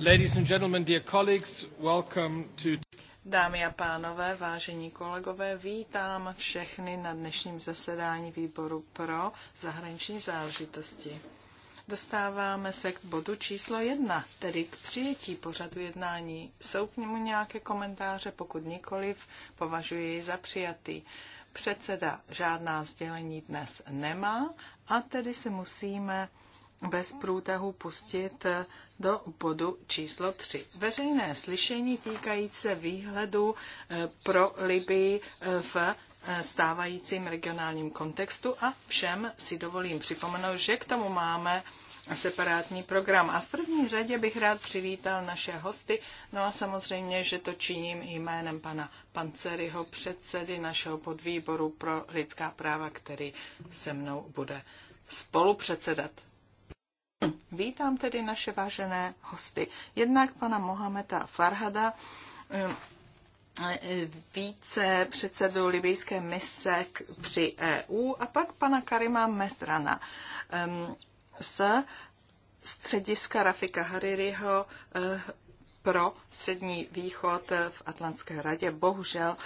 Ladies and gentlemen, dear colleagues, welcome to... Dámy a pánové, vážení kolegové, vítám všechny na dnešním zasedání výboru pro zahraniční záležitosti. Dostáváme se k bodu číslo jedna, tedy k přijetí pořadu jednání. Jsou k němu nějaké komentáře, pokud nikoliv, považuji jej za přijatý. Předseda žádná sdělení dnes nemá a tedy se musíme bez průtahu pustit do bodu číslo 3. Veřejné slyšení týkající se výhledu eh, pro Libii eh, v eh, stávajícím regionálním kontextu a všem si dovolím připomenout, že k tomu máme separátní program. A v první řadě bych rád přivítal naše hosty, no a samozřejmě, že to činím jménem pana Panceryho, předsedy našeho podvýboru pro lidská práva, který se mnou bude spolupředsedat Hm, vítám tedy naše vážené hosty. Jednak pana Mohameda Farhada, hm, více předsedu libijské mise při EU a pak pana Karima Mesrana hm, z střediska Rafika Haririho eh, pro Střední východ v Atlantské radě. Bohužel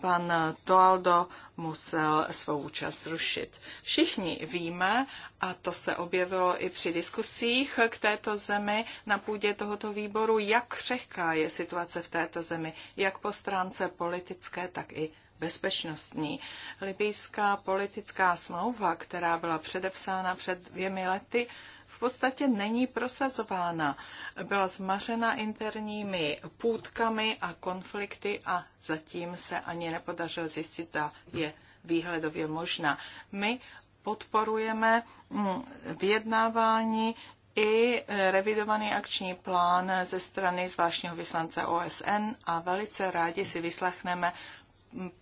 pan Toaldo musel svou účast zrušit. Všichni víme, a to se objevilo i při diskusích k této zemi na půdě tohoto výboru, jak křehká je situace v této zemi, jak po stránce politické, tak i bezpečnostní. Libijská politická smlouva, která byla předepsána před dvěmi lety, v podstatě není prosazována. Byla zmařena interními půdkami a konflikty a zatím se ani nepodařilo zjistit, zda je výhledově možná. My podporujeme mm, vyjednávání i e, revidovaný akční plán ze strany zvláštního vyslance OSN a velice rádi si vyslechneme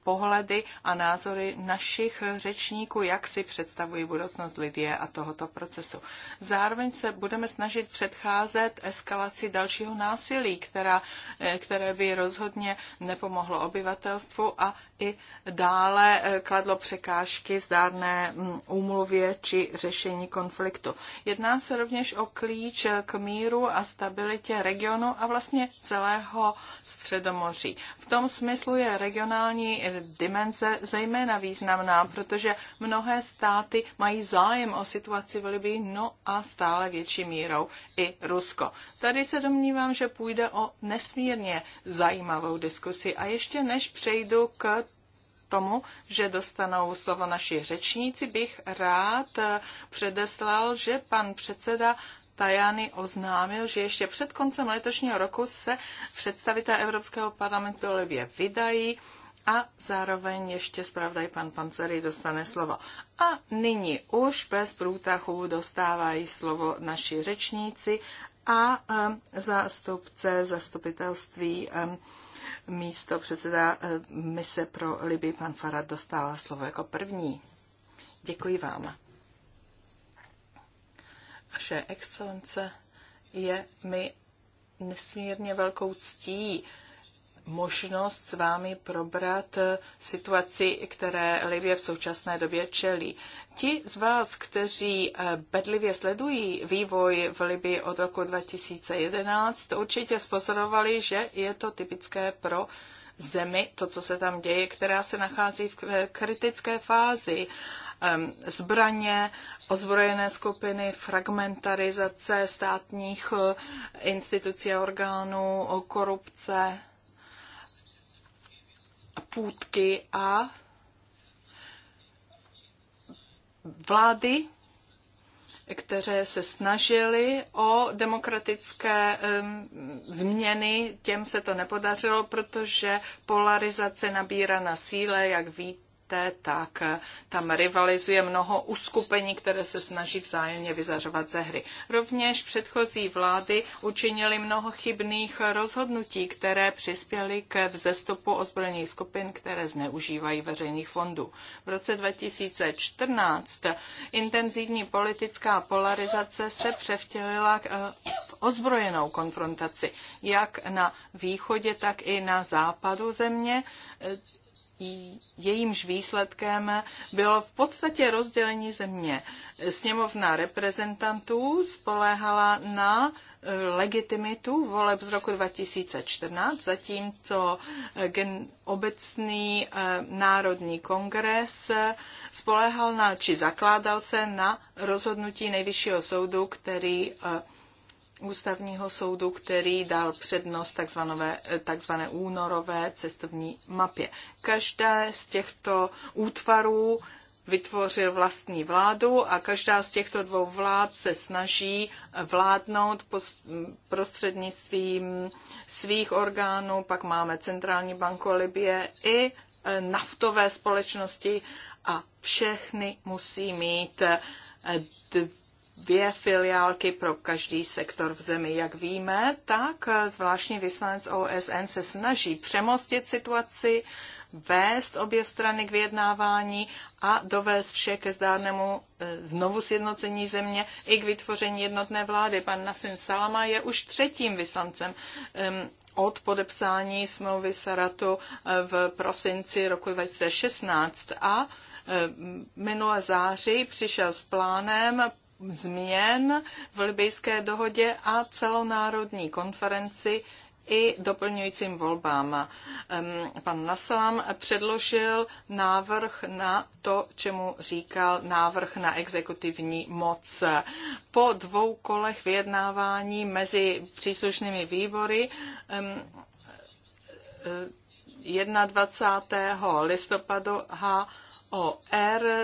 pohledy a názory našich řečníků, jak si představují budoucnost Lidie a tohoto procesu. Zároveň se budeme snažit předcházet eskalaci dalšího násilí, která, eh, které by rozhodně nepomohlo obyvatelstvu a i dále eh, kladlo překážky zdárné mm, úmluvě či řešení konfliktu. Jedná se rovněž o klíč k míru a stabilitě regionu a vlastně celého Středomoří. V tom smyslu je regionální Eh, dimenze zejména významná, protože mnohé státy mají zájem o situaci v Libii, no a stále větší mírou i Rusko. Tady se domnívám, že půjde o nesmírně zajímavou diskusi. A ještě než přejdu k tomu, že dostanou slovo naši řečníci, bych rád eh, předeslal, že pan předseda Tajany oznámil, že ještě před koncem letošního roku se představitelé Evropského parlamentu Libie vydají a zároveň ještě zpravdaj pan Pancery dostane slovo. A nyní už bez průtahu dostávají slovo naši řečníci a um, zástupce zastupitelství um, místo předseda um, mise pro Liby pan Farad dostává slovo jako první. Děkuji vám. Vaše excelence je mi nesmírně velkou ctí, možnost s vámi probrat eh, situaci, které Libie v současné době čelí. Ti z vás, kteří eh, bedlivě sledují vývoj v Libii od roku 2011, určitě spozorovali, že je to typické pro zemi, to, co se tam děje, která se nachází v eh, kritické fázi ehm, zbraně, ozbrojené skupiny, fragmentarizace státních institucí a orgánů, korupce, půdky a vlády, které se snažily o demokratické um, změny, těm se to nepodařilo, protože polarizace nabírá na síle, jak víte tak tam rivalizuje mnoho uskupení, které se snaží vzájemně vyzařovat ze hry. Rovněž předchozí vlády učinily mnoho chybných rozhodnutí, které přispěly k vzestupu ozbrojených skupin, které zneužívají veřejných fondů. V roce 2014 intenzivní politická polarizace se převtělila eh, v ozbrojenou konfrontaci, jak na východě, tak i na západu země jejímž výsledkem bylo v podstatě rozdělení země. Sněmovna reprezentantů spoléhala na eh, legitimitu voleb z roku 2014, zatímco eh, gen, obecný eh, národní kongres spoléhal na, či zakládal se na rozhodnutí nejvyššího soudu, který ústavního soudu, který dal přednost takzvané, takzvané únorové cestovní mapě. Každé z těchto útvarů vytvořil vlastní vládu a každá z těchto dvou vlád se snaží vládnout prostřednictvím svých orgánů. Pak máme Centrální banku Libie i e, naftové společnosti a všechny musí mít e, dvě filiálky pro každý sektor v zemi. Jak víme, tak zvláštní vyslanec OSN se snaží přemostit situaci, vést obě strany k vyjednávání a dovést vše ke zdárnému eh, znovu sjednocení země i k vytvoření jednotné vlády. Pan Nasin Salama je už třetím vyslancem od podepsání smlouvy Saratu eh, v prosinci roku 2016 a eh, minulé září přišel s plánem změn v libijské dohodě a celonárodní konferenci i doplňujícím volbám. Pan Nasalam předložil návrh na to, čemu říkal návrh na exekutivní moc. Po dvou kolech vyjednávání mezi příslušnými výbory eh, eh, 21. listopadu HOR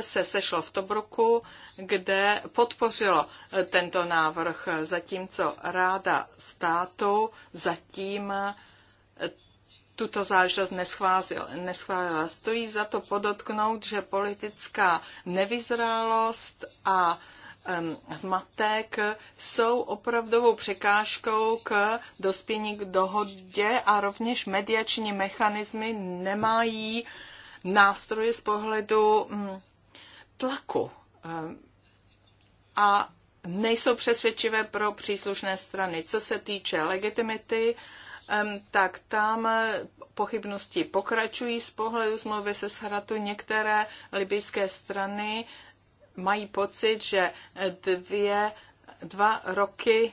se sešlo v Tobruku kde podpořilo eh, tento návrh, eh, zatímco ráda státu zatím eh, tuto záležitost neschválila. Stojí za to podotknout, že politická nevyzrálost a zmatek jsou opravdovou překážkou k dospění k dohodě a rovněž mediační mechanismy nemají nástroje z pohledu mm, tlaku a nejsou přesvědčivé pro příslušné strany. Co se týče legitimity, tak tam eh, pochybnosti pokračují z pohledu smlouvy se shratu. Některé libijské strany mají pocit, že dvě, dva roky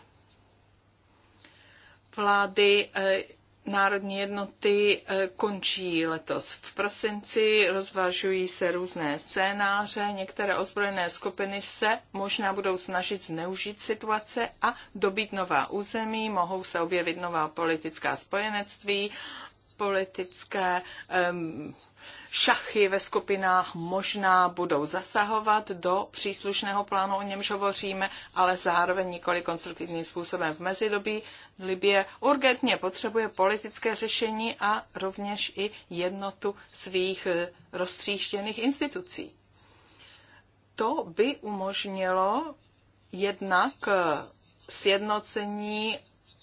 vlády eh, národní jednoty eh, končí letos v prosinci, rozvážují se různé scénáře, některé ozbrojené skupiny se možná budou snažit zneužít situace a dobít nová území, mohou se objevit nová politická spojenectví, politické um, šachy ve skupinách možná budou zasahovat do příslušného plánu, o němž hovoříme, ale zároveň nikoli konstruktivním způsobem. V mezidobí Libie urgentně potřebuje politické řešení a rovněž i jednotu svých eh, roztříštěných institucí. To by umožnilo jednak eh, sjednocení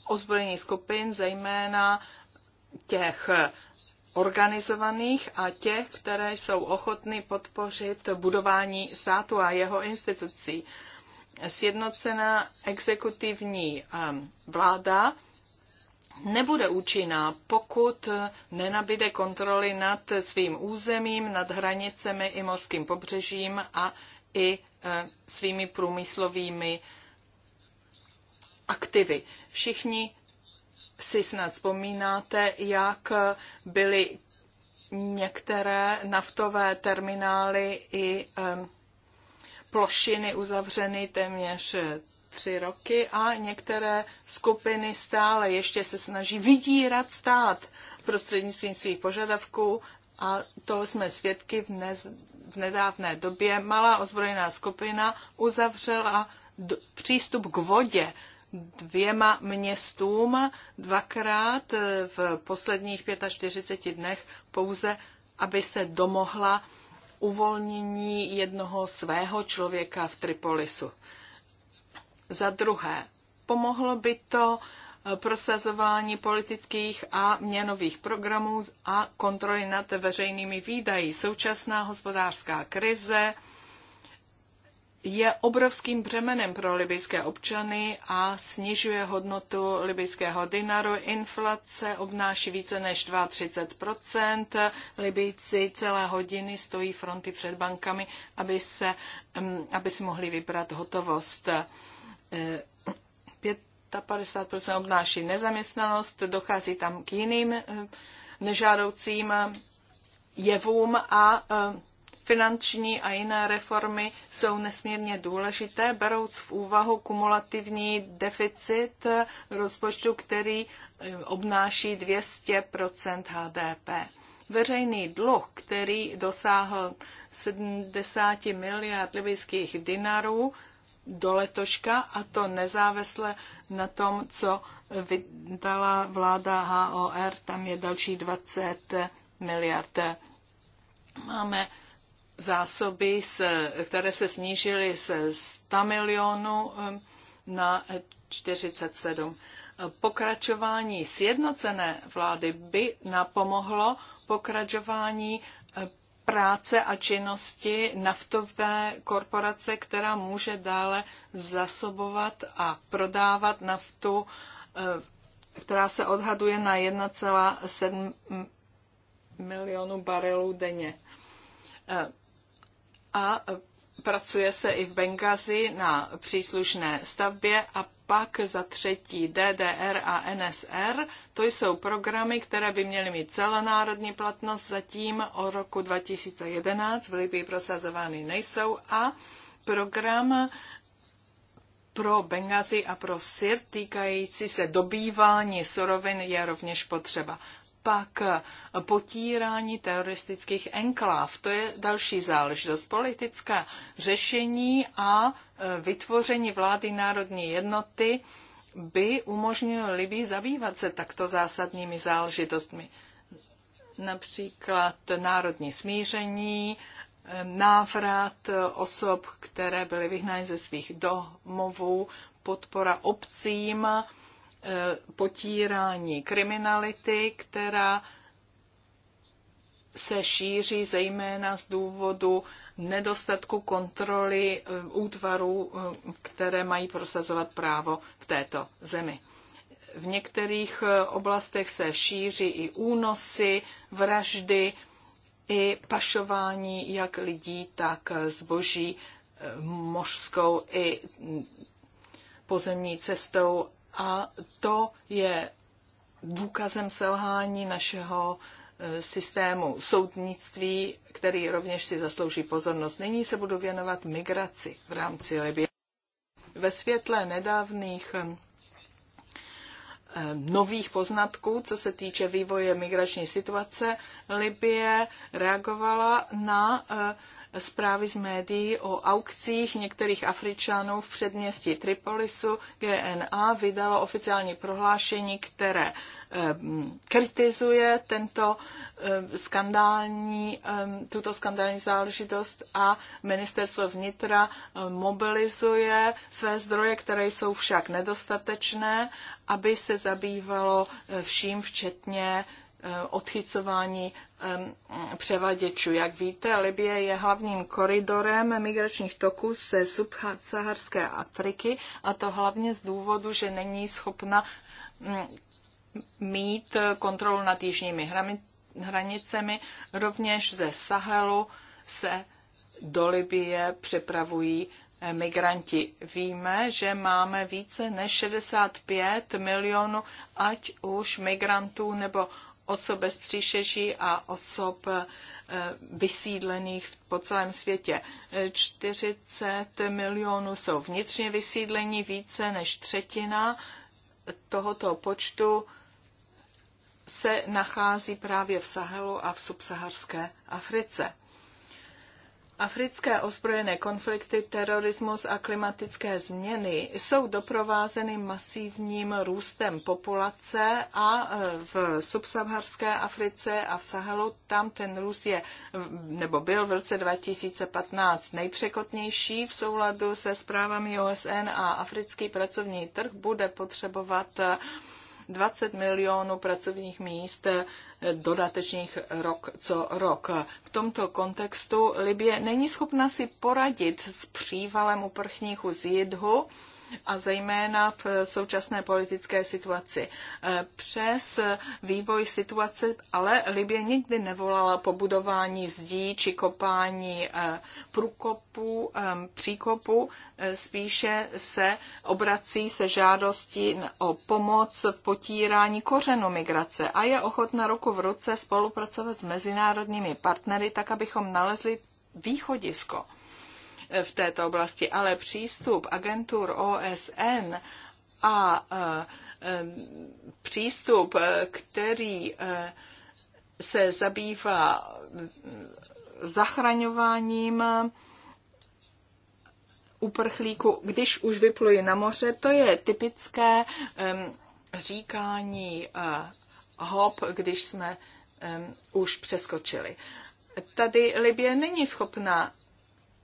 ozbrojených skupin, zejména těch eh, organizovaných a těch, které jsou ochotny podpořit budování státu a jeho institucí. Sjednocená exekutivní vláda nebude účinná, pokud nenabide kontroly nad svým územím, nad hranicemi i mořským pobřežím a i eh, svými průmyslovými aktivy. Všichni si snad vzpomínáte, jak byly některé naftové terminály i plošiny uzavřeny téměř tři roky a některé skupiny stále ještě se snaží vydírat stát prostřednictvím svých požadavků a toho jsme svědky v, ne, v nedávné době. Malá ozbrojená skupina uzavřela d- přístup k vodě dvěma městům dvakrát v posledních 45 dnech pouze, aby se domohla uvolnění jednoho svého člověka v Tripolisu. Za druhé, pomohlo by to prosazování politických a měnových programů a kontroly nad veřejnými výdaji. Současná hospodářská krize je obrovským břemenem pro libijské občany a snižuje hodnotu libijského dinaru. Inflace obnáší více než 32%. Libijci celé hodiny stojí fronty před bankami, aby, se, mm, aby si mohli vybrat hotovost. 55% eh, obnáší nezaměstnanost, dochází tam k jiným eh, nežádoucím eh, jevům a Finanční a jiné reformy jsou nesmírně důležité, berouc v úvahu kumulativní deficit rozpočtu, který eh, obnáší 200 HDP. Veřejný dluh, který dosáhl 70 miliard libyských dinarů, do letoška a to nezávisle na tom, co vydala vláda HOR, tam je další 20 miliard. Máme zásoby, se, které se snížily se 100 milionů na 47. Pokračování sjednocené vlády by napomohlo pokračování eh, práce a činnosti naftové korporace, která může dále zasobovat a prodávat naftu, eh, která se odhaduje na 1,7 milionu barelů denně eh, a pracuje se i v Bengazi na příslušné stavbě a pak za třetí DDR a NSR. To jsou programy, které by měly mít celonárodní platnost, zatím o roku 2011 v Libii prosazovány nejsou a program pro Bengazi a pro Sir týkající se dobývání surovin je rovněž potřeba pak potírání teroristických enkláv. To je další záležitost. Politická řešení a e, vytvoření vlády národní jednoty by umožnilo Libii zabývat se takto zásadními záležitostmi. Například národní smíření, e, návrat osob, které byly vyhnány ze svých domovů, podpora obcím, Eh, potírání kriminality, která se šíří zejména z důvodu nedostatku kontroly eh, útvarů, eh, které mají prosazovat právo v této zemi. V některých oblastech se šíří i únosy, vraždy, i pašování jak lidí, tak zboží mořskou i mm, pozemní cestou a to je důkazem selhání našeho e, systému soudnictví, který rovněž si zaslouží pozornost. Nyní se budu věnovat migraci v rámci Libie. Ve světle nedávných e, nových poznatků, co se týče vývoje migrační situace, Libie reagovala na e, zprávy z médií o aukcích některých Afričanů v předměstí Tripolisu. GNA vydalo oficiální prohlášení, které kritizuje tento skandální, tuto skandální záležitost a ministerstvo vnitra mobilizuje své zdroje, které jsou však nedostatečné, aby se zabývalo e, vším, včetně e, odchycování převaděčů. Jak víte, Libie je hlavním koridorem migračních toků ze subsaharské Afriky a to hlavně z důvodu, že není schopna mít kontrolu nad jižními hranicemi. Rovněž ze Sahelu se do Libie přepravují eh, migranti. Víme, že máme více než 65 milionů, ať už migrantů nebo osob bez stříšeží a osob eh, vysídlených po celém světě. 40 milionů jsou vnitřně vysídlení, více než třetina tohoto počtu se nachází právě v Sahelu a v subsaharské Africe. Africké ozbrojené konflikty, terorismus a klimatické změny jsou doprovázeny masivním růstem populace a e, v subsaharské Africe a v Sahelu tam ten růst je, nebo byl v roce 2015 nejpřekotnější v souladu se zprávami OSN a africký pracovní trh bude potřebovat e, 20 milionů pracovních míst eh, dodatečných rok co rok. V tomto kontextu Libie není schopna si poradit s přívalem uprchníků z Jidhu, a zejména v současné politické situaci. Eh, přes vývoj situace ale Libě nikdy nevolala po budování zdí či kopání eh, průkopu, eh, příkopu. spíše se obrací se žádostí o pomoc v potírání kořenu migrace a je ochotna roku v ruce spolupracovat s mezinárodními partnery, tak abychom nalezli východisko v této oblasti, ale přístup agentur OSN a e, e, přístup, e, který se zabývá zachraňováním uprchlíku, když už vypluji na moře, to je typické říkání hop, když jsme už přeskočili. Tady Libie není schopna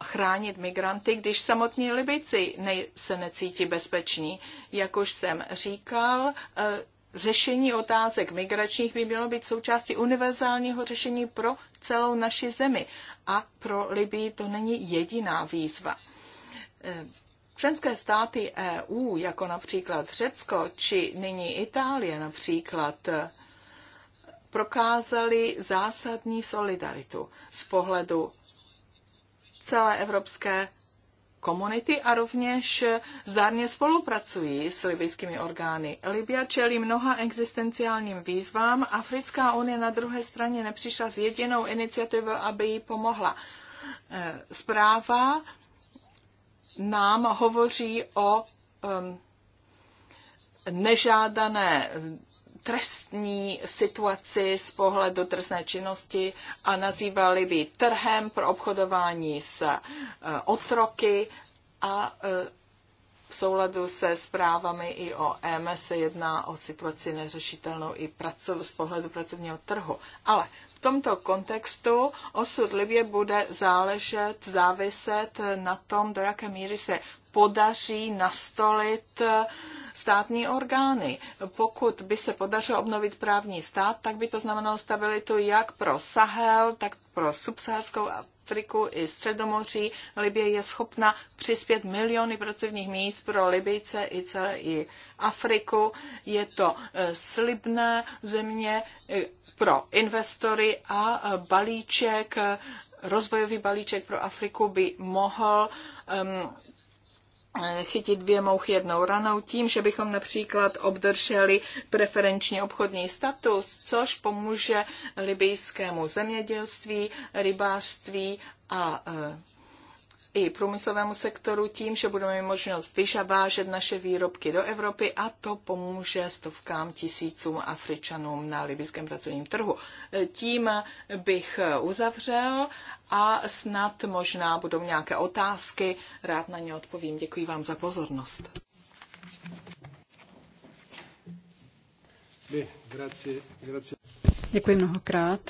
chránit migranty, když samotní Libici ne, se necítí bezpeční. Jak už jsem říkal, eh, řešení otázek migračních by mělo být součástí univerzálního řešení pro celou naši zemi. A pro Libii to není jediná výzva. Eh, členské státy EU, jako například Řecko či nyní Itálie například, eh, prokázali zásadní solidaritu z pohledu celé evropské komunity a rovněž zdárně spolupracují s libijskými orgány. Libia čelí mnoha existenciálním výzvám. Africká unie na druhé straně nepřišla s jedinou iniciativou, aby jí pomohla. Eh, zpráva nám hovoří o nežádané trestní situaci z pohledu trestné činnosti a nazývali by trhem pro obchodování s eh, otroky a eh, v souladu se zprávami i IOM e e se jedná o situaci neřešitelnou i z pohledu pracovního trhu. Ale v tomto kontextu osud Libě bude záležet, záviset na tom, do jaké míry se podaří nastolit uh, státní orgány. Pokud by se podařilo obnovit právní stát, tak by to znamenalo stabilitu jak pro Sahel, tak pro subsaharskou Afriku i Středomoří. Libie je schopna přispět miliony pracovních míst pro Libyjce i celé i Afriku. Je to eh, slibné země eh, pro investory a eh, balíček rozvojový balíček pro Afriku by mohl um, Eh, chytit dvě mouchy jednou ranou tím, že bychom například obdrželi preferenční obchodní status, což pomůže libijskému zemědělství, rybářství a e, i průmyslovému sektoru tím, že budeme mít možnost vyžavážet naše výrobky do Evropy a to pomůže stovkám tisícům Afričanům na libyském pracovním trhu. Tím bych uzavřel a snad možná budou nějaké otázky, rád na ně odpovím. Děkuji vám za pozornost. Děkuji mnohokrát.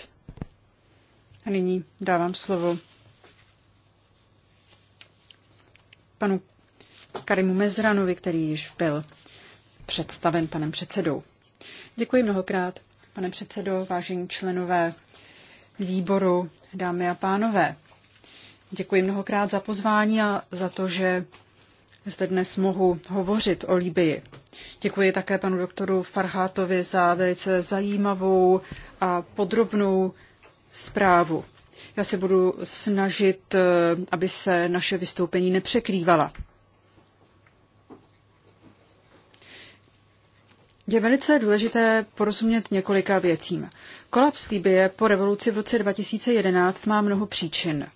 A nyní dávám slovo panu Karimu Mezranovi, který již byl představen panem předsedou. Děkuji mnohokrát, pane předsedo, vážení členové výboru, dámy a pánové. Děkuji mnohokrát za pozvání a za to, že zde dnes mohu hovořit o Libii. Děkuji také panu doktoru Farhátovi za velice zajímavou a podrobnou zprávu. Já se budu snažit, eh, aby se naše vystoupení nepřekrývala. Je velice důležité porozumět několika věcím. Kolaps Libie po revoluci v roce 2011 má mnoho příčin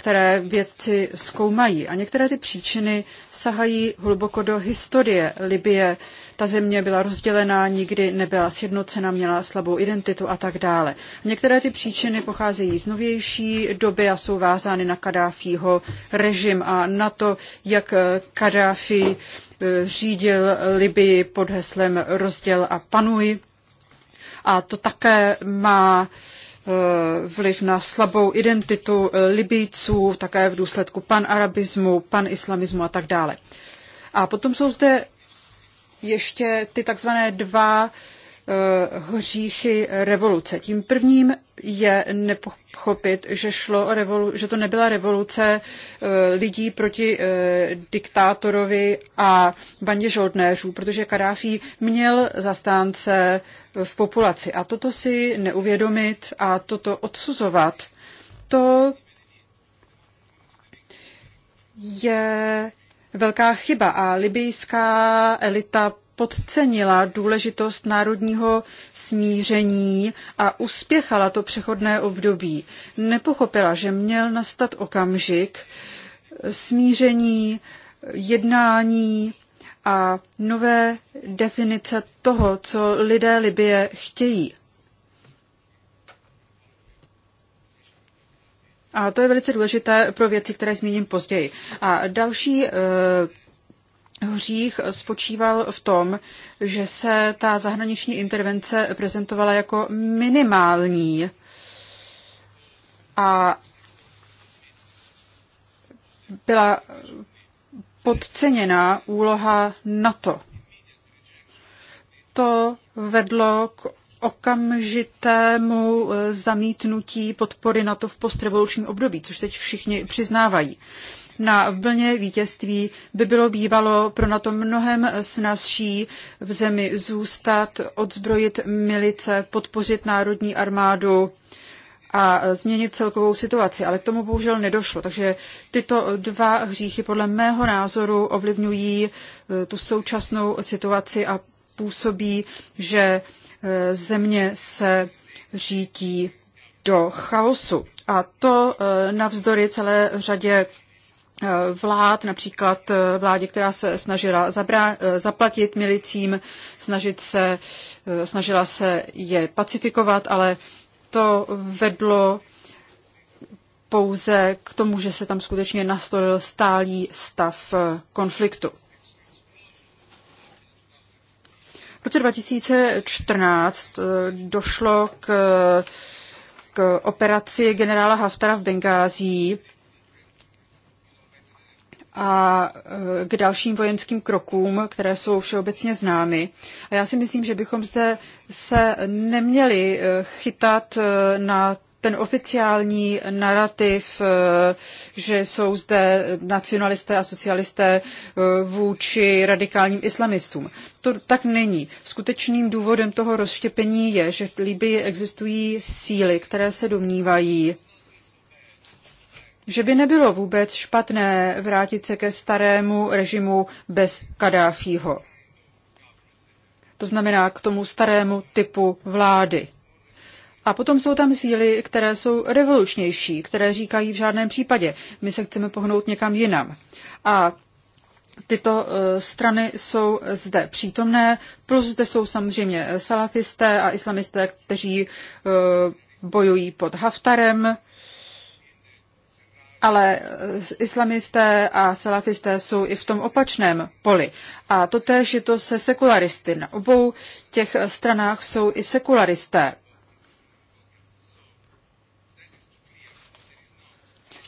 které vědci zkoumají. A některé ty příčiny sahají hluboko do historie Libie. Ta země byla rozdělená, nikdy nebyla sjednocena, měla slabou identitu a tak dále. Některé ty příčiny pocházejí z novější doby a jsou vázány na Kadáfího režim a na to, jak Kadáfi eh, řídil Libii pod heslem rozděl a panuj. A to také má Eh, vliv na slabou identitu eh, Libijců, také v důsledku panarabismu, panislamismu a tak dále. A potom jsou zde ještě ty takzvané dva eh, hříchy revoluce. Tím prvním je nepo, pochopit, že, šlo o revolu- že to nebyla revoluce eh, lidí proti eh, diktátorovi a bandě žoldnéřů, protože Kadáfi měl zastánce v populaci. A toto si neuvědomit a toto odsuzovat, to je velká chyba a libijská elita podcenila důležitost národního smíření a uspěchala to přechodné období. Nepochopila, že měl nastat okamžik smíření, jednání a nové definice toho, co lidé Libie chtějí. A to je velice důležité pro věci, které zmíním později. A další eh, hřích spočíval v tom, že se ta zahraniční intervence prezentovala jako minimální a byla podceněná úloha NATO. To vedlo k okamžitému eh, zamítnutí podpory NATO v postrevolučním období, což teď všichni přiznávají na vlně vítězství by bylo bývalo pro na to mnohem snazší v zemi zůstat, odzbrojit milice, podpořit národní armádu a změnit celkovou situaci, ale k tomu bohužel nedošlo. Takže tyto dva hříchy podle mého názoru ovlivňují eh, tu současnou situaci a působí, že eh, země se řídí do chaosu. A to eh, navzdory celé řadě vlád, například eh, vládě, která se snažila zabra- eh, zaplatit milicím, snažit se, eh, snažila se je pacifikovat, ale to vedlo pouze k tomu, že se tam skutečně nastolil stálý stav konfliktu. V roce 2014 došlo k, k operaci generála Haftara v Bengází, a e, k dalším vojenským krokům, které jsou všeobecně známy. A já si myslím, že bychom zde se neměli e, chytat e, na ten oficiální narrativ, že jsou zde nacionalisté a socialisté vůči radikálním islamistům. To tak není. Skutečným důvodem toho rozštěpení je, že v Libii existují síly, které se domnívají, že by nebylo vůbec špatné vrátit se ke starému režimu bez Kadáfího. To znamená k tomu starému typu vlády. A potom jsou tam síly, které jsou revolučnější, které říkají v žádném případě, my se chceme pohnout někam jinam. A tyto e, strany jsou zde přítomné, plus zde jsou samozřejmě salafisté a islamisté, kteří e, bojují pod Haftarem, ale eh, islamisté a salafisté jsou i v tom opačném poli. A totéž je to se sekularisty. Na obou těch stranách jsou i sekularisté.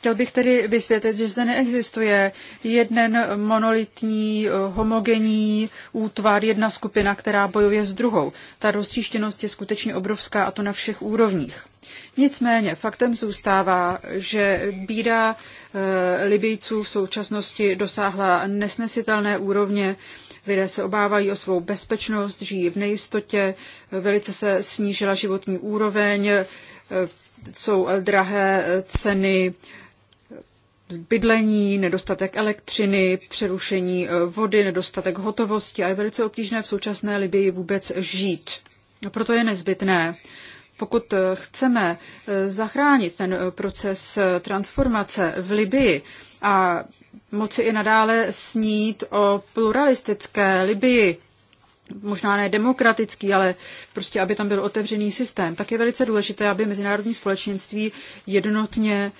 Chtěl bych tedy vysvětlit, že zde neexistuje jeden monolitní, eh, homogenní útvar, jedna skupina, která bojuje s druhou. Ta roztříštěnost je skutečně obrovská a to na všech úrovních. Nicméně faktem zůstává, že bída e, Libijců v současnosti dosáhla nesnesitelné úrovně. Lidé se obávají o svou bezpečnost, žijí v nejistotě, velice se snížila životní úroveň, e, jsou drahé ceny bydlení, nedostatek elektřiny, přerušení eh, vody, nedostatek hotovosti a je velice obtížné v současné Libii vůbec žít. A proto je nezbytné, pokud eh, chceme eh, zachránit ten proces transformace v Libii a moci i nadále snít o pluralistické Libii, možná ne demokratický, ale prostě, aby tam byl otevřený systém, tak je velice důležité, aby mezinárodní společenství jednotně uh,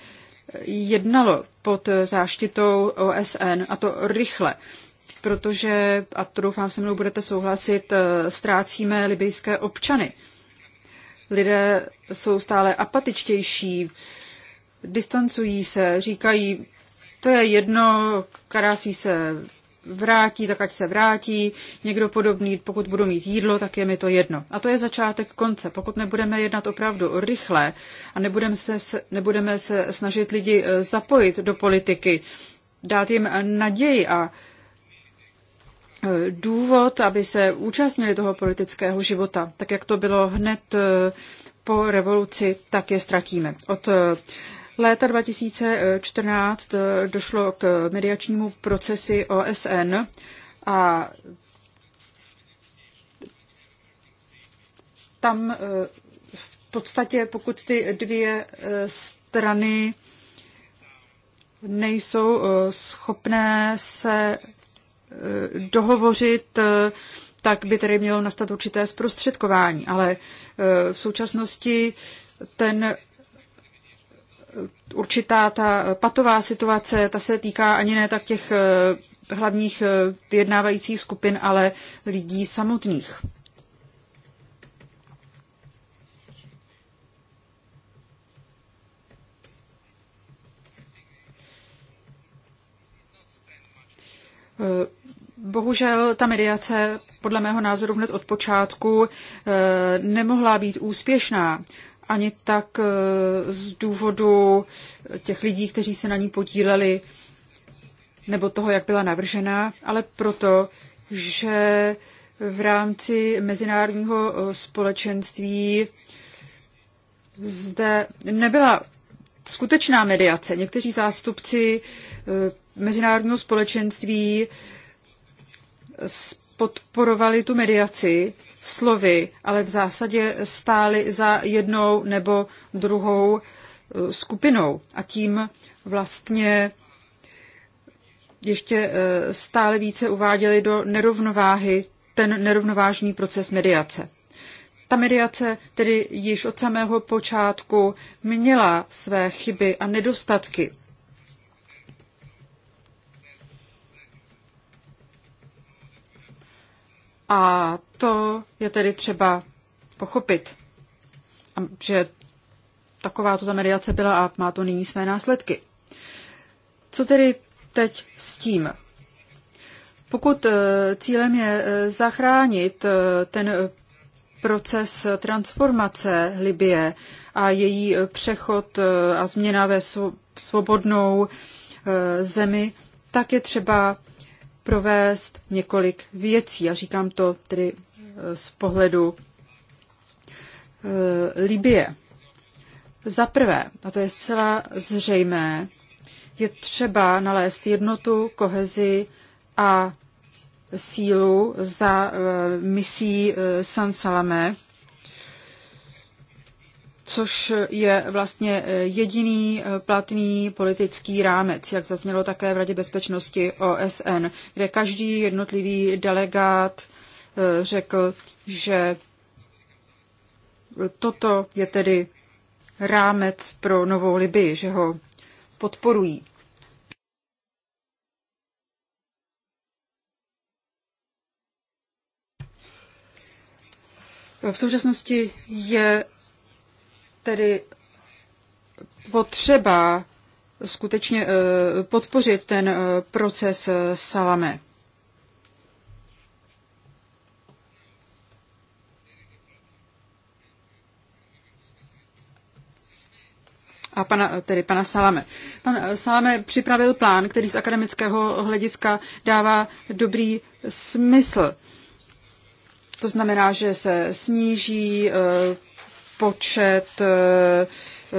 jednalo pod záštitou OSN a to rychle, protože, a to doufám se mnou budete souhlasit, eh, ztrácíme libijské občany. Lidé jsou stále apatičtější, distancují se, říkají, to je jedno, Karáfi se vrátí, tak ať se vrátí. Někdo podobný, pokud budu mít jídlo, tak je mi to jedno. A to je začátek konce. Pokud nebudeme jednat opravdu rychle a nebudeme se, nebudeme se snažit lidi eh, zapojit do politiky, dát jim naději a eh, důvod, aby se účastnili toho politického života, tak jak to bylo hned eh, po revoluci, tak je ztratíme. Od Léta 2014 eh, došlo k mediačnímu procesu OSN a tam eh, v podstatě, pokud ty dvě eh, strany nejsou schopné se dohovořit, tak by tedy mělo nastat určité zprostředkování. Ale v současnosti ten určitá ta patová situace, ta se týká ani ne tak těch eh, hlavních eh, vyjednávajících skupin, ale lidí samotných. Eh, bohužel ta mediace podle mého názoru hned od počátku nemohla být úspěšná ani tak eh, z důvodu těch lidí, kteří se na ní podíleli, nebo toho, jak byla navržena, ale proto, že v rámci mezinárodního eh, společenství zde nebyla skutečná mediace. Někteří zástupci eh, mezinárodního společenství podporovali tu mediaci, slovy, ale v zásadě stály za jednou nebo druhou eh, skupinou a tím vlastně ještě eh, stále více uváděli do nerovnováhy ten nerovnovážný proces mediace. Ta mediace tedy již od samého počátku měla své chyby a nedostatky. A to je tedy třeba pochopit, že taková to ta mediace byla a má to nyní své následky. Co tedy teď s tím? Pokud e, cílem je e, zachránit e, ten proces transformace Libie a její přechod a změna ve svobodnou zemi, tak je třeba provést několik věcí. Já říkám to tedy eh, z pohledu eh, Libie. Za prvé, a to je zcela zřejmé, je třeba nalézt jednotu, kohezi a sílu za eh, misí San Salame, což je vlastně eh, jediný eh, platný politický rámec, jak zaznělo také v Radě bezpečnosti OSN, kde každý jednotlivý delegát eh, řekl, že toto je tedy rámec pro novou Libii, že ho podporují. V současnosti je tedy potřeba skutečně eh, podpořit ten eh, proces eh, salame. a pana, tedy pana Salame. Pan Salame připravil plán, který z akademického hlediska dává dobrý smysl. To znamená, že se sníží počet eh,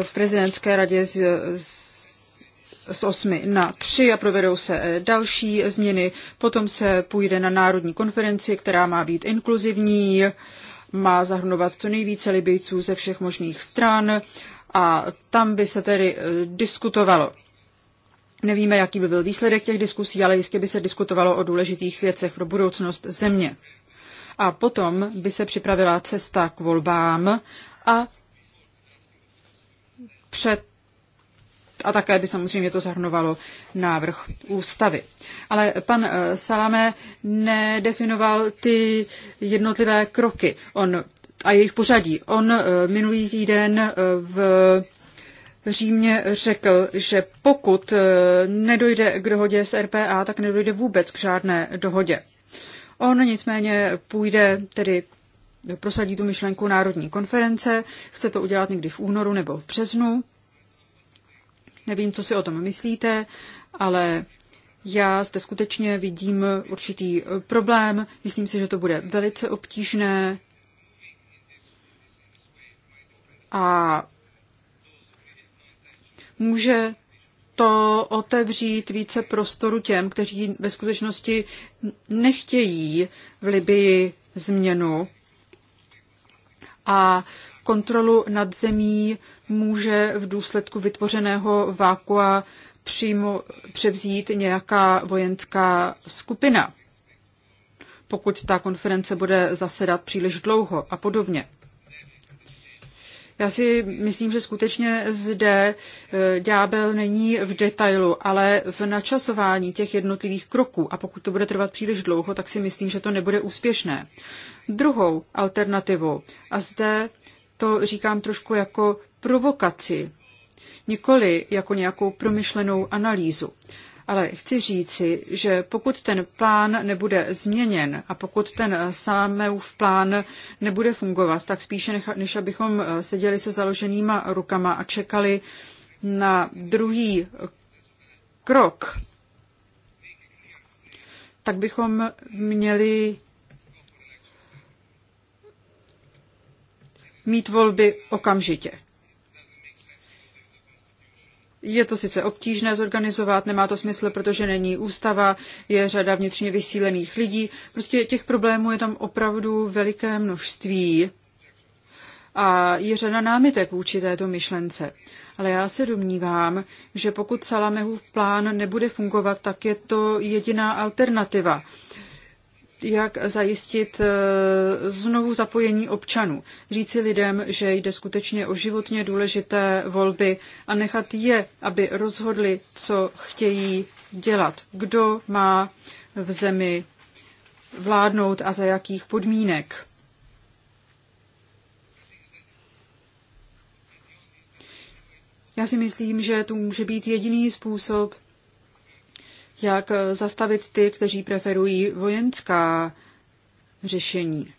v prezidentské radě z, z osmi na tři a provedou se eh, další změny. Potom se půjde na národní konferenci, která má být inkluzivní, má zahrnovat co nejvíce Libyjců ze všech možných stran a tam by se tedy eh, diskutovalo. Nevíme, jaký by byl výsledek těch diskusí, ale jistě by se diskutovalo o důležitých věcech pro budoucnost země. A potom by se připravila cesta k volbám a před a také by samozřejmě to zahrnovalo návrh ústavy. Ale pan eh, Salame nedefinoval ty jednotlivé kroky on, a jejich pořadí. On eh, minulý týden eh, v Římě řekl, že pokud nedojde k dohodě s RPA, tak nedojde vůbec k žádné dohodě. On nicméně půjde tedy prosadí tu myšlenku Národní konference. Chce to udělat někdy v únoru nebo v březnu. Nevím, co si o tom myslíte, ale já zde skutečně vidím určitý eh, problém. Myslím si, že to bude velice obtížné. A může to otevřít více prostoru těm, kteří ve skutečnosti nechtějí v Libii změnu a kontrolu nad zemí může v důsledku vytvořeného vákua přímo převzít nějaká vojenská skupina, pokud ta konference bude zasedat příliš dlouho a podobně. Já si myslím, že skutečně zde e, ďábel není v detailu, ale v načasování těch jednotlivých kroků. A pokud to bude trvat příliš dlouho, tak si myslím, že to nebude úspěšné. Druhou alternativou, a zde to říkám trošku jako provokaci, nikoli jako nějakou promyšlenou analýzu. Ale chci říci, že pokud ten plán nebude změněn a pokud ten Sámeův plán nebude fungovat, tak spíše než abychom eh, seděli se založenýma rukama a čekali na druhý krok, tak bychom měli mít volby okamžitě. Je to sice obtížné zorganizovat, nemá to smysl, protože není ústava, je řada vnitřně vysílených lidí. Prostě těch problémů je tam opravdu veliké množství a je řada námitek vůči této myšlence. Ale já se domnívám, že pokud Salamehův plán nebude fungovat, tak je to jediná alternativa jak zajistit eh, znovu zapojení občanů. Říci lidem, že jde skutečně o životně důležité volby a nechat je, aby rozhodli, co chtějí dělat. Kdo má v zemi vládnout a za jakých podmínek. Já si myslím, že to může být jediný způsob, jak eh, zastavit ty, kteří preferují vojenská řešení.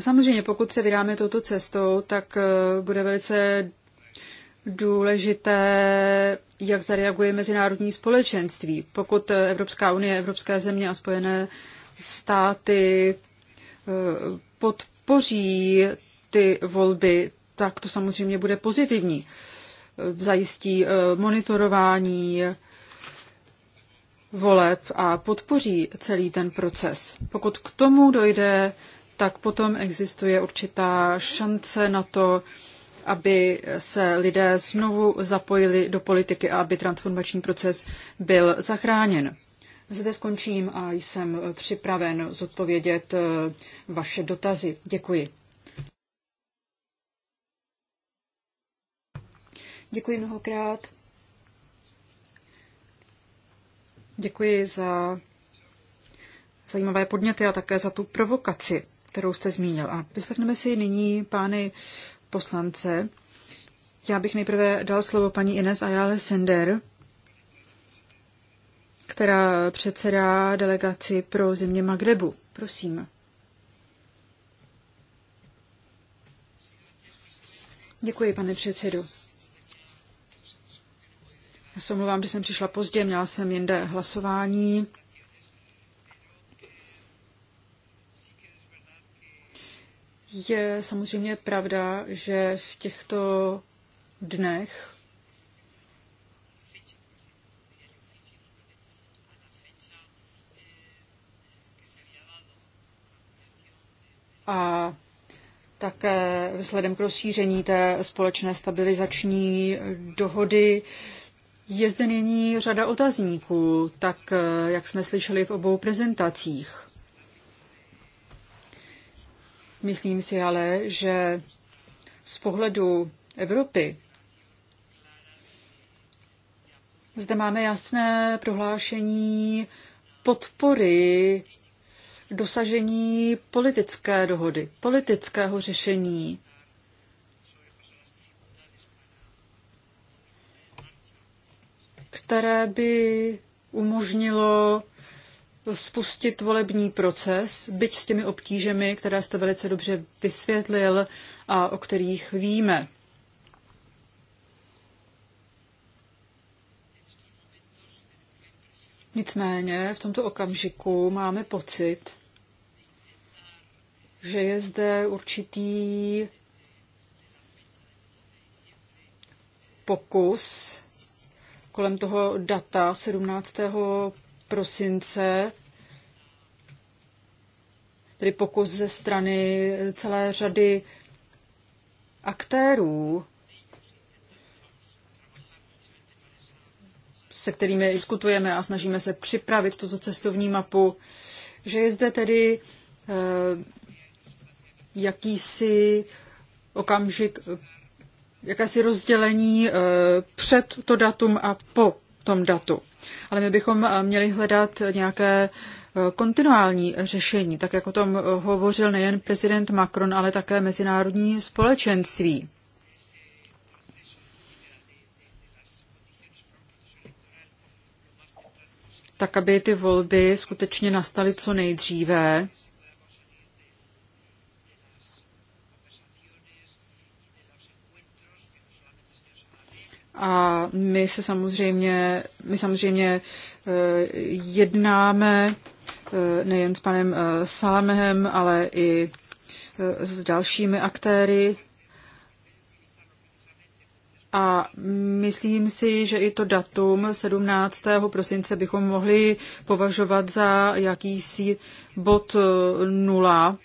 Samozřejmě, pokud se vydáme touto cestou, tak eh, bude velice důležité, jak zareaguje mezinárodní společenství. Pokud eh, Evropská unie, Evropské země a Spojené státy eh, podpoří ty volby, tak to samozřejmě bude pozitivní. Eh, zajistí eh, monitorování voleb a podpoří celý ten proces. Pokud k tomu dojde, tak potom existuje určitá šance na to, aby se lidé znovu zapojili do politiky a aby transformační proces byl zachráněn. Zde skončím a jsem připraven zodpovědět eh, vaše dotazy. Děkuji. Děkuji mnohokrát. Děkuji za zajímavé podněty a také za tu provokaci, kterou jste zmínil. A vyslechneme si nyní pány poslance. Já bych nejprve dal slovo paní Ines Ayala Sender, která předsedá delegaci pro země Magrebu. Prosím. Děkuji, pane předsedu. Já se omlouvám, že jsem přišla pozdě, měla jsem jinde hlasování. Je samozřejmě pravda, že v těchto dnech a také vzhledem k rozšíření té společné stabilizační dohody je zde nyní řada otazníků, tak eh, jak jsme slyšeli v obou prezentacích. Myslím si ale, že z pohledu Evropy zde máme jasné prohlášení podpory dosažení politické dohody, politického řešení. které by umožnilo spustit volební proces, byť s těmi obtížemi, které jste velice dobře vysvětlil a o kterých víme. Nicméně v tomto okamžiku máme pocit, že je zde určitý pokus kolem toho data 17. prosince, tedy pokus ze strany celé řady aktérů, se kterými diskutujeme a snažíme se připravit tuto cestovní mapu, že je zde tedy eh, jakýsi okamžik, jakési rozdělení eh, před to datum a po tom datu. Ale my bychom eh, měli hledat nějaké eh, kontinuální řešení, tak jak o tom hovořil nejen prezident Macron, ale také mezinárodní společenství. Tak, aby ty volby skutečně nastaly co nejdříve A my se samozřejmě, my samozřejmě eh, jednáme eh, nejen s panem eh, Salamehem, ale i s dalšími aktéry. A myslím si, že i to datum 17. prosince bychom mohli považovat za jakýsi bod nula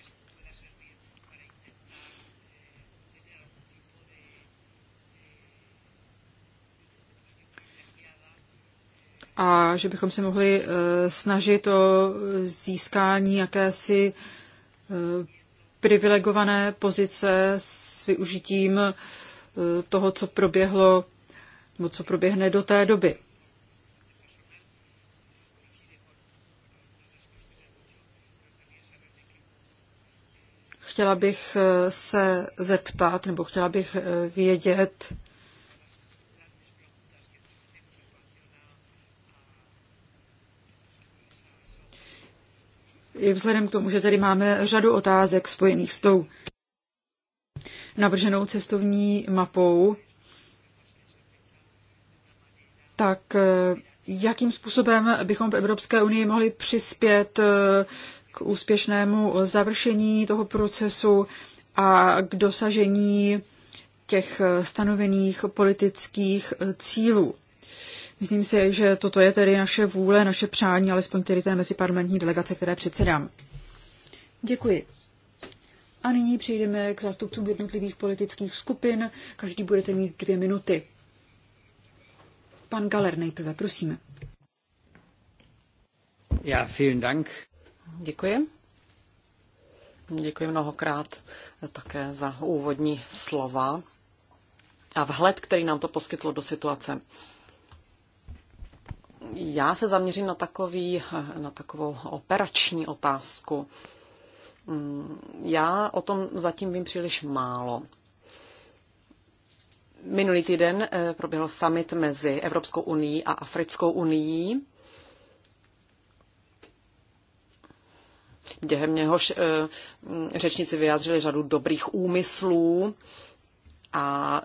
a že bychom se mohli eh, snažit o získání jakési eh, privilegované pozice s využitím eh, toho, co proběhlo, no, co proběhne do té doby. Chtěla bych se zeptat, nebo chtěla bych vědět, i vzhledem k tomu, že tady máme řadu otázek spojených s tou navrženou cestovní mapou, tak eh, jakým způsobem bychom v Evropské unii mohli přispět eh, k úspěšnému završení toho procesu a k dosažení těch eh, stanovených politických cílů. Myslím si, že toto je tedy naše vůle, naše přání, alespoň tedy té meziparlamentní delegace, které předsedám. Děkuji. A nyní přejdeme k zástupcům jednotlivých politických skupin. Každý budete mít dvě minuty. Pan Galer nejprve, prosíme. Já, vielen Dank. Děkuji. Děkuji mnohokrát také za úvodní slova a vhled, který nám to poskytlo do situace. Já se zaměřím na, takový, na takovou operační otázku. Mm, já o tom zatím vím příliš málo. Minulý týden eh, proběhl summit mezi Evropskou unii a Africkou unii. Během něhož eh, mm, řečníci vyjádřili řadu dobrých úmyslů a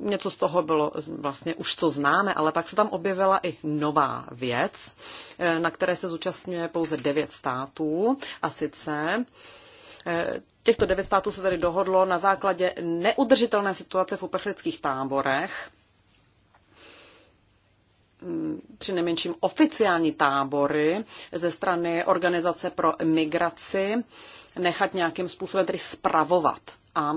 něco z toho bylo vlastně už co známe, ale pak se tam objevila i nová věc, eh, na které se zúčastňuje pouze devět států a sice eh, Těchto devět států se tedy dohodlo na základě neudržitelné situace v uprchlických táborech, mm, při nejmenším oficiální tábory ze strany Organizace pro migraci nechat nějakým způsobem tedy spravovat. A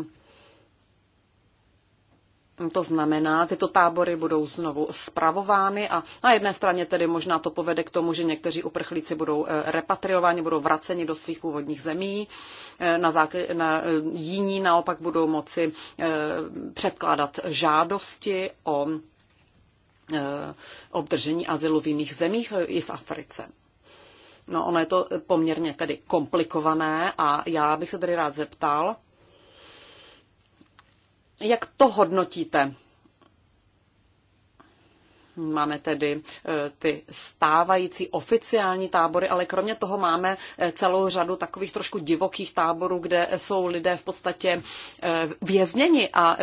to znamená, tyto tábory budou znovu spravovány a na jedné straně tedy možná to povede k tomu, že někteří uprchlíci budou eh, repatriováni, budou vraceni do svých původních zemí, eh, na zákl- na, eh, jiní naopak budou moci předkládat žádosti o obdržení azylu v jiných zemích i v Africe. No, ono je to poměrně tedy komplikované a já bych se tedy rád zeptal, jak to hodnotíte? Máme tedy eh, ty stávající oficiální tábory, ale kromě toho máme eh, celou řadu takových trošku divokých táborů, kde jsou lidé v podstatě eh, vězněni a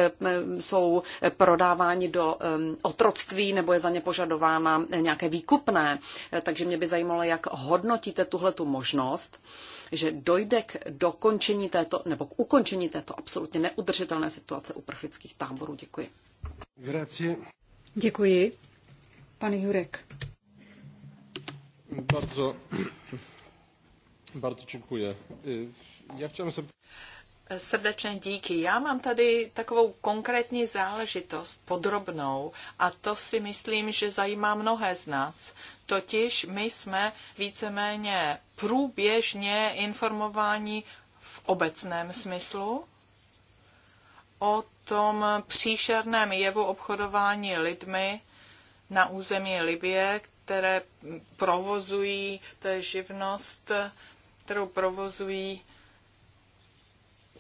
jsou prodáváni do otroctví nebo je za ně požadována nějaké výkupné. Takže mě by zajímalo, jak hodnotíte tuhle tu možnost, že dojde k dokončení této, nebo k ukončení této absolutně neudržitelné situace uprchlických táborů. Děkuji. Grazie. Děkuji. Pan Jurek. Bardzo, bardzo dziękuję. Ja chtěl sobie... Srdečné díky. Já mám tady takovou konkrétní záležitost, podrobnou, a to si myslím, že zajímá mnohé z nás. Totiž my jsme víceméně průběžně informováni v obecném smyslu o tom příšerném jevu obchodování lidmi, na území Libie, které provozují, to je živnost, kterou provozují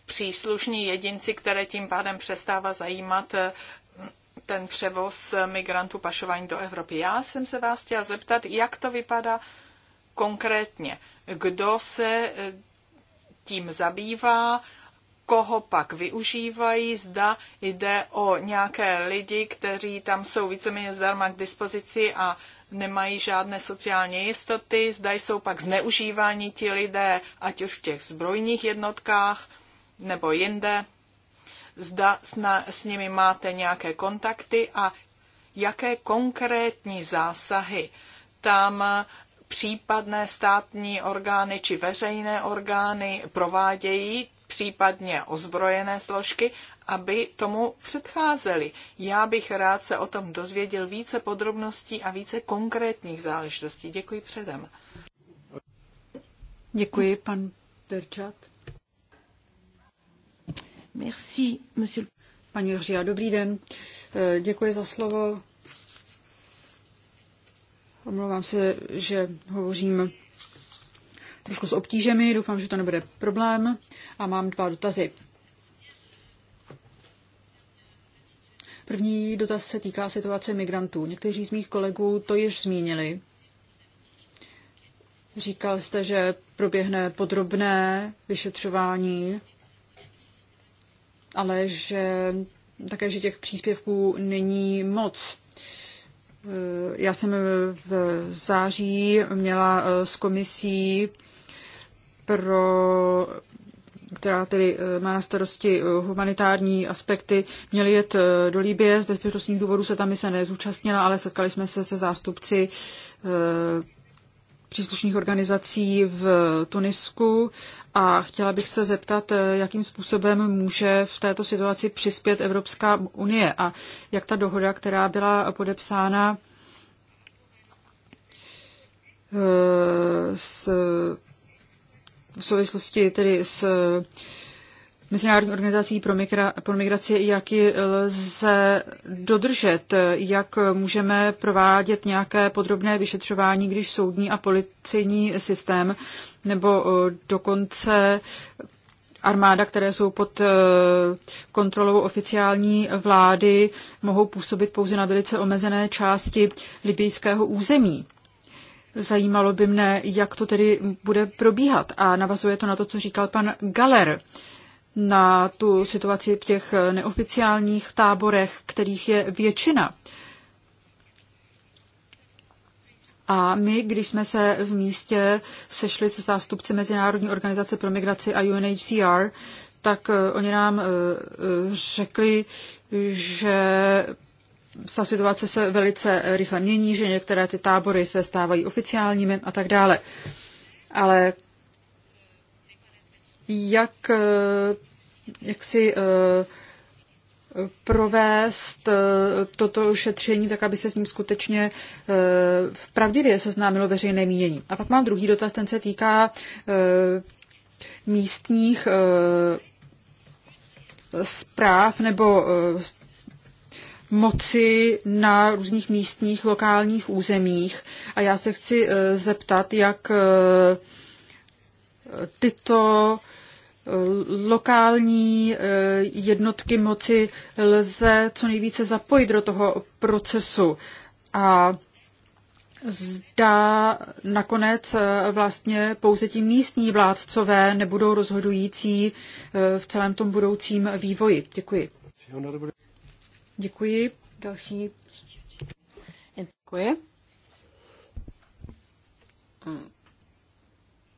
příslušní jedinci, které tím pádem přestává zajímat eh, ten převoz migrantů pašování do Evropy. Já jsem se vás chtěla zeptat, jak to vypadá konkrétně. Kdo se eh, tím zabývá, koho pak využívají, zda jde o nějaké lidi, kteří tam jsou víceméně zdarma k dispozici a nemají žádné sociální jistoty, zda jsou pak zneužíváni ti lidé, ať už v těch zbrojních jednotkách nebo jinde, zda s, na, s nimi máte nějaké kontakty a jaké konkrétní zásahy tam případné státní orgány či veřejné orgány provádějí, případně ozbrojené složky, aby tomu předcházeli. Já bych rád se o tom dozvěděl více podrobností a více konkrétních záležitostí. Děkuji předem. Děkuji, pan Perčák. Merci, monsieur. Paní Hřia, dobrý den. Eh, děkuji za slovo. Omlouvám se, že hovořím trošku s obtížemi, doufám, že to nebude problém a mám dva dotazy. První dotaz se týká situace migrantů. Někteří z mých kolegů to již zmínili. Říkal jste, že proběhne podrobné vyšetřování, ale že také, že těch příspěvků není moc. Já jsem v září měla eh, s komisí pro která tedy eh, má na starosti eh, humanitární aspekty, měli jet do Líbě. Z bezpečnostních důvodů se tam mise nezúčastnila, ale setkali jsme se se zástupci příslušných organizací v Tunisku a chtěla bych se zeptat, jakým způsobem může v této situaci přispět Evropská unie a jak ta dohoda, která byla podepsána eh, s, v souvislosti tedy s mezinárodní organizací pro, migra, pro migraci, jak ji lze dodržet, jak můžeme provádět nějaké podrobné vyšetřování, když soudní a policejní systém nebo eh, dokonce armáda, které jsou pod eh, kontrolou oficiální vlády, mohou působit pouze na velice omezené části libijského území. Zajímalo by mne, jak to tedy bude probíhat. A navazuje to na to, co říkal pan Galer. Uh, na tu situaci v těch neoficiálních táborech, kterých je většina. A my, když jsme se v místě sešli se zástupci Mezinárodní organizace pro migraci a UNHCR, tak eh, oni nám eh, eh, řekli, že ta situace se velice rychle mění, že některé ty tábory se stávají oficiálními a tak dále. Ale jak, eh, jak si eh, provést eh, toto ošetření, tak aby se s ním skutečně pravdivě seznámilo veřejné mínění. A pak mám druhý dotaz, ten se týká místních zpráv nebo moci na různých místních lokálních územích. A já se chci zeptat, jak tyto lokální eh, jednotky moci lze co nejvíce zapojit do toho procesu. A zda nakonec eh, vlastně pouze ti místní vládcové nebudou rozhodující eh, v celém tom budoucím vývoji. Děkuji. Děkuji. Další. Děkuji. Hmm.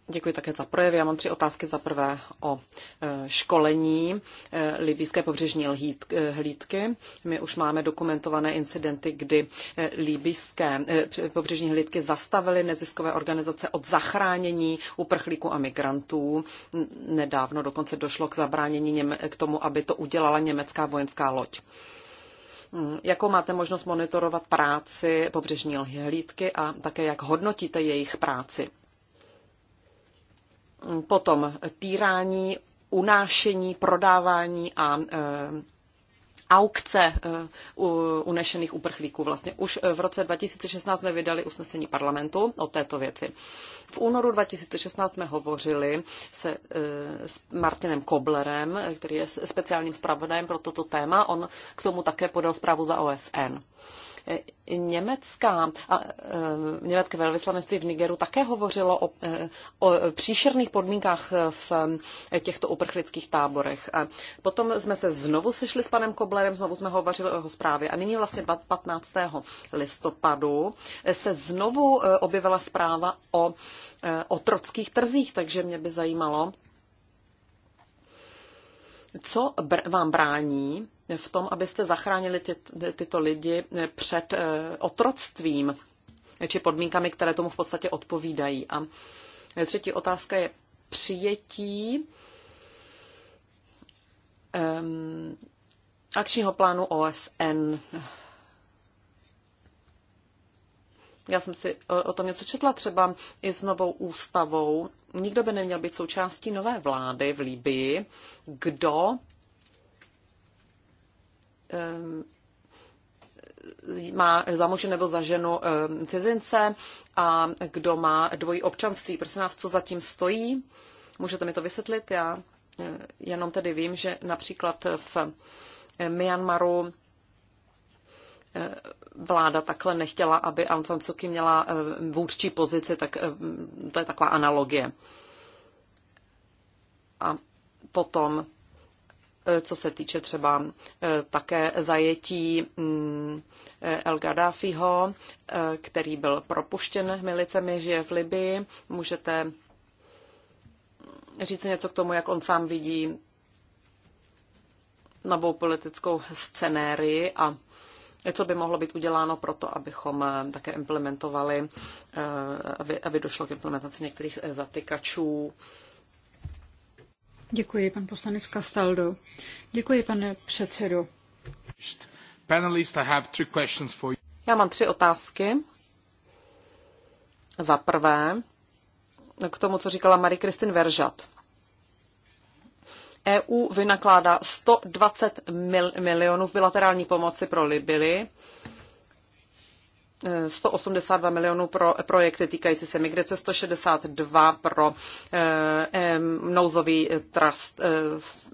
Děkuji také za projev. Já mám tři otázky. Za prvé o e, školení e, libýské pobřežní e, hlídky. My už máme dokumentované incidenty, kdy libýské pobřežní hlídky zastavily neziskové organizace od zachránění uprchlíků a migrantů. Nedávno dokonce došlo k zabránění k tomu, aby to udělala německá vojenská loď. Mm, jakou máte možnost monitorovat práci pobřežní hlídky a také jak hodnotíte jejich práci? potom týrání, unášení, prodávání a e, aukce e, u unešených uprchlíků. Vlastně už e, v roce 2016 jsme vydali usnesení parlamentu o této věci. V únoru 2016 jsme hovořili se, s Martinem Koblerem, který je speciálním zpravodajem pro toto téma. On k tomu také podal zprávu za OSN. E, Německá, a, e, německé velvyslanectví v Nigeru také hovořilo o, e, o příšerných podmínkách v těchto uprchlických táborech. A potom jsme se znovu sešli s panem Koblerem, znovu jsme hovořili o jeho zprávě a nyní vlastně 15. listopadu se znovu objevila zpráva o trockých trzích, takže mě by zajímalo, co br- vám brání v tom, abyste zachránili ty, tyto lidi eh, před eh, otroctvím eh, či podmínkami, které tomu v podstatě odpovídají. A třetí otázka je přijetí um, akčního plánu OSN. Já jsem si o tom něco četla třeba i s novou ústavou. Nikdo by neměl být součástí nové vlády v Libii, kdo Ehm, má za muže nebo za ženu ehm, cizince a kdo má dvojí občanství. Prosím nás, co zatím stojí? Můžete mi to vysvětlit? Já eh, jenom tedy vím, že například v Myanmaru eh, vláda takhle nechtěla, aby Aung San Suu Kyi měla ehm, vůdčí pozici, tak to je taková analogie. A potom Eh, co se týče třeba eh, také zajetí mm, eh, El Gaddafiho, který byl propuštěn milicemi, žije v Libii. Můžete říct něco k tomu, jak on sám vidí novou politickou scenérii a co by mohlo být uděláno pro to, abychom také implementovali, aby, aby došlo k implementaci některých zatykačů Děkuji, pan poslanec Castaldo. Děkuji, pane předsedo. Já mám tři otázky. Za prvé, k tomu, co říkala Marie Kristin Veržat. EU vynakládá 120 mil- milionů v bilaterální pomoci pro Libyli. 182 milionů pro projekty týkající se migrace, 162 pro eh, nouzový trust,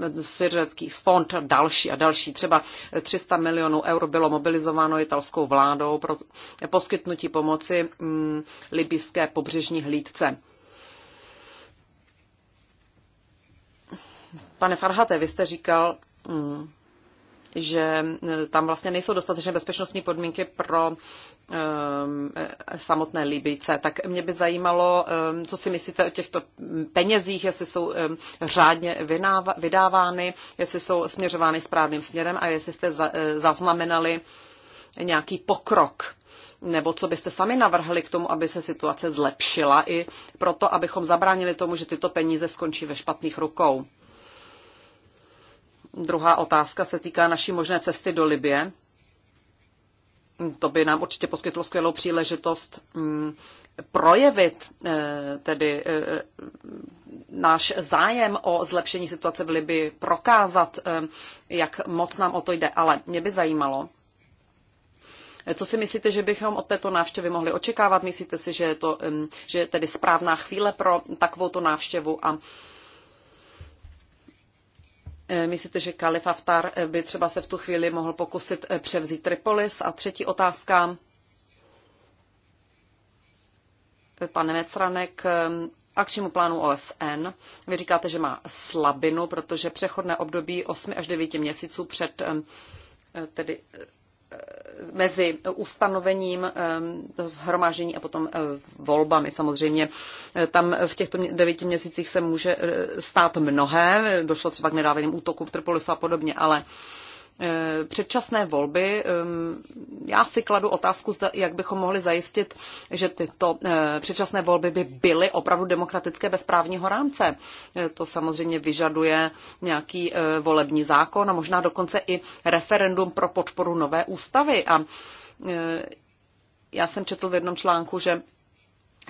eh, svěřecký fond a další a další. Třeba 300 milionů euro bylo mobilizováno italskou vládou pro poskytnutí pomoci hm, mm, libyské pobřežní hlídce. Pane Farhate, vy jste říkal, mm, že eh, tam vlastně nejsou dostatečné bezpečnostní podmínky pro eh, samotné Libice. Tak mě by zajímalo, eh, co si myslíte o těchto penězích, jestli jsou řádně vydávány, jestli jsou směřovány správným směrem a jestli jste zaznamenali nějaký pokrok nebo co byste sami navrhli k tomu, aby se situace zlepšila i proto, abychom zabránili tomu, že tyto peníze skončí ve špatných rukou druhá otázka se týká naší možné cesty do Libie. To by nám určitě poskytlo skvělou příležitost mm, projevit eh, tedy eh, náš zájem o zlepšení situace v Libii, prokázat, eh, jak moc nám o to jde. Ale mě by zajímalo, co si myslíte, že bychom od této návštěvy mohli očekávat? Myslíte si, že je, to, mm, že je tedy správná chvíle pro takovouto návštěvu a Eh, myslíte, že Kalif Haftar eh, by třeba se v tu chvíli mohl pokusit eh, převzít Tripolis? A třetí otázka. Pane Mecranek, a k čemu plánu OSN. Vy říkáte, že má slabinu, protože přechodné období 8 až 9 měsíců před tedy Eh, mezi ustanovením eh, toho zhromáždění a potom eh, volbami. Samozřejmě tam v těchto devíti měsících se může stát mnohé, došlo třeba k nedávným útokům v Tripolisu a podobně, ale Eh, předčasné volby. Já si kladu otázku, jak bychom mohli zajistit, že tyto eh, předčasné volby by byly opravdu demokratické bez právního rámce. Eh, to samozřejmě vyžaduje nějaký volební zákon a možná dokonce i referendum pro podporu nové ústavy. A já jsem četl v jednom článku, že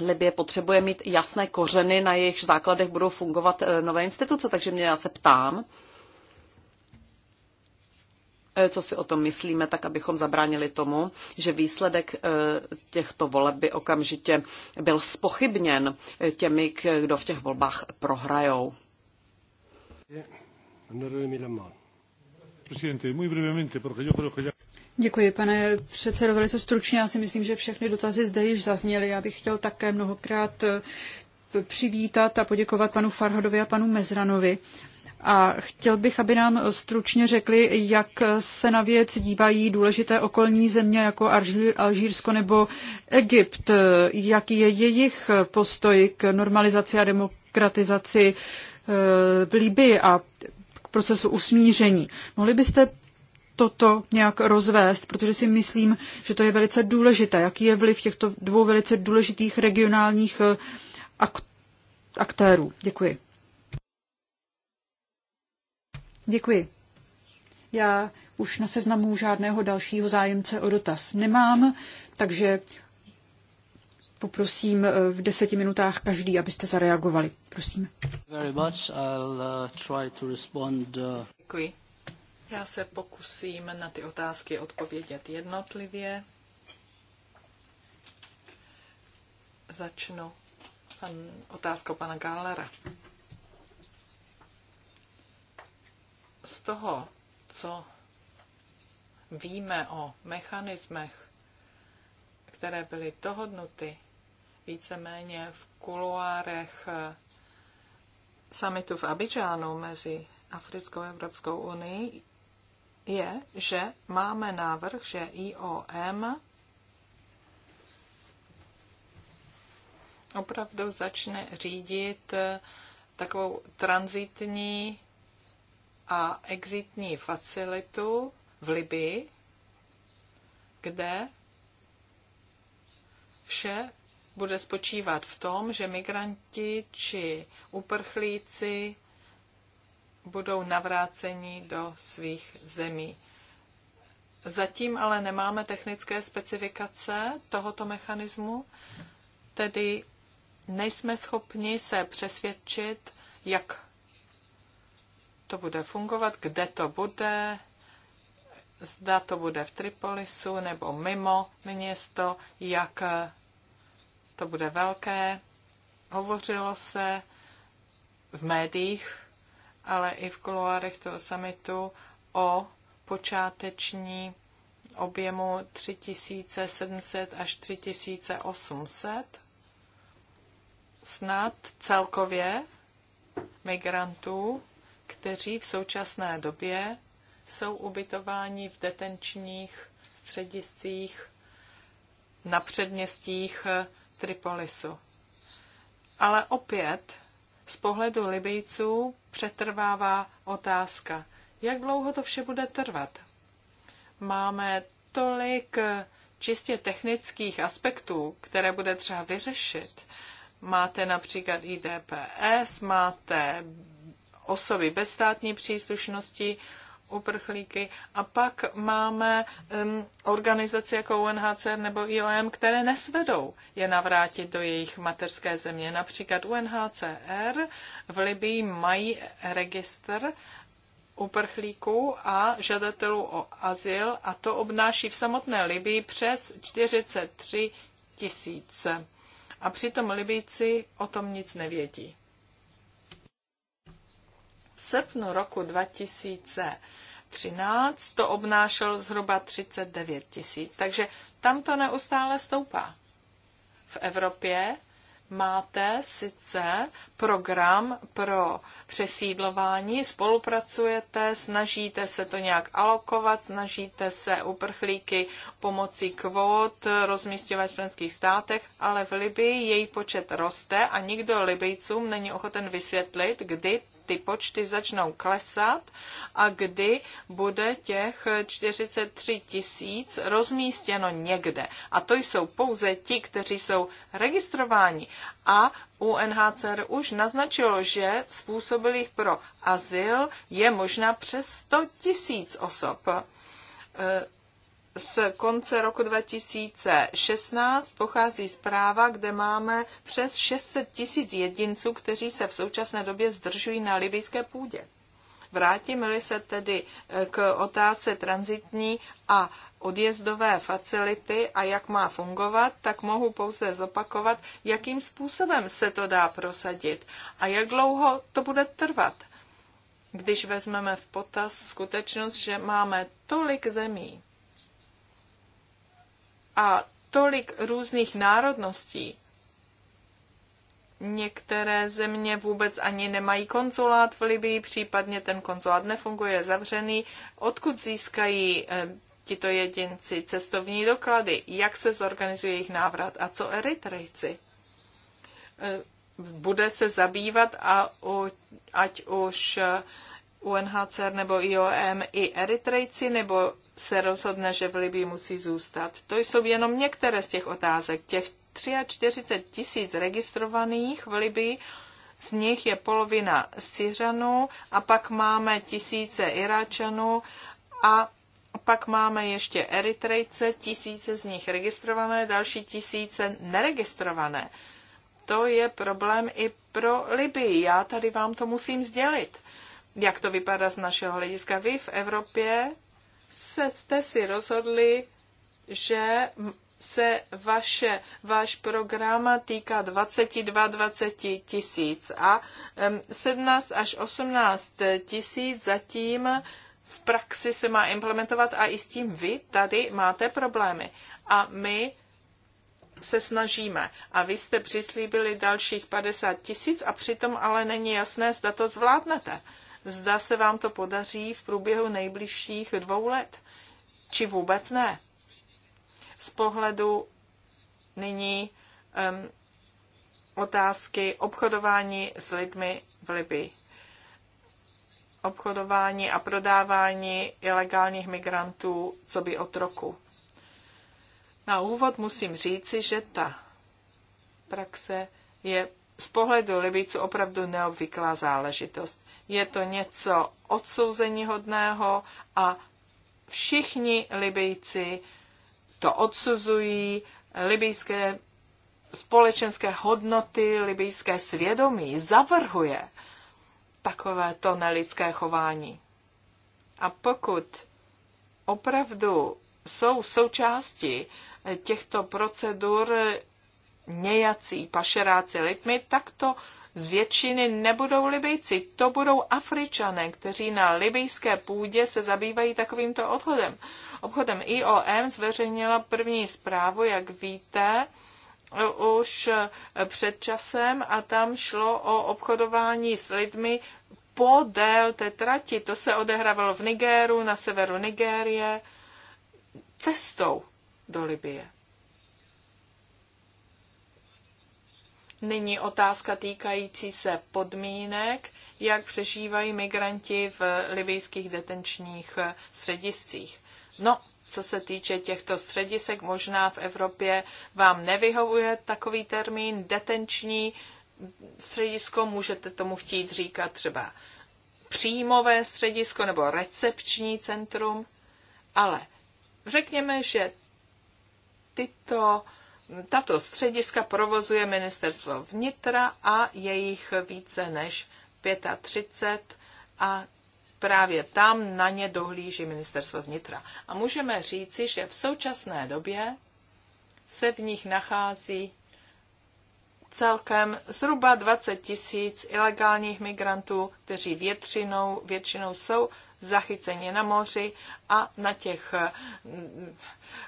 Libie potřebuje mít jasné kořeny, na jejich základech budou fungovat nové instituce, takže mě já se ptám, Eh, co si o tom myslíme, tak abychom zabránili tomu, že výsledek eh, těchto voleb by okamžitě byl spochybněn eh, těmi, kdo v těch volbách prohrajou. Děkuji, pane předsedo, velice stručně. Já si myslím, že všechny dotazy zde již zazněly. Já bych chtěl také mnohokrát přivítat a poděkovat panu Farhodovi a panu Mezranovi a chtěl bych, aby nám stručně řekli, jak se na věc dívají důležité okolní země jako Alžírsko nebo Egypt, jaký je jejich postoj k normalizaci a demokratizaci eh, v Libii a k procesu usmíření. Mohli byste toto nějak rozvést, protože si myslím, že to je velice důležité, jaký je vliv těchto dvou velice důležitých regionálních eh, aktérů. Děkuji. Děkuji. Já už na seznamu žádného dalšího zájemce o dotaz nemám, takže poprosím eh, v deseti minutách každý, abyste zareagovali. Prosím. Eh, eh, Děkuji. Já se pokusím na ty otázky odpovědět jednotlivě. Začnu pan, otázkou pana Gálera. z toho, co víme o mechanismech, které byly dohodnuty víceméně v kuluárech eh, samitu v Abidžánu mezi Africkou a Evropskou unii, je, že máme návrh, že IOM opravdu začne řídit eh, takovou transitní a exitní facilitu v Libii, kde vše bude spočívat v tom, že migranti či uprchlíci budou navráceni do svých zemí. Zatím ale nemáme technické specifikace tohoto mechanismu, tedy nejsme schopni se přesvědčit, jak to bude fungovat, kde to bude, zda to bude v Tripolisu nebo mimo město, jak to bude velké. Hovořilo se v médiích, ale i v kuluárech toho samitu o počáteční objemu 3700 až 3800 snad celkově migrantů kteří v současné době jsou ubytováni v detenčních střediscích na předměstích eh, Tripolisu. Ale opět z pohledu Libijců přetrvává otázka, jak dlouho to vše bude trvat. Máme tolik eh, čistě technických aspektů, které bude třeba vyřešit. Máte například IDPS, máte osoby bez státní příslušnosti, uprchlíky. A pak máme um, organizace jako UNHCR nebo IOM, které nesvedou je navrátit do jejich materské země. Například UNHCR v Libii mají registr uprchlíků a žadatelů o azyl a to obnáší v samotné Libii přes 43 tisíce. A přitom Libíci o tom nic nevědí srpnu roku 2013 to obnášel zhruba 39 tisíc. Takže tam to neustále stoupá. V Evropě máte sice program pro přesídlování, spolupracujete, snažíte se to nějak alokovat, snažíte se uprchlíky pomocí kvót rozmístěvat v členských státech, ale v Libii její počet roste a nikdo Libijcům není ochoten vysvětlit, kdy ty počty začnou klesat a kdy bude těch 43 tisíc rozmístěno někde. A to jsou pouze ti, kteří jsou registrováni. A UNHCR už naznačilo, že způsobilých pro azyl je možná přes 100 tisíc osob z konce roku 2016 pochází zpráva, kde máme přes 600 tisíc jedinců, kteří se v současné době zdržují na libijské půdě. Vrátíme-li se tedy eh, k otázce transitní a odjezdové facility a jak má fungovat, tak mohu pouze zopakovat, jakým způsobem se to dá prosadit a jak dlouho to bude trvat. Když vezmeme v potaz skutečnost, že máme tolik zemí, a tolik různých národností. Některé země vůbec ani nemají konzulát v Libii, případně ten konzulát nefunguje, je zavřený. Odkud získají eh, tito jedinci cestovní doklady? Jak se zorganizuje jejich návrat? A co Eritrejci? Eh, bude se zabývat a u, ať už eh, UNHCR nebo IOM i Eritrejci nebo se rozhodne, že v Libii musí zůstat. To jsou jenom některé z těch otázek. Těch 43 tisíc registrovaných v Libii, z nich je polovina Syřanů a pak máme tisíce Iráčanů a pak máme ještě Eritrejce, tisíce z nich registrované, další tisíce neregistrované. To je problém i pro Libii. Já tady vám to musím sdělit. Jak to vypadá z našeho hlediska? Vy v Evropě se, jste si rozhodli, že se vaše, váš program týká 22-20 tisíc a 17 až 18 tisíc zatím v praxi se má implementovat a i s tím vy tady máte problémy. A my se snažíme. A vy jste přislíbili dalších 50 tisíc a přitom ale není jasné, zda to zvládnete. Zda se vám to podaří v průběhu nejbližších dvou let, či vůbec ne. Z pohledu nyní um, otázky obchodování s lidmi v Libii. Obchodování a prodávání ilegálních migrantů, co by otroku. Na úvod musím říci, že ta praxe je z pohledu Libíců opravdu neobvyklá záležitost je to něco odsouzeníhodného a všichni Libijci to odsuzují, libijské společenské hodnoty, libijské svědomí zavrhuje takovéto nelidské chování. A pokud opravdu jsou součástí těchto procedur nějací pašeráci lidmi, tak to z většiny nebudou Libijci, to budou Afričané, kteří na libyjské půdě se zabývají takovýmto odchodem. Obchodem IOM zveřejnila první zprávu, jak víte, už před časem a tam šlo o obchodování s lidmi podél té trati. To se odehrávalo v Nigéru, na severu Nigérie, cestou do Libie. Nyní otázka týkající se podmínek, jak přežívají migranti v libijských detenčních eh, střediscích. No, co se týče těchto středisek, možná v Evropě vám nevyhovuje takový termín detenční středisko, můžete tomu chtít říkat třeba příjmové středisko nebo recepční centrum, ale řekněme, že tyto tato střediska provozuje ministerstvo vnitra a jejich více než 35 a právě tam na ně dohlíží ministerstvo vnitra. A můžeme říci, že v současné době se v nich nachází celkem zhruba 20 tisíc ilegálních migrantů, kteří většinou, většinou jsou zachyceni na moři a na těch mm,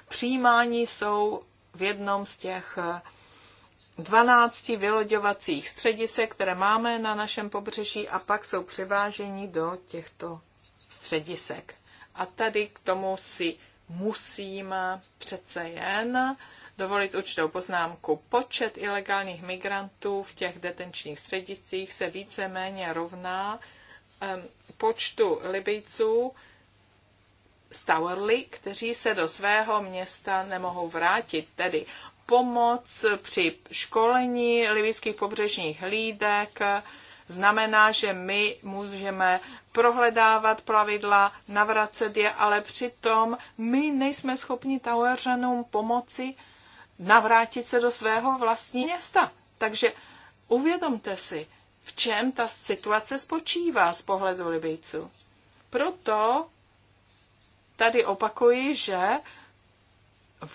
přijímání jsou v jednom z těch 12 eh, vyloďovacích středisek, které máme na našem pobřeží a pak jsou převáženi do těchto středisek. A tady k tomu si musím přece jen dovolit určitou poznámku. Počet ilegálních migrantů v těch detenčních střediscích se víceméně rovná počtu Libijců, Stowerly, kteří se do svého města nemohou vrátit, tedy pomoc při školení libijských pobřežních hlídek, znamená, že my můžeme prohledávat plavidla, navracet je, ale přitom my nejsme schopni Taueřanům pomoci navrátit se do svého vlastní města. Takže uvědomte si, v čem ta situace spočívá z pohledu Libijců. Proto tady opakuji, že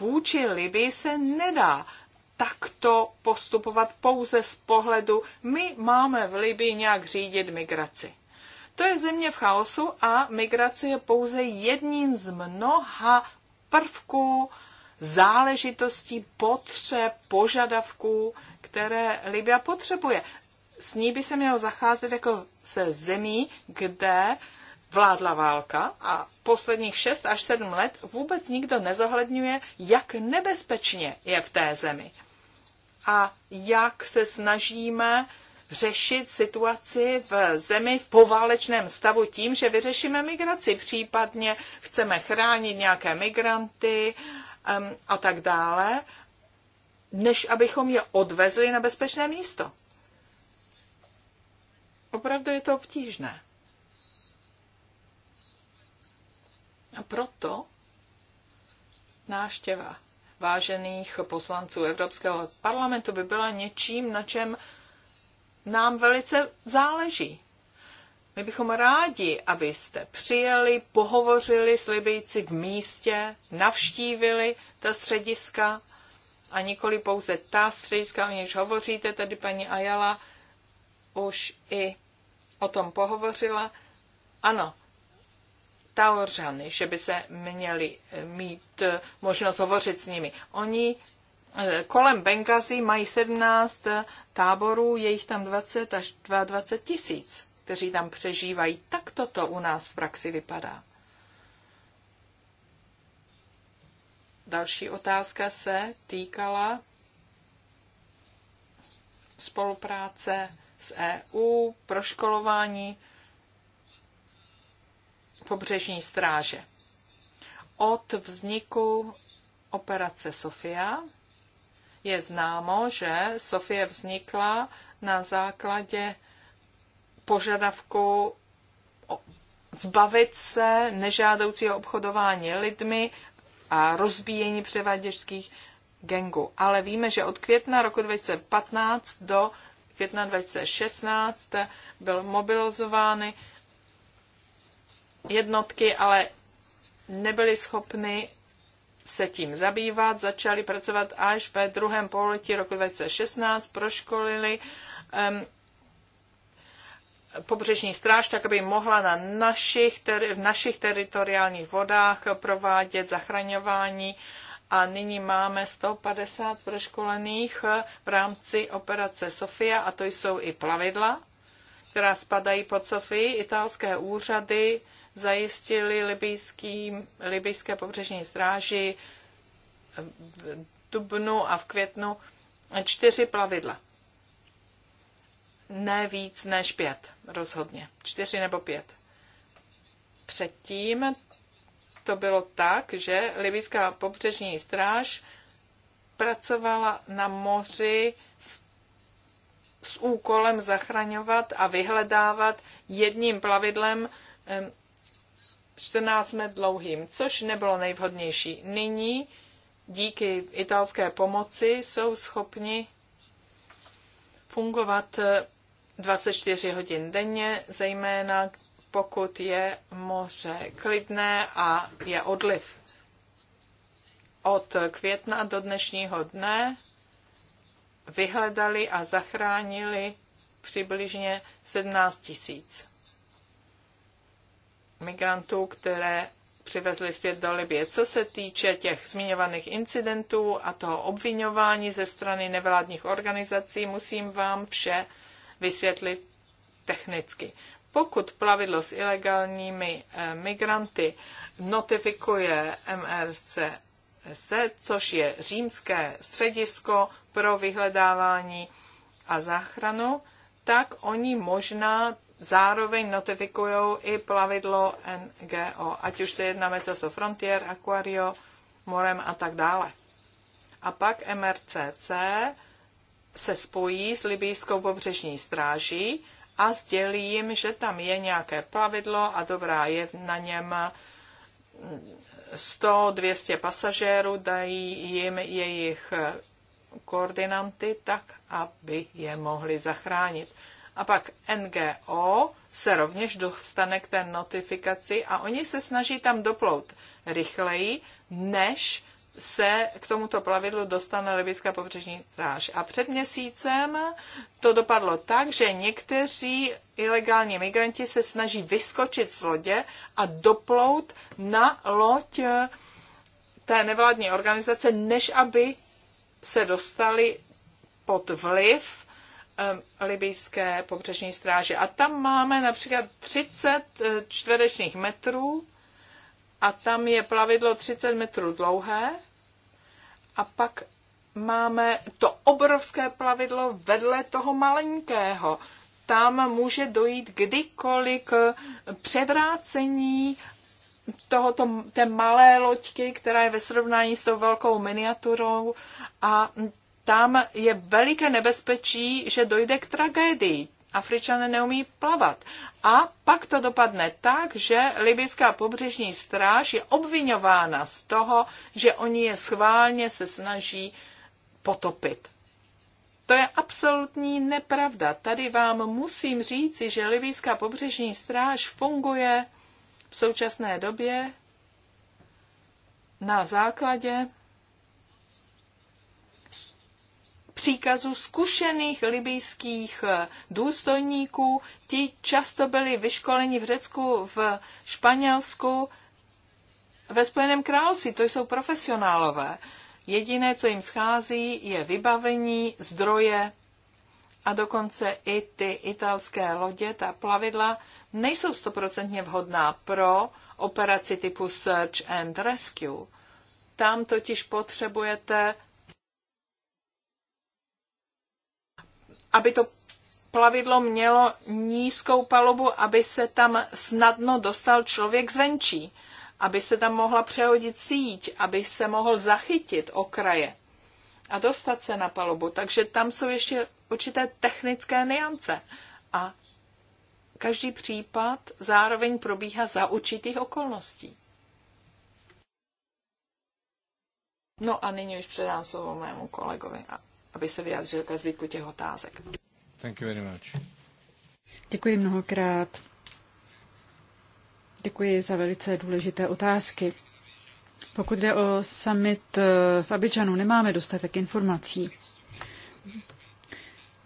vůči Libii se nedá takto postupovat pouze z pohledu, my máme v Libii nějak řídit migraci. To je země v chaosu a migrace je pouze jedním z mnoha prvků, záležitostí, potřeb, požadavků, které Libia potřebuje. S ní by se mělo zacházet jako se zemí, kde vládla válka a posledních 6 až 7 let vůbec nikdo nezohledňuje, jak nebezpečně je v té zemi a jak se snažíme řešit situaci v zemi v poválečném stavu tím, že vyřešíme migraci, případně chceme chránit nějaké migranty um, a tak dále, než abychom je odvezli na bezpečné místo. Opravdu je to obtížné. A proto návštěva vážených poslanců Evropského parlamentu by byla něčím, na čem nám velice záleží. My bychom rádi, abyste přijeli, pohovořili s Libijci v místě, navštívili ta střediska a nikoli pouze ta střediska, o něž hovoříte, tady paní Ajala už i o tom pohovořila. Ano, Taoržany, že by se měli mít možnost hovořit s nimi. Oni eh, kolem Bengazi mají 17 táborů, je jich tam 20 až 22 tisíc, kteří tam přežívají. Tak toto u nás v praxi vypadá. Další otázka se týkala spolupráce s EU, proškolování pobřežní stráže. Od vzniku operace Sofia je známo, že Sofie vznikla na základě požadavku zbavit se nežádoucího obchodování lidmi a rozbíjení převaděčských gengů. Ale víme, že od května roku 2015 do května 2016 byl mobilizovány jednotky, ale nebyli schopni se tím zabývat, začali pracovat až ve druhém pololetí roku 2016, proškolili um, pobřežní stráž, tak aby mohla na našich, teri- v našich teritoriálních vodách provádět zachraňování a nyní máme 150 proškolených eh, v rámci operace Sofia a to jsou i plavidla, která spadají pod Sofii, italské úřady, zajistili libijský, libijské pobřežní stráži v dubnu a v květnu čtyři plavidla. Ne víc než pět, rozhodně. Čtyři nebo pět. Předtím to bylo tak, že libijská pobřežní stráž pracovala na moři s, s úkolem zachraňovat a vyhledávat jedním plavidlem 14 let dlouhým, což nebylo nejvhodnější. Nyní díky italské pomoci jsou schopni fungovat 24 eh, hodin denně, zejména pokud je moře klidné a je odliv. Od května do dnešního dne vyhledali a zachránili přibližně 17 tisíc migrantů, které přivezli zpět do Libie. Co se týče těch zmiňovaných incidentů a toho obvinování ze strany nevládních organizací, musím vám vše vysvětlit technicky. Pokud plavidlo s ilegálními eh, migranty notifikuje MRC, což je římské středisko pro vyhledávání a záchranu, tak oni možná zároveň notifikují i plavidlo NGO, ať už se jedná Meceso Frontier, Aquario, Morem a tak dále. A pak MRCC se spojí s libijskou pobřežní stráží a sdělí jim, že tam je nějaké plavidlo a dobrá, je na něm 100-200 pasažérů, dají jim jejich koordinanty tak, aby je mohli zachránit. A pak NGO se rovněž dostane k té notifikaci a oni se snaží tam doplout rychleji, než se k tomuto plavidlu dostane libyská pobřežní stráž. A před měsícem to dopadlo tak, že někteří ilegální migranti se snaží vyskočit z lodě a doplout na loď eh, té nevládní organizace, než aby se dostali pod vliv Um, libijské pobřežní stráže. A tam máme například 30 eh, čtverečních metrů a tam je plavidlo 30 metrů dlouhé a pak máme to obrovské plavidlo vedle toho malenkého. Tam může dojít kdykoliv k převrácení tohoto, té malé loďky, která je ve srovnání s tou velkou miniaturou a tam je veliké nebezpečí, že dojde k tragédii. Afričané neumí plavat. A pak to dopadne tak, že libyská pobřežní stráž je obvinována z toho, že oni je schválně se snaží potopit. To je absolutní nepravda. Tady vám musím říci, že libyská pobřežní stráž funguje v současné době na základě Příkazu zkušených libijských eh, důstojníků. Ti často byli vyškoleni v Řecku, v Španělsku, ve Spojeném království. To jsou profesionálové. Jediné, co jim schází, je vybavení, zdroje a dokonce i ty italské lodě, ta plavidla, nejsou stoprocentně vhodná pro operaci typu Search and Rescue. Tam totiž potřebujete aby to plavidlo mělo nízkou palubu, aby se tam snadno dostal člověk zvenčí, aby se tam mohla přehodit síť, aby se mohl zachytit okraje a dostat se na palubu. Takže tam jsou ještě určité technické niance. A každý případ zároveň probíhá za určitých okolností. No a nyní už předám slovo mému kolegovi aby se vyjádřil ke zbytku těch otázek. Thank you very much. Děkuji mnohokrát. Děkuji za velice důležité otázky. Pokud jde o summit eh, v Abidžanu, nemáme dostatek informací.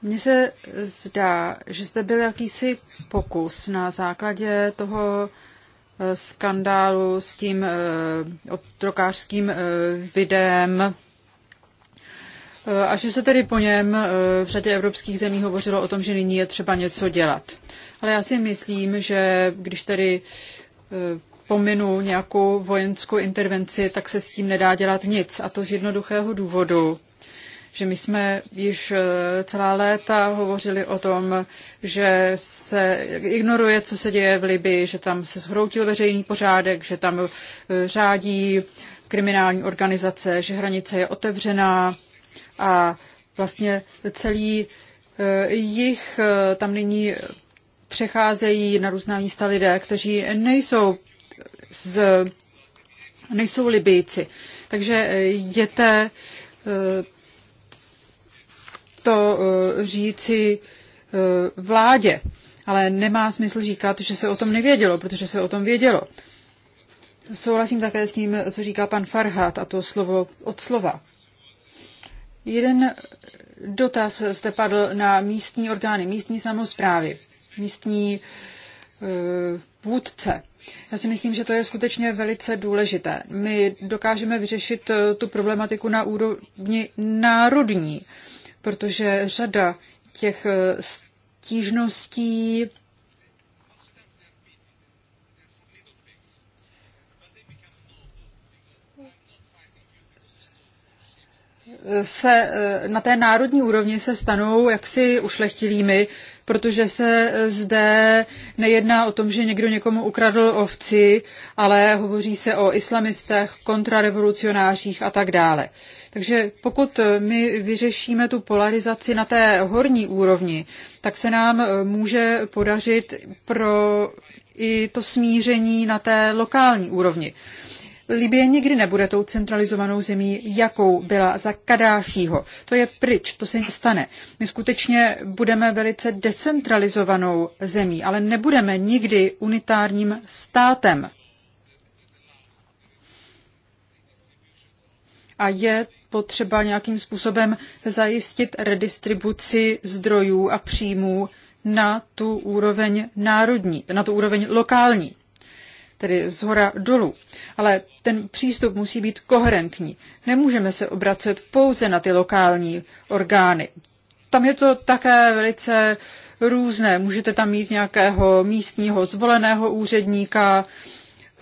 Mně se zdá, že zde byl jakýsi pokus na základě toho eh, skandálu s tím eh, otrokářským videem Eh, a že se tedy po něm eh, v řadě evropských zemí hovořilo o tom, že nyní je třeba něco dělat. Ale já si myslím, že když tedy eh, pominu nějakou vojenskou intervenci, tak se s tím nedá dělat nic. A to z jednoduchého důvodu, že my jsme již celá léta hovořili o tom, že se ignoruje, co se děje v Libii, že tam se zhroutil veřejný pořádek, že tam řádí kriminální organizace, že hranice je otevřená, a vlastně celý eh, jich eh, tam nyní přecházejí na různá místa lidé, kteří nejsou z, nejsou Libijci. Takže eh, je to říci vládě, ale nemá smysl říkat, že se o tom nevědělo, protože se o tom vědělo. Souhlasím také s tím, co říká pan Farhat, a to slovo od slova. Jeden dotaz zde padl na místní orgány, místní samozprávy, místní eh, vůdce. Já si myslím, že to je skutečně velice důležité. My dokážeme vyřešit eh, tu problematiku na úrovni národní, protože řada těch eh, stížností se eh, na té národní úrovni se stanou jaksi ušlechtilými, protože se eh, zde nejedná o tom, že někdo někomu ukradl ovci, ale hovoří se o islamistech, kontrarevolucionářích a tak dále. Takže pokud eh, my vyřešíme tu polarizaci na té horní úrovni, tak se nám může podařit pro i to smíření na té lokální úrovni. Libie nikdy nebude tou centralizovanou zemí, jakou byla za Kadáfího. To je pryč, to se stane. My skutečně budeme velice decentralizovanou zemí, ale nebudeme nikdy unitárním státem. A je potřeba nějakým způsobem zajistit redistribuci zdrojů a příjmů na tu úroveň národní, na tu úroveň lokální tedy z hora dolů. Ale ten přístup musí být koherentní. Nemůžeme se obracet pouze na ty lokální orgány. Tam je to také velice různé. Můžete tam mít nějakého místního zvoleného úředníka,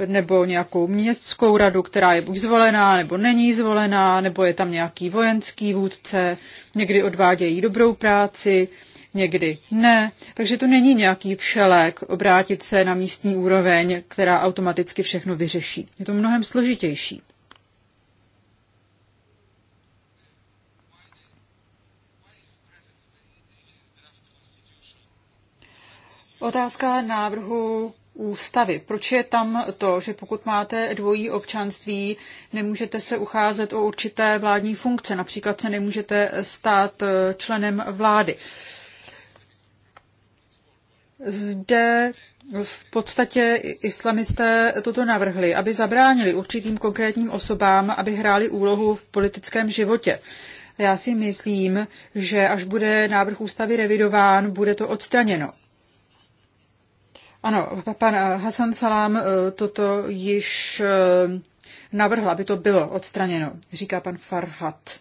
nebo nějakou městskou radu, která je buď zvolená, nebo není zvolená, nebo je tam nějaký vojenský vůdce, někdy odvádějí dobrou práci, někdy ne. Takže to není nějaký všelek obrátit se na místní úroveň, která automaticky všechno vyřeší. Je to mnohem složitější. Otázka návrhu ústavy. Proč je tam to, že pokud máte dvojí občanství, nemůžete se ucházet o určité vládní funkce, například se nemůžete stát eh, členem vlády zde v podstatě islamisté toto navrhli, aby zabránili určitým konkrétním osobám, aby hráli úlohu v politickém životě. Já si myslím, že až bude návrh ústavy revidován, bude to odstraněno. Ano, pan Hasan Salám eh, toto již eh, navrhl, aby to bylo odstraněno, říká pan Farhat.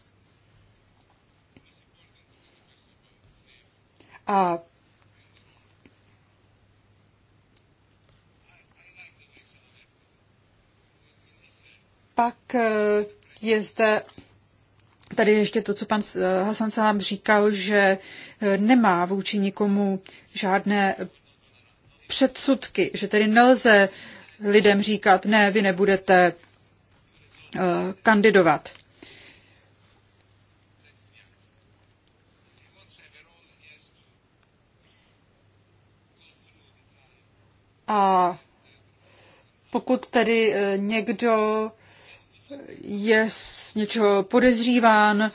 A pak eh, je zde tady ještě to, co pan eh, Hasan sám říkal, že eh, nemá vůči nikomu žádné předsudky, že tedy nelze lidem říkat, ne, vy nebudete kandidovat. A pokud tedy někdo je z něčeho podezříván,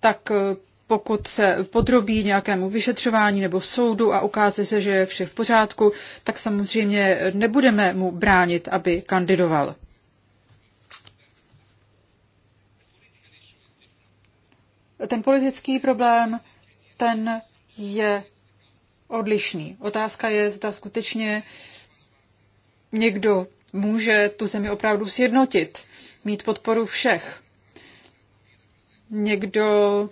tak eh, pokud se podrobí nějakému vyšetřování nebo soudu a ukáže se, že je vše v pořádku, tak samozřejmě nebudeme mu bránit, aby kandidoval. Ten politický problém, ten je odlišný. Otázka je, zda skutečně někdo může tu zemi opravdu sjednotit, mít podporu všech. Někdo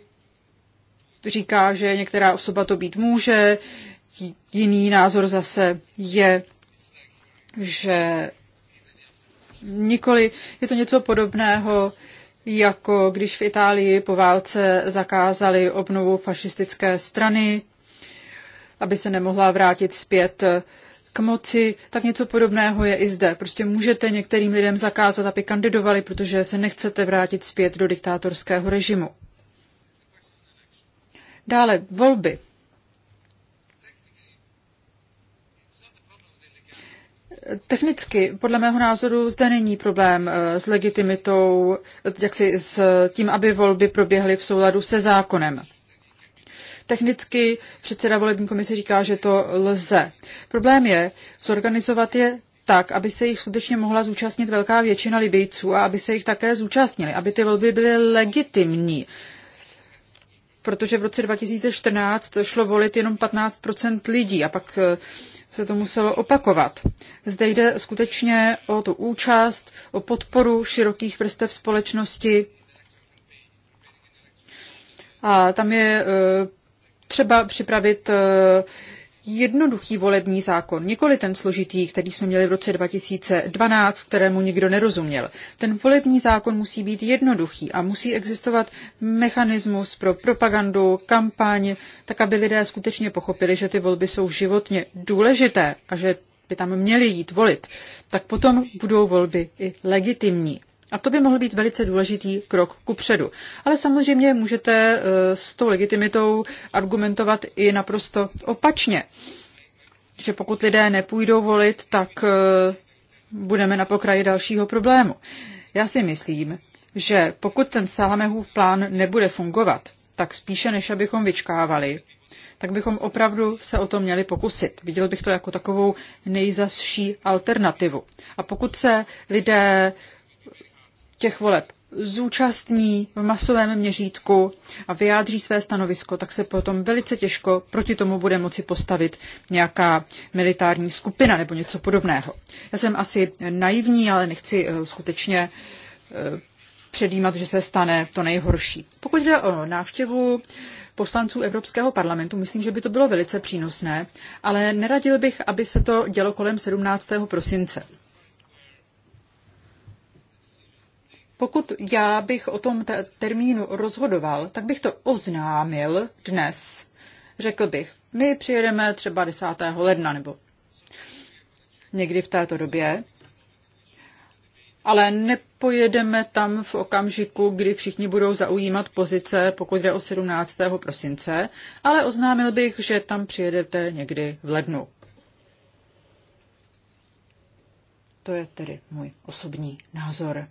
říká, že některá osoba to být může, jiný názor zase je, že nikoli je to něco podobného, jako když v Itálii po válce zakázali obnovu fašistické strany, aby se nemohla vrátit zpět k moci, tak něco podobného je i zde. Prostě můžete některým lidem zakázat, aby kandidovali, protože se nechcete vrátit zpět do diktátorského režimu. Dále volby. Technicky, podle mého názoru, zde není problém eh, s legitimitou, eh, jaksi s tím, aby volby proběhly v souladu se zákonem. Technicky předseda volební komise říká, že to lze. Problém je zorganizovat je tak, aby se jich skutečně mohla zúčastnit velká většina Libijců a aby se jich také zúčastnili, aby ty volby byly legitimní. Protože v roce 2014 šlo volit jenom 15 lidí a pak eh, se to muselo opakovat. Zde jde skutečně o tu účast, o podporu širokých vrstev společnosti. A tam je eh, třeba připravit eh, jednoduchý volební zákon, nikoli ten složitý, který jsme měli v roce 2012, kterému nikdo nerozuměl. Ten volební zákon musí být jednoduchý a musí existovat mechanismus pro propagandu, kampaň, tak aby lidé skutečně pochopili, že ty volby jsou životně důležité a že by tam měli jít volit, tak potom budou volby i legitimní. A to by mohl být velice důležitý krok ku předu. Ale samozřejmě můžete eh, s tou legitimitou argumentovat i naprosto opačně. Že pokud lidé nepůjdou volit, tak eh, budeme na pokraji dalšího problému. Já si myslím, že pokud ten Salamehův plán nebude fungovat, tak spíše než abychom vyčkávali, tak bychom opravdu se o to měli pokusit. Viděl bych to jako takovou nejzasší alternativu. A pokud se lidé těch voleb zúčastní v masovém měřítku a vyjádří své stanovisko, tak se potom velice těžko proti tomu bude moci postavit nějaká militární skupina nebo něco podobného. Já jsem asi naivní, ale nechci eh, skutečně eh, předjímat, že se stane to nejhorší. Pokud jde o návštěvu poslanců Evropského parlamentu, myslím, že by to bylo velice přínosné, ale neradil bych, aby se to dělo kolem 17. prosince. Pokud já bych o tom termínu rozhodoval, tak bych to oznámil dnes. Řekl bych, my přijedeme třeba 10. ledna nebo někdy v této době, ale nepojedeme tam v okamžiku, kdy všichni budou zaujímat pozice, pokud jde o 17. prosince, ale oznámil bych, že tam přijedete někdy v lednu. To je tedy můj osobní názor.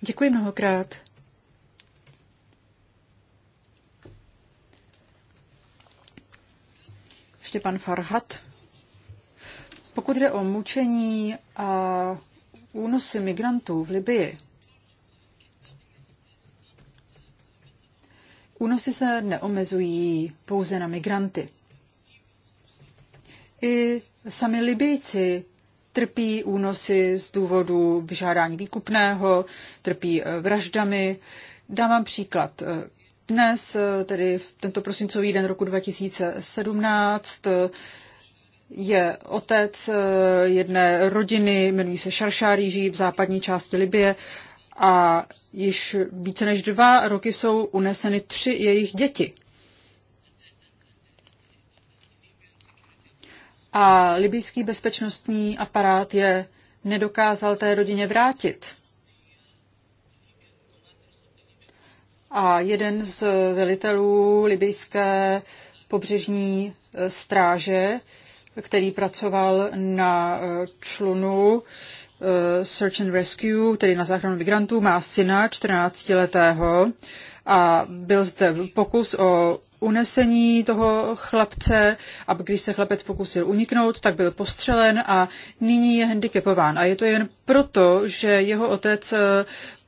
Děkuji mnohokrát. Ještě pan Farhat. Pokud jde o mučení a únosy migrantů v Libii, únosy se neomezují pouze na migranty. I sami Libijci trpí únosy z důvodu vyžádání výkupného, trpí eh, vraždami. Dám vám příklad. Eh, dnes, eh, tedy v tento prosincový den roku 2017, je otec jedné rodiny, jmenují se Šaršáří, žijí v západní části Libie a již více než dva roky jsou uneseny tři jejich děti. a libýský bezpečnostní aparát je nedokázal té rodině vrátit. A jeden z velitelů libijské pobřežní eh, stráže, který pracoval na eh, člunu eh, Search and Rescue, tedy na záchranu migrantů, má syna 14-letého a byl zde pokus o unesení toho chlapce a když se chlapec pokusil uniknout, tak byl postřelen a nyní je handicapován. A je to jen proto, že jeho otec eh,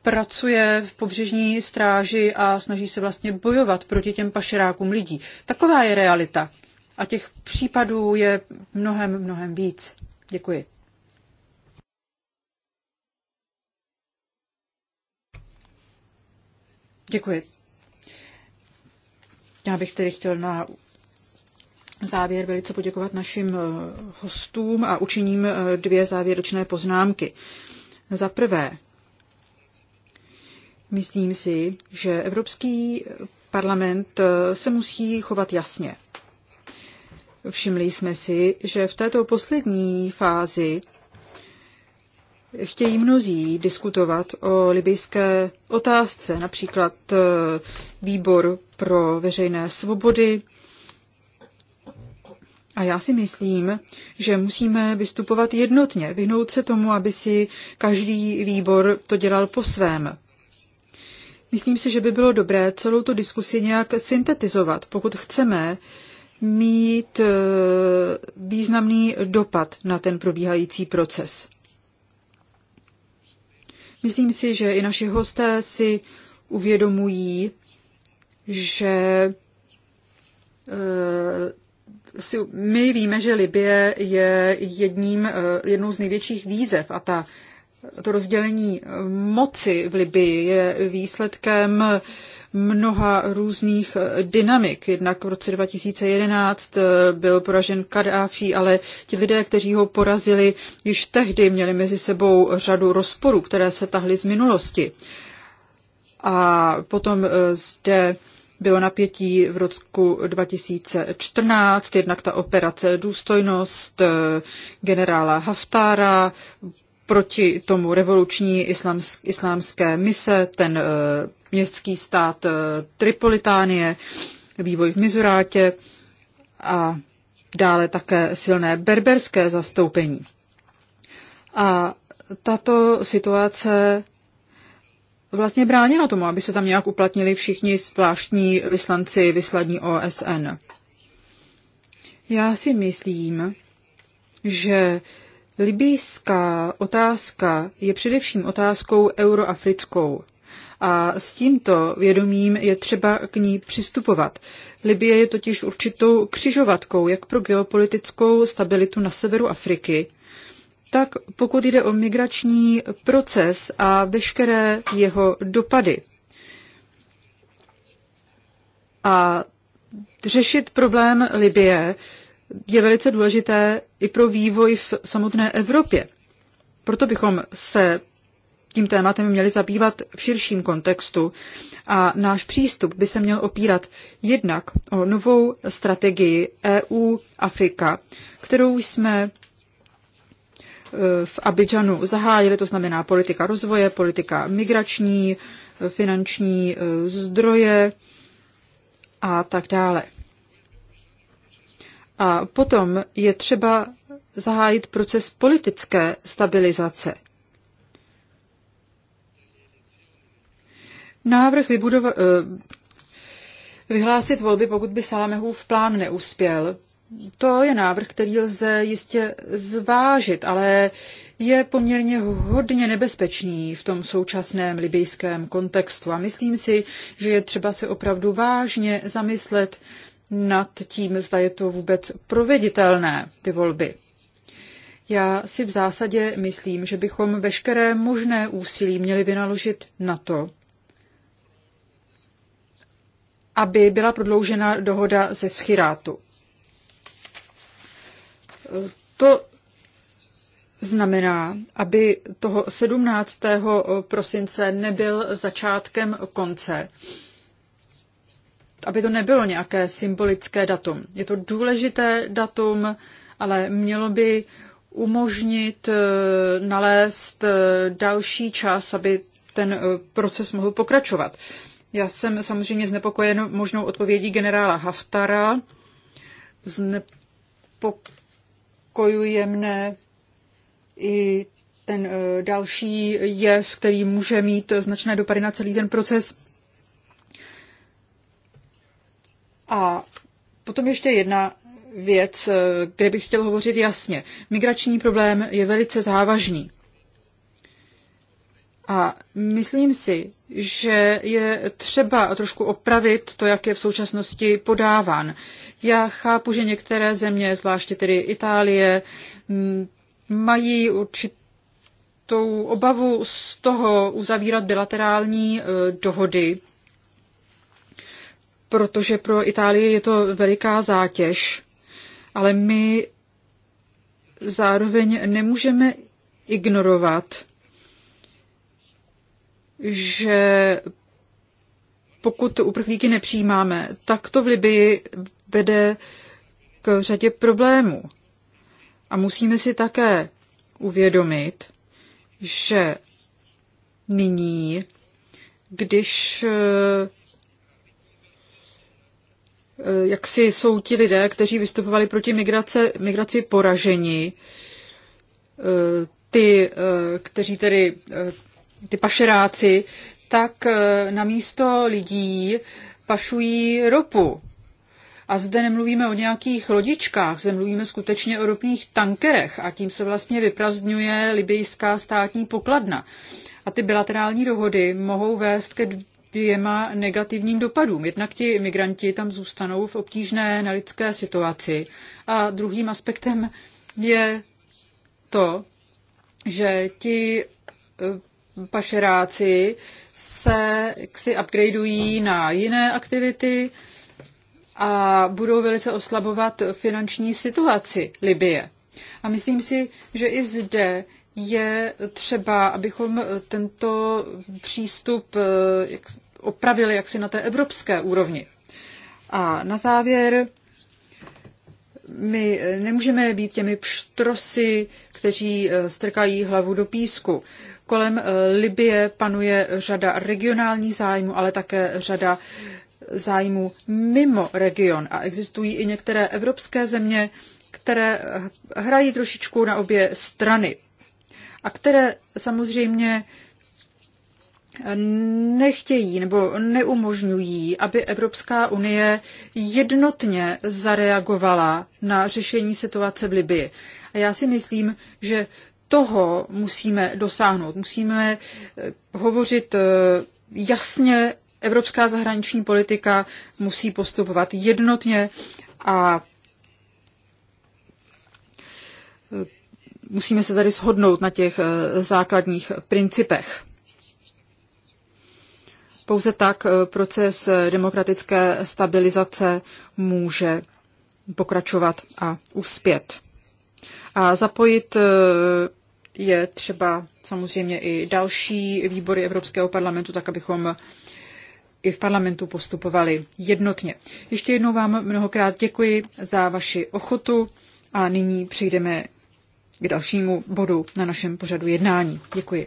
pracuje v pobřežní stráži a snaží se vlastně bojovat proti těm pašerákům lidí. Taková je realita. A těch případů je mnohem, mnohem víc. Děkuji. Děkuji. Já bych tedy chtěl na závěr velice poděkovat našim eh, hostům a učiním eh, dvě závěrečné poznámky. Za prvé, myslím si, že Evropský parlament eh, se musí chovat jasně. Všimli jsme si, že v této poslední fázi chtějí mnozí diskutovat o libijské otázce, například e, výbor pro veřejné svobody. A já si myslím, že musíme vystupovat jednotně, vyhnout se tomu, aby si každý výbor to dělal po svém. Myslím si, že by bylo dobré celou tu diskusi nějak syntetizovat, pokud chceme mít e, významný dopad na ten probíhající proces. Myslím si, že i naši hosté si uvědomují, že eh, si, my víme, že Libie je jedním, eh, jednou z největších výzev a ta to rozdělení moci v Libii je výsledkem mnoha různých dynamik. Jednak v roce 2011 eh, byl poražen Kadáfi, ale ti lidé, kteří ho porazili, již tehdy měli mezi sebou řadu rozporů, které se tahly z minulosti. A potom eh, zde bylo napětí v roku 2014, jednak ta operace Důstojnost eh, generála Haftára, proti tomu revoluční islamsk, islámské mise, ten eh, městský stát eh, Tripolitánie, vývoj v Mizurátě a dále také silné berberské zastoupení. A tato situace vlastně bránila tomu, aby se tam nějak uplatnili všichni zvláštní vyslanci vysladní OSN. Já si myslím, že Libijská otázka je především otázkou euroafrickou. A s tímto vědomím je třeba k ní přistupovat. Libie je totiž určitou křižovatkou jak pro geopolitickou stabilitu na severu Afriky, tak pokud jde o migrační proces a veškeré jeho dopady. A řešit problém Libie je velice důležité i pro vývoj v samotné Evropě. Proto bychom se tím tématem měli zabývat v širším kontextu a náš přístup by se měl opírat jednak o novou strategii EU-Afrika, kterou jsme eh, v Abidžanu zahájili, to znamená politika rozvoje, politika migrační, eh, finanční eh, zdroje a tak dále. A potom je třeba zahájit proces politické stabilizace. Návrh vybudova- eh, vyhlásit volby, pokud by Salamehův plán neuspěl, to je návrh, který lze jistě zvážit, ale je poměrně hodně nebezpečný v tom současném libijském kontextu. A myslím si, že je třeba se opravdu vážně zamyslet nad tím, zda je to vůbec proveditelné, ty volby. Já si v zásadě myslím, že bychom veškeré možné úsilí měli vynaložit na to, aby byla prodloužena dohoda ze Schirátu. To znamená, aby toho 17. prosince nebyl začátkem konce, aby to nebylo nějaké symbolické datum. Je to důležité datum, ale mělo by umožnit eh, nalézt eh, další čas, aby ten eh, proces mohl pokračovat. Já jsem samozřejmě znepokojen možnou odpovědí generála Haftara. Znepokojuje mne i ten další jev, který může mít značné dopady na celý ten proces A potom ještě jedna věc, eh, kde bych chtěl hovořit jasně. Migrační problém je velice závažný. A myslím si, že je třeba trošku opravit to, jak je v současnosti podáván. Já chápu, že některé země, zvláště tedy Itálie, mm, mají určitou obavu z toho uzavírat bilaterální eh, dohody protože pro Itálii je to veliká zátěž, ale my zároveň nemůžeme ignorovat, že pokud uprchlíky nepřijímáme, tak to v Libii vede k řadě problémů. A musíme si také uvědomit, že nyní, když eh, Eh, jak si jsou ti lidé, kteří vystupovali proti migrace, migraci poraženi, eh, ty, eh, kteří tedy, ty pašeráci, tak na místo lidí pašují ropu. A zde nemluvíme o nějakých lodičkách, zde mluvíme skutečně o ropných tankerech a tím se vlastně vyprazdňuje libijská státní pokladna. A ty bilaterální dohody mohou vést ke dvěma negativním dopadům. Jednak ti imigranti tam zůstanou v obtížné nelidské situaci a druhým aspektem je to, že ti eh, pašeráci se si upgradeují na jiné aktivity a budou velice oslabovat finanční situaci Libie. A myslím si, že i zde je třeba, abychom tento přístup eh, opravili jaksi na té evropské úrovni. A na závěr my eh, nemůžeme být těmi pštrosy, kteří eh, strkají hlavu do písku. Kolem Libie panuje řada regionálních zájmů, ale také řada zájmů mimo region. A existují i některé evropské země, které hrají trošičku na obě strany a které samozřejmě nechtějí nebo neumožňují, aby Evropská unie jednotně zareagovala na řešení situace v Libii. A já si myslím, že toho musíme dosáhnout. Musíme eh, hovořit eh, jasně, evropská zahraniční politika musí postupovat jednotně a musíme se tady shodnout na těch eh, základních principech. Pouze tak eh, proces eh, demokratické stabilizace může pokračovat a uspět. A zapojit je třeba samozřejmě i další výbory Evropského parlamentu, tak abychom i v parlamentu postupovali jednotně. Ještě jednou vám mnohokrát děkuji za vaši ochotu a nyní přejdeme k dalšímu bodu na našem pořadu jednání. Děkuji.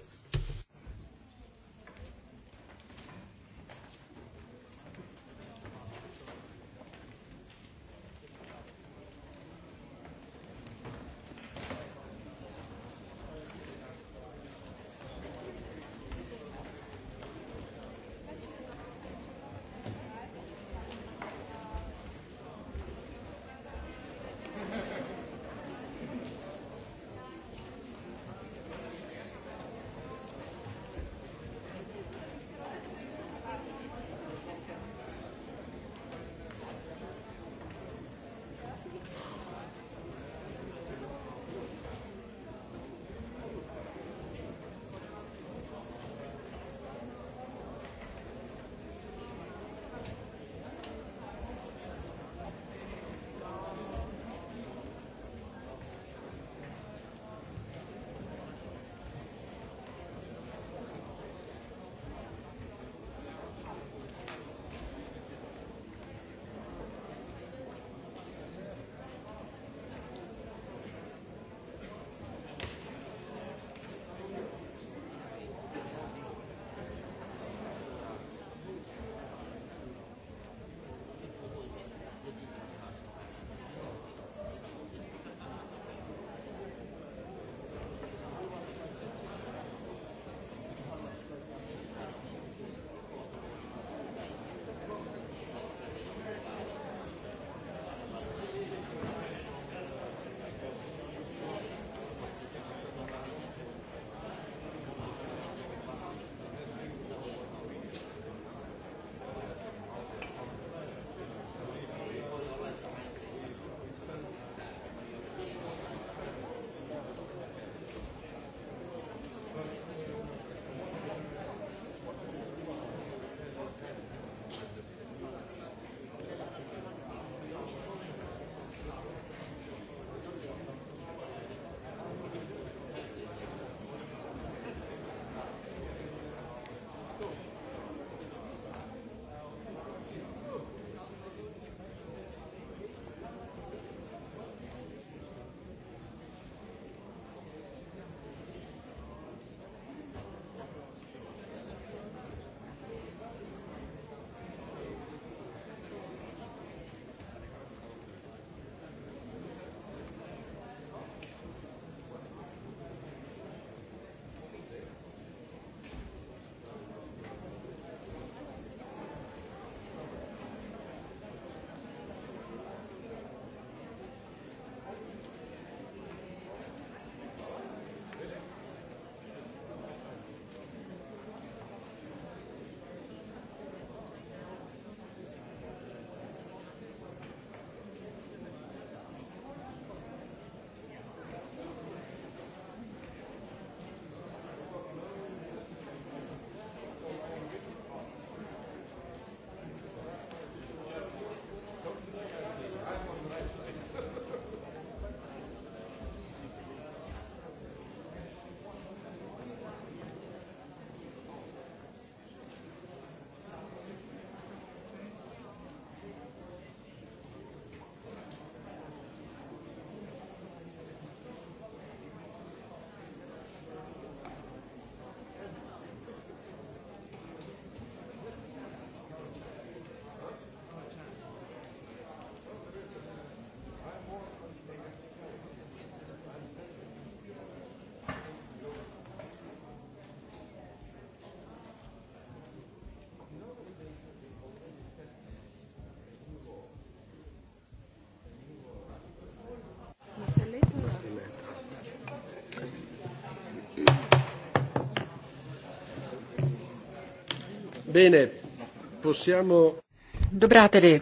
Dobrá tedy.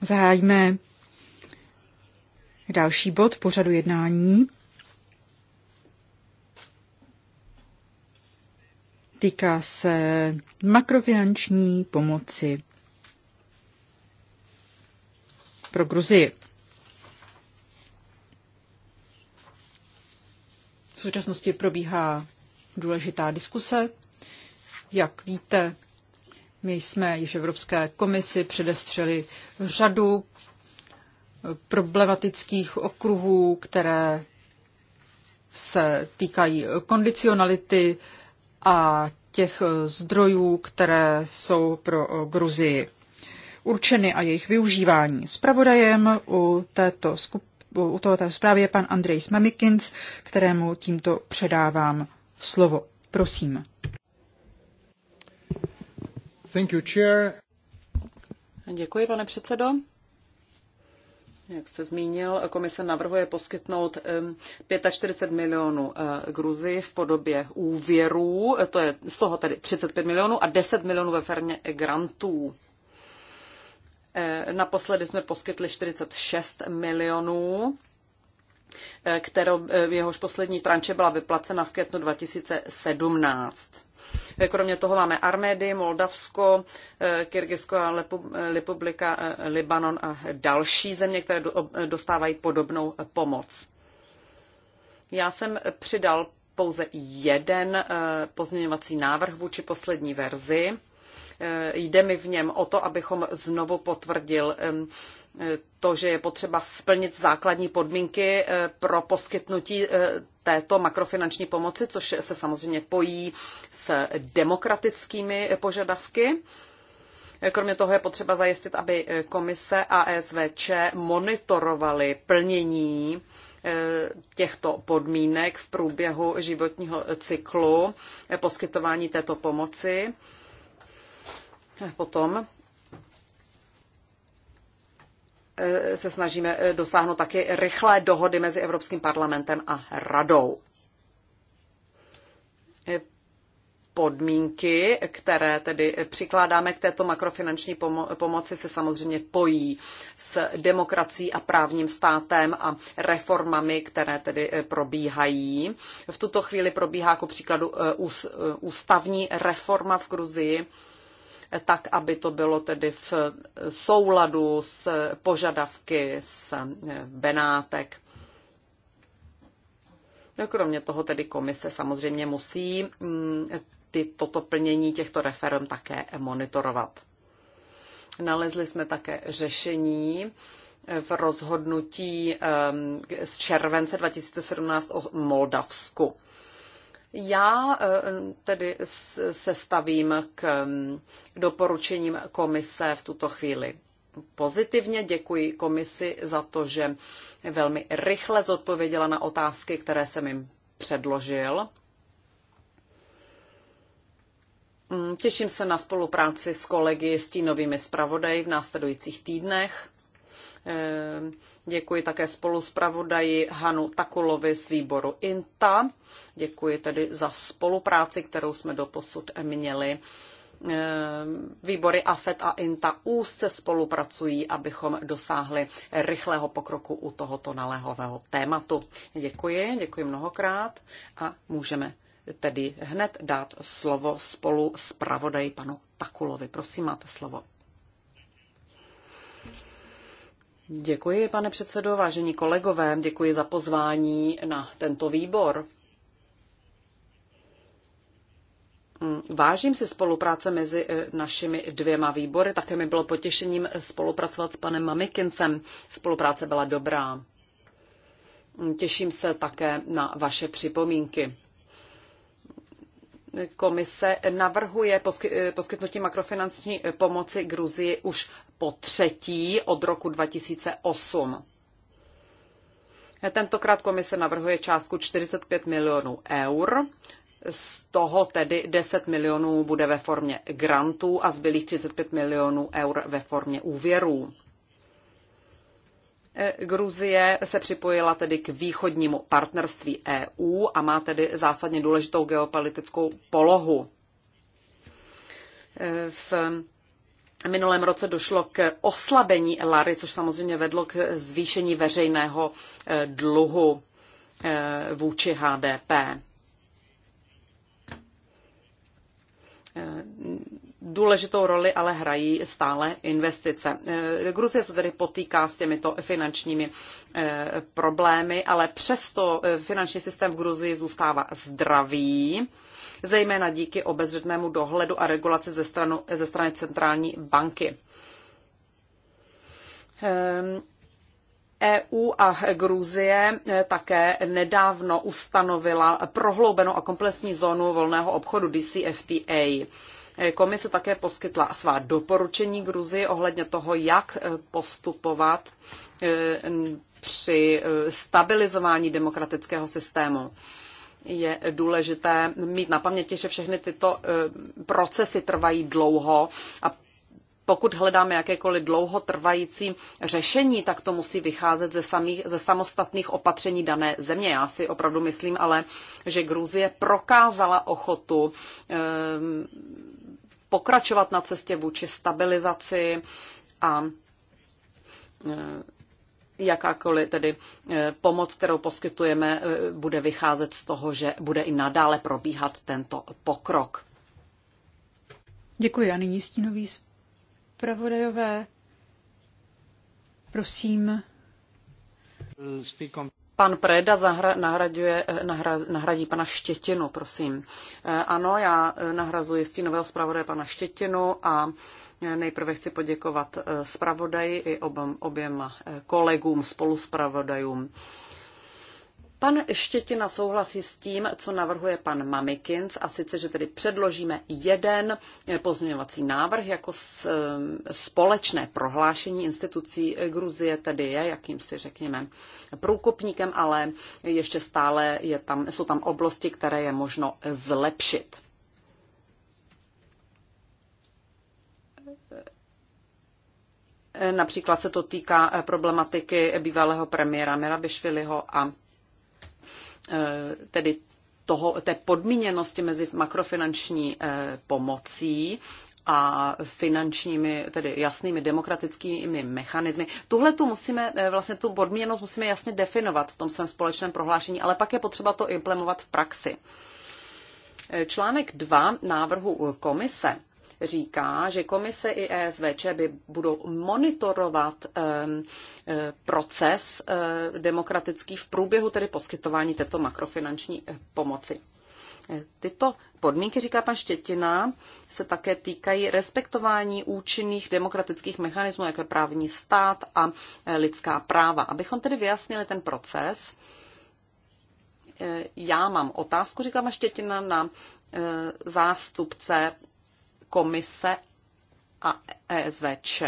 Zahájíme další bod pořadu jednání. Týká se makrofinanční pomoci pro Gruzii. V současnosti probíhá důležitá diskuse jak víte, my jsme již Evropské komisi předestřeli řadu problematických okruhů, které se týkají kondicionality a těch zdrojů, které jsou pro Gruzii určeny a jejich využívání. Spravodajem u této skup- u tohoto zprávy je pan Andrej Smamikins, kterému tímto předávám slovo. Prosím. Děkuji, pane předsedo. Jak jste zmínil, komise navrhuje poskytnout 45 milionů eh, Gruzii v podobě úvěrů, to je z toho tedy 35 milionů a 10 milionů ve firmě grantů. Eh, naposledy jsme poskytli 46 milionů, eh, kterou, jehož poslední tranče byla vyplacena v květnu 2017. Eh, kromě toho máme Armédii, Moldavsko, eh, Kyrgyzsko a eh, Republika Libanon a další země, které dostávají podobnou pomoc. Já jsem přidal pouze jeden pozměňovací návrh vůči poslední verzi. Jde mi v něm o to, abychom znovu potvrdil to, že je potřeba splnit základní podmínky pro poskytnutí této makrofinanční pomoci, což se samozřejmě pojí s demokratickými požadavky. Kromě toho je potřeba zajistit, aby komise a ESVČ monitorovaly plnění eh, těchto podmínek v průběhu životního cyklu poskytování této pomoci. Potom Eh, se snažíme eh, dosáhnout taky rychlé dohody mezi Evropským parlamentem a radou. Eh, podmínky, které tedy přikládáme k této makrofinanční pomo- pomoci, se samozřejmě pojí s demokracií a právním státem a reformami, které tedy probíhají. V tuto chvíli probíhá jako příkladu ústavní reforma v Gruzii tak aby to bylo tedy v souladu s požadavky s eh, Benátek. No, kromě toho tedy komise samozřejmě musí mm, ty, toto plnění těchto reform také monitorovat. Nalezli jsme také řešení eh, v rozhodnutí ehm, z července 2017 o Moldavsku. Já eh, tedy se stavím k mm, doporučením komise v tuto chvíli pozitivně. Děkuji komisi za to, že velmi rychle zodpověděla na otázky, které jsem jim předložil. Mm, těším se na spolupráci s kolegy, s novými zpravodaji v následujících týdnech. Ehm, děkuji také spoluspravodaji Hanu Takulovi z výboru INTA. Děkuji tedy za spolupráci, kterou jsme doposud měli. Ehm, výbory AFET a INTA úzce spolupracují, abychom dosáhli rychlého pokroku u tohoto naléhového tématu. Děkuji, děkuji mnohokrát a můžeme tedy hned dát slovo spolu s panu Takulovi. Prosím, máte slovo. Děkuji, pane předsedo, vážení kolegové, děkuji za pozvání na tento výbor. Mm, vážím si spolupráce mezi e, našimi dvěma výbory. Také mi bylo potěšením spolupracovat s panem Mamikincem. Spolupráce byla dobrá. Mm, těším se také na vaše připomínky. Komise navrhuje e, poskytnutí makrofinanční e, pomoci Gruzii už po třetí od roku 2008. Tentokrát komise navrhuje částku 45 milionů eur, z toho tedy 10 milionů bude ve formě grantů a zbylých 35 milionů eur ve formě úvěrů. E, Gruzie se připojila tedy k východnímu partnerství EU a má tedy zásadně důležitou geopolitickou polohu. E, v minulém roce došlo k oslabení Lary, což samozřejmě vedlo k zvýšení veřejného eh, dluhu eh, vůči HDP. Eh, důležitou roli ale hrají stále investice. Gruzie se tedy potýká s těmito finančními problémy, ale přesto finanční systém v Gruzii zůstává zdravý zejména díky obezřetnému dohledu a regulaci ze, stranu, ze strany centrální banky. EU ehm, e a Gruzie eh, také nedávno ustanovila prohloubenou a komplexní zónu volného obchodu DCFTA. Eh, komise také poskytla svá doporučení Gruzii ohledně toho, jak eh, postupovat při stabilizování demokratického systému je důležité mít na paměti, že všechny tyto eh, procesy trvají dlouho a pokud hledáme jakékoliv dlouhotrvající řešení, tak to musí vycházet ze, samých, ze samostatných opatření dané země. Já si opravdu myslím ale, že Gruzie prokázala ochotu eh, pokračovat na cestě vůči stabilizaci a eh, jakákoliv tedy eh, pomoc, kterou poskytujeme, eh, bude vycházet z toho, že bude i nadále probíhat tento pokrok. Děkuji a nyní stínový zpravodajové. Prosím. Pan Preda zahra, nahraduje, eh, nahra, nahradí pana Štětinu, prosím. Eh, ano, já eh, nahrazuji stínového zpravodaje pana Štětinu a nejprve chci poděkovat zpravodaji i oběma kolegům, spoluzpravodajům. Pan Štětina souhlasí s tím, co navrhuje pan Mamikins, a sice, že tedy předložíme jeden eh, pozměňovací návrh jako eh, společné prohlášení institucí Gruzie, tedy je jakýmsi, řekněme, průkopníkem, ale ještě stále je tam, jsou tam oblasti, které je možno zlepšit. Eh, například se to týká problematiky bývalého premiéra Mirabišviliho a Eh, tedy toho, té podmíněnosti mezi makrofinanční eh, pomocí a finančními, tedy jasnými demokratickými mechanizmy. Tuhle tu musíme, eh, vlastně tu podmíněnost musíme jasně definovat v tom svém společném prohlášení, ale pak je potřeba to implementovat v praxi. Článek 2 návrhu komise říká, že komise i ESVČ by budou monitorovat e, proces e, demokratický v průběhu tedy poskytování této makrofinanční e, pomoci. Tyto podmínky, říká pan Štětina, se také týkají respektování účinných demokratických mechanismů, jako je právní stát a lidská práva. Abychom tedy vyjasnili ten proces, já mám otázku, říká pan Štětina, na zástupce komise a ESVČ,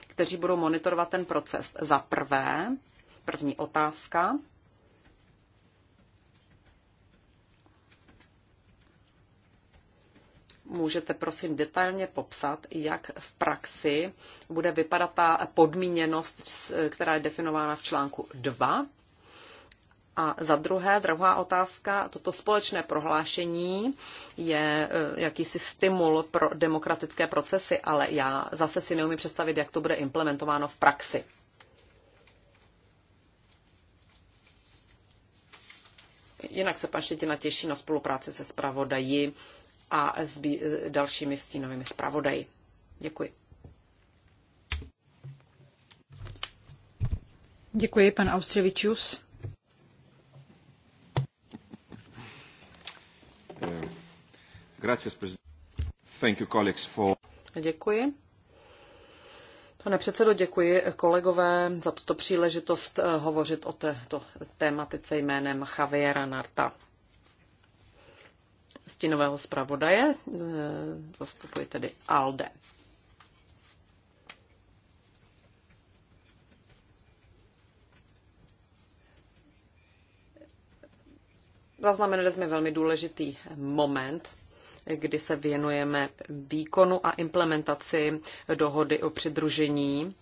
kteří budou monitorovat ten proces. Za prvé, první otázka. Můžete prosím detailně popsat, jak v praxi bude vypadat ta podmíněnost, která je definována v článku 2 a za druhé, druhá otázka, toto společné prohlášení je eh, jakýsi stimul pro demokratické procesy, ale já zase si neumím představit, jak to bude implementováno v praxi. Jinak se pan Štětina těší na spolupráci se zpravodaji a s eh, dalšími stínovými zpravodaji. Děkuji. Děkuji, pan Austrevičus. Děkuji. Pane předsedo, děkuji kolegové za tuto příležitost eh, hovořit o této tématice jménem Javiera Narta. Stinového zpravodaje, eh, zastupuji tedy ALDE. Zaznamenali jsme velmi důležitý moment kdy se věnujeme výkonu a implementaci dohody o přidružení.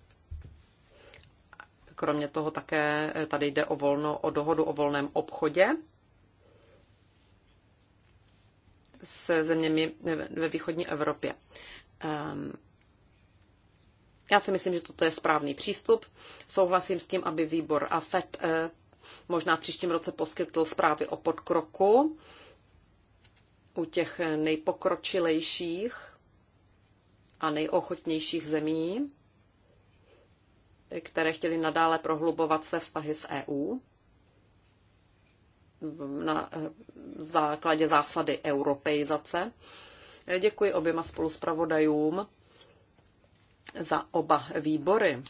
Kromě toho také tady jde o, volno, o dohodu o volném obchodě se zeměmi ve východní Evropě. Ehm, já si myslím, že toto je správný přístup. Souhlasím s tím, aby výbor a Fed eh, možná v příštím roce poskytl zprávy o podkroku u těch nejpokročilejších a nejochotnějších zemí, které chtěly nadále prohlubovat své vztahy s EU na eh, základě zásady europeizace. Děkuji oběma spoluspravodajům za oba výbory.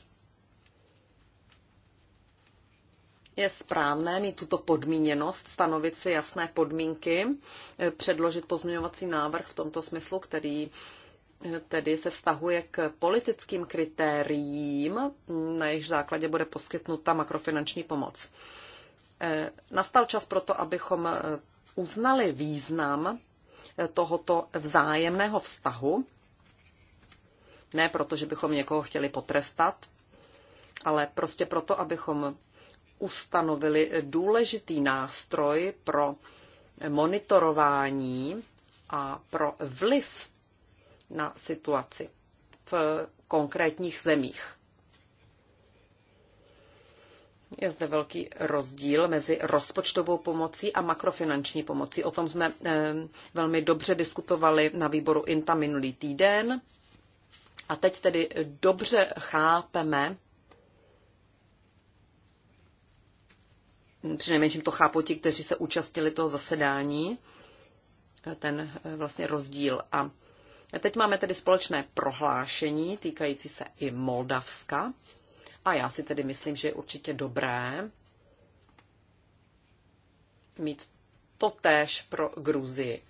je správné mít tuto podmíněnost, stanovit si jasné podmínky, eh, předložit pozměňovací návrh v tomto smyslu, který eh, tedy se vztahuje k politickým kritériím, na jejich základě bude poskytnuta makrofinanční pomoc. Eh, nastal čas proto, abychom uznali význam tohoto vzájemného vztahu, ne proto, že bychom někoho chtěli potrestat, ale prostě proto, abychom ustanovili důležitý nástroj pro monitorování a pro vliv na situaci v konkrétních zemích. Je zde velký rozdíl mezi rozpočtovou pomocí a makrofinanční pomocí. O tom jsme eh, velmi dobře diskutovali na výboru INTA minulý týden. A teď tedy dobře chápeme Přinejmenším to chápou ti, kteří se účastnili toho zasedání, ten eh, vlastně rozdíl. A teď máme tedy společné prohlášení týkající se i Moldavska. A já si tedy myslím, že je určitě dobré mít to též pro Gruzii.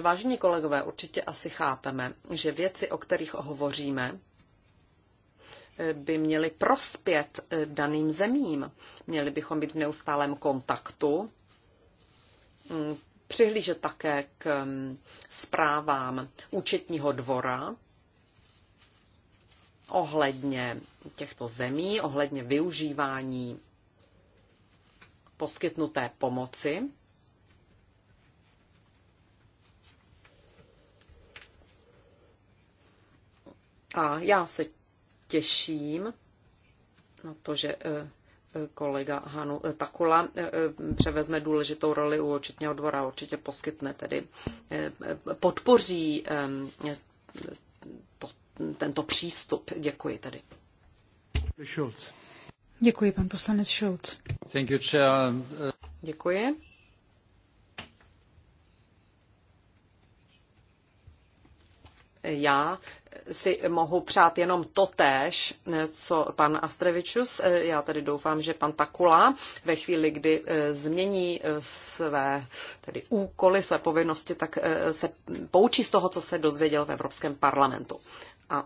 Vážení kolegové, určitě asi chápeme, že věci, o kterých hovoříme, by měly prospět eh, daným zemím. Měli bychom být v neustálém kontaktu, mm, přihlížet také k mm, zprávám účetního dvora ohledně těchto zemí, ohledně využívání poskytnuté pomoci. A já se těším na to, že eh, eh, kolega Hanu eh, Takula převezme důležitou roli u očitního dvora, určitě poskytne tedy, podpoří to, tento přístup. Děkuji tedy. Schulz. Děkuji, pan poslanec Schulz. Thank you, chair. Děkuji. já si mohu přát jenom též, co pan Astrevičus. Já tedy doufám, že pan Takula ve chvíli, kdy eh, změní eh, své tedy úkoly, své povinnosti, tak eh, se poučí z toho, co se dozvěděl v Evropském parlamentu. A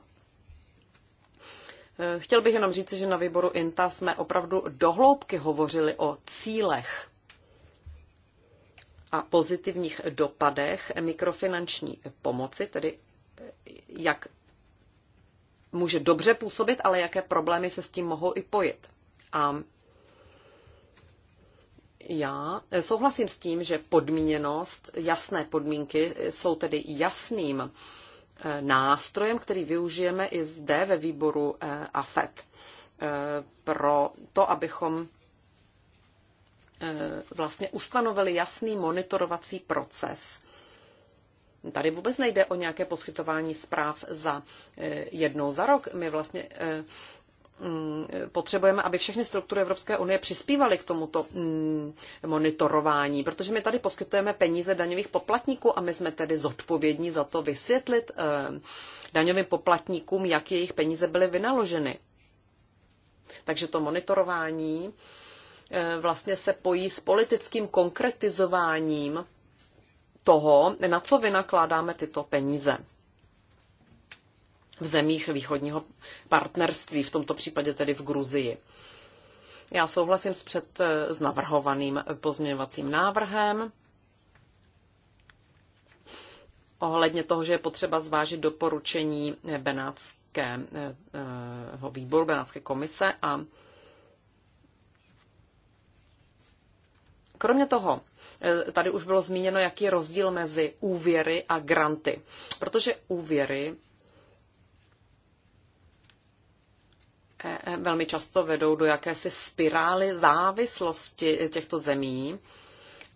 Chtěl bych jenom říci, že na výboru INTA jsme opravdu dohloubky hovořili o cílech a pozitivních dopadech mikrofinanční pomoci, tedy jak může dobře působit, ale jaké problémy se s tím mohou i pojit. A já souhlasím s tím, že podmíněnost, jasné podmínky jsou tedy jasným eh, nástrojem, který využijeme i zde ve výboru eh, AFET eh, pro to, abychom vlastně ustanovili jasný monitorovací proces Tady vůbec nejde o nějaké poskytování zpráv za e, jednou za rok. My vlastně e, mm, potřebujeme, aby všechny struktury Evropské unie přispívaly k tomuto mm, monitorování, protože my tady poskytujeme peníze daňových poplatníků a my jsme tedy zodpovědní za to vysvětlit e, daňovým poplatníkům, jak jejich peníze byly vynaloženy. Takže to monitorování vlastně se pojí s politickým konkretizováním toho, na co vynakládáme tyto peníze v zemích východního partnerství, v tomto případě tedy v Gruzii. Já souhlasím s, před, eh, s navrhovaným pozměňovacím návrhem ohledně toho, že je potřeba zvážit doporučení Benátského eh, eh, výboru, Benátské komise a Kromě toho, eh, tady už bylo zmíněno, jaký je rozdíl mezi úvěry a granty. Protože úvěry eh, eh, velmi často vedou do jakési spirály závislosti těchto zemí.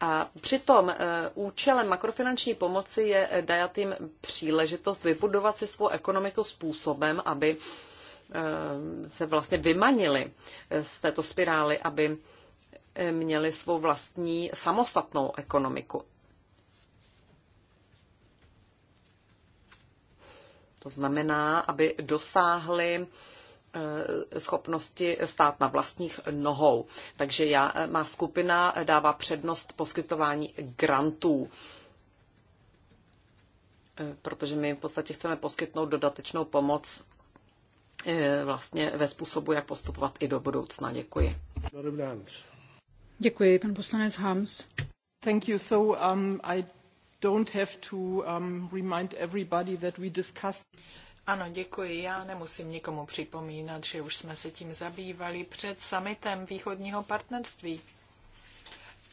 A přitom účelem makrofinanční pomoci je dát jim příležitost vybudovat si svou ekonomiku způsobem, aby se vlastně vymanili z této spirály, aby měli svou vlastní samostatnou ekonomiku. To znamená, aby dosáhli eh, schopnosti stát na vlastních nohou. Takže já, eh, má skupina eh, dává přednost poskytování grantů, protože my v podstatě chceme poskytnout dodatečnou pomoc vlastně ve způsobu, jak postupovat i do budoucna. Děkuji. Děkuji, pan poslanec Hams. Thank you. So um, I don't have to um, remind everybody that we discussed. Ano, děkuji. Já nemusím nikomu připomínat, že už jsme se tím zabývali před summitem východního partnerství.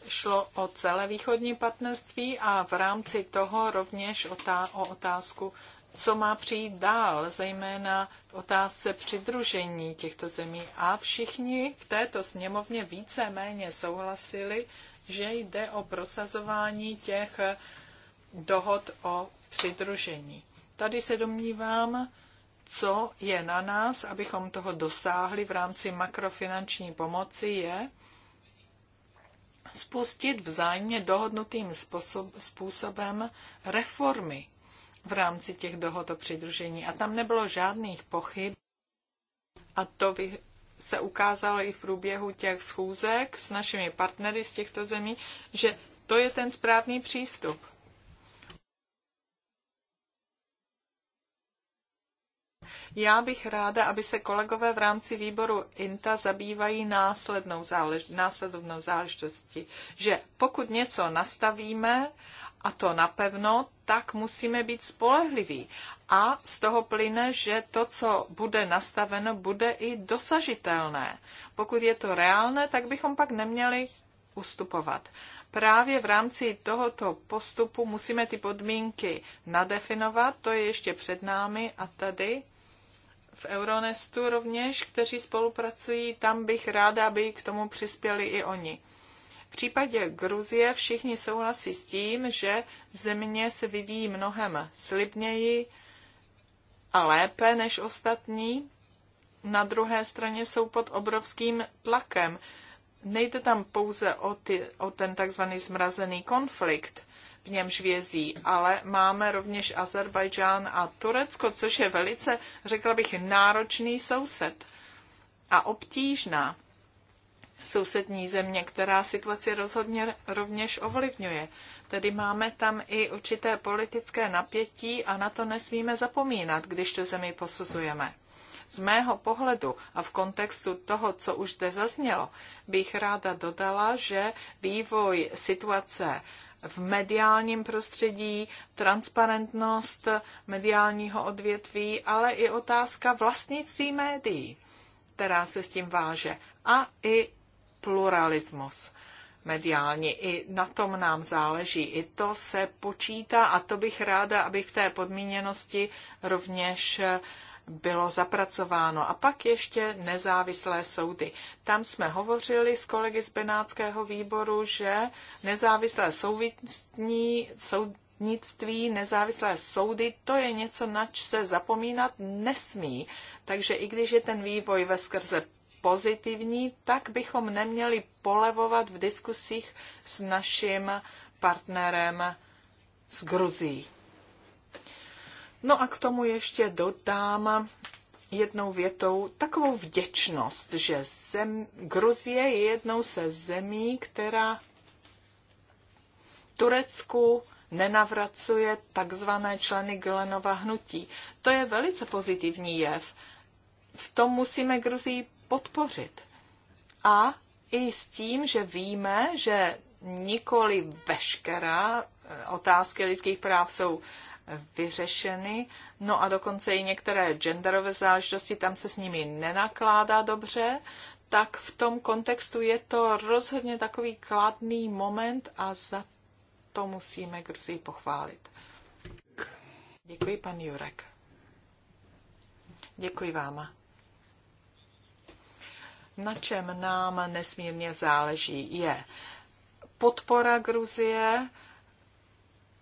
Šlo o celé východní partnerství a v rámci toho rovněž o otázku co má přijít dál, zejména v otázce přidružení těchto zemí. A všichni v této sněmovně více-méně souhlasili, že jde o prosazování těch dohod o přidružení. Tady se domnívám, co je na nás, abychom toho dosáhli v rámci makrofinanční pomoci, je spustit vzájemně dohodnutým způsobem reformy v rámci těch dohod o přidružení. A tam nebylo žádných pochyb. A to se ukázalo i v průběhu těch schůzek s našimi partnery z těchto zemí, že to je ten správný přístup. Já bych ráda, aby se kolegové v rámci výboru INTA zabývají následnou zálež- následnou záležitostí, že pokud něco nastavíme, a to napevno, tak musíme být spolehliví. A z toho plyne, že to, co bude nastaveno, bude i dosažitelné. Pokud je to reálné, tak bychom pak neměli ustupovat. Právě v rámci tohoto postupu musíme ty podmínky nadefinovat, to je ještě před námi a tady v Euronestu rovněž, kteří spolupracují, tam bych ráda, aby k tomu přispěli i oni. V případě Gruzie všichni souhlasí s tím, že země se vyvíjí mnohem slibněji a lépe než ostatní. Na druhé straně jsou pod obrovským tlakem. Nejde tam pouze o, ty, o ten takzvaný zmrazený konflikt, v němž vězí, ale máme rovněž Azerbajdžán a Turecko, což je velice, řekla bych, náročný soused a obtížná sousední země, která situaci rozhodně rovněž ovlivňuje. Tedy máme tam i určité politické napětí a na to nesmíme zapomínat, když to zemi posuzujeme. Z mého pohledu a v kontextu toho, co už zde zaznělo, bych ráda dodala, že vývoj situace v mediálním prostředí, transparentnost mediálního odvětví, ale i otázka vlastnictví médií, která se s tím váže, a i pluralismus mediální. I na tom nám záleží. I to se počítá a to bych ráda, aby v té podmíněnosti rovněž bylo zapracováno. A pak ještě nezávislé soudy. Tam jsme hovořili s kolegy z Benátského výboru, že nezávislé soudní, soudnictví, nezávislé soudy, to je něco, nač se zapomínat nesmí. Takže i když je ten vývoj ve skrze pozitivní, tak bychom neměli polevovat v diskusích s naším partnerem z Gruzí. No a k tomu ještě dodám jednou větou takovou vděčnost, že zem, Gruzie je jednou se zemí, která Turecku nenavracuje takzvané členy Gilenova hnutí. To je velice pozitivní jev. V tom musíme Gruzii podpořit. A i s tím, že víme, že nikoli veškerá eh, otázky lidských práv jsou eh, vyřešeny, no a dokonce i některé genderové záležitosti, tam se s nimi nenakládá dobře, tak v tom kontextu je to rozhodně takový kladný moment a za to musíme Gruzii pochválit. Děkuji, pan Jurek. Děkuji vám na čem nám nesmírně záleží, je podpora Gruzie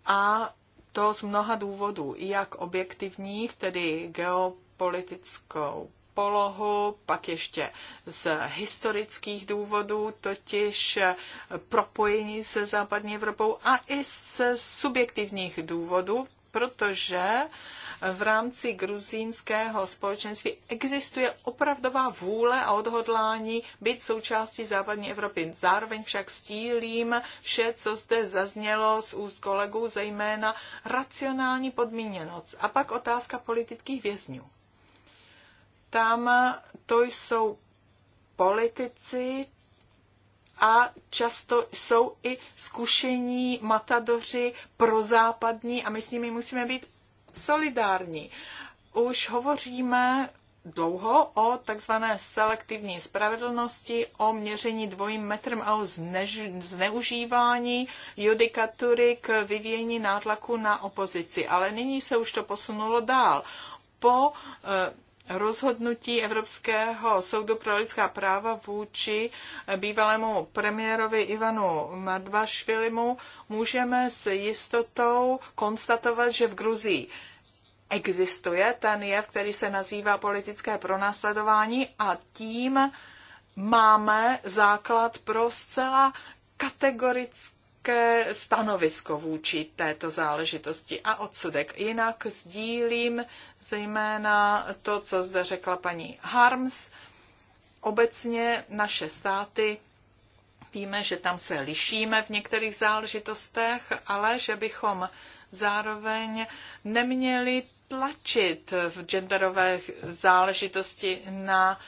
a to z mnoha důvodů, jak objektivních, tedy geopolitickou polohu, pak ještě z historických důvodů, totiž propojení se západní Evropou a i z subjektivních důvodů, protože v rámci gruzínského společenství existuje opravdová vůle a odhodlání být součástí západní Evropy. Zároveň však stílím vše, co zde zaznělo z úst kolegů, zejména racionální podmíněnost. A pak otázka politických vězňů. Tam to jsou politici, a často jsou i zkušení matadoři prozápadní a my s nimi musíme být solidární. Už hovoříme dlouho o takzvané selektivní spravedlnosti, o měření dvojím metrem a o znež- zneužívání judikatury k vyvíjení nátlaku na opozici. Ale nyní se už to posunulo dál. Po eh, rozhodnutí Evropského soudu pro lidská práva vůči bývalému premiérovi Ivanu Madvašvilimu můžeme s jistotou konstatovat, že v Gruzii existuje ten jev, který se nazývá politické pronásledování a tím máme základ pro zcela kategorické také stanovisko vůči této záležitosti a odsudek. Jinak sdílím zejména to, co zde řekla paní Harms. Obecně naše státy víme, že tam se lišíme v některých záležitostech, ale že bychom zároveň neměli tlačit v genderové záležitosti na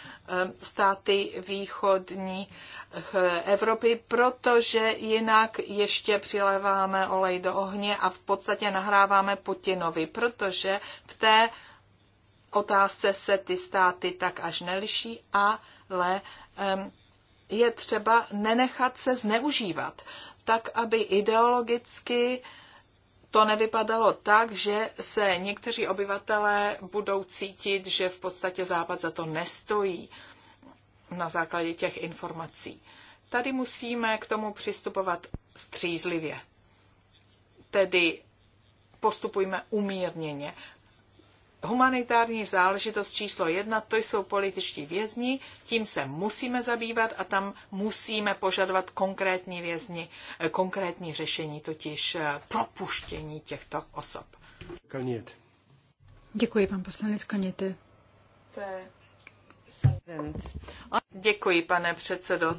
státy východní eh, Evropy, protože jinak ještě přiléváme olej do ohně a v podstatě nahráváme Putinovi, protože v té otázce se ty státy tak až neliší, ale je třeba nenechat se zneužívat, tak aby ideologicky to nevypadalo tak, že se někteří obyvatelé budou cítit, že v podstatě Západ za to nestojí na základě těch informací. Tady musíme k tomu přistupovat střízlivě. Tedy postupujme umírněně humanitární záležitost číslo jedna, to jsou političtí vězni, tím se musíme zabývat a tam musíme požadovat konkrétní vězni, eh, konkrétní řešení, totiž eh, propuštění těchto osob. Kalniet. Děkuji, pan poslanec Kaněte. Děkuji, pane předsedo.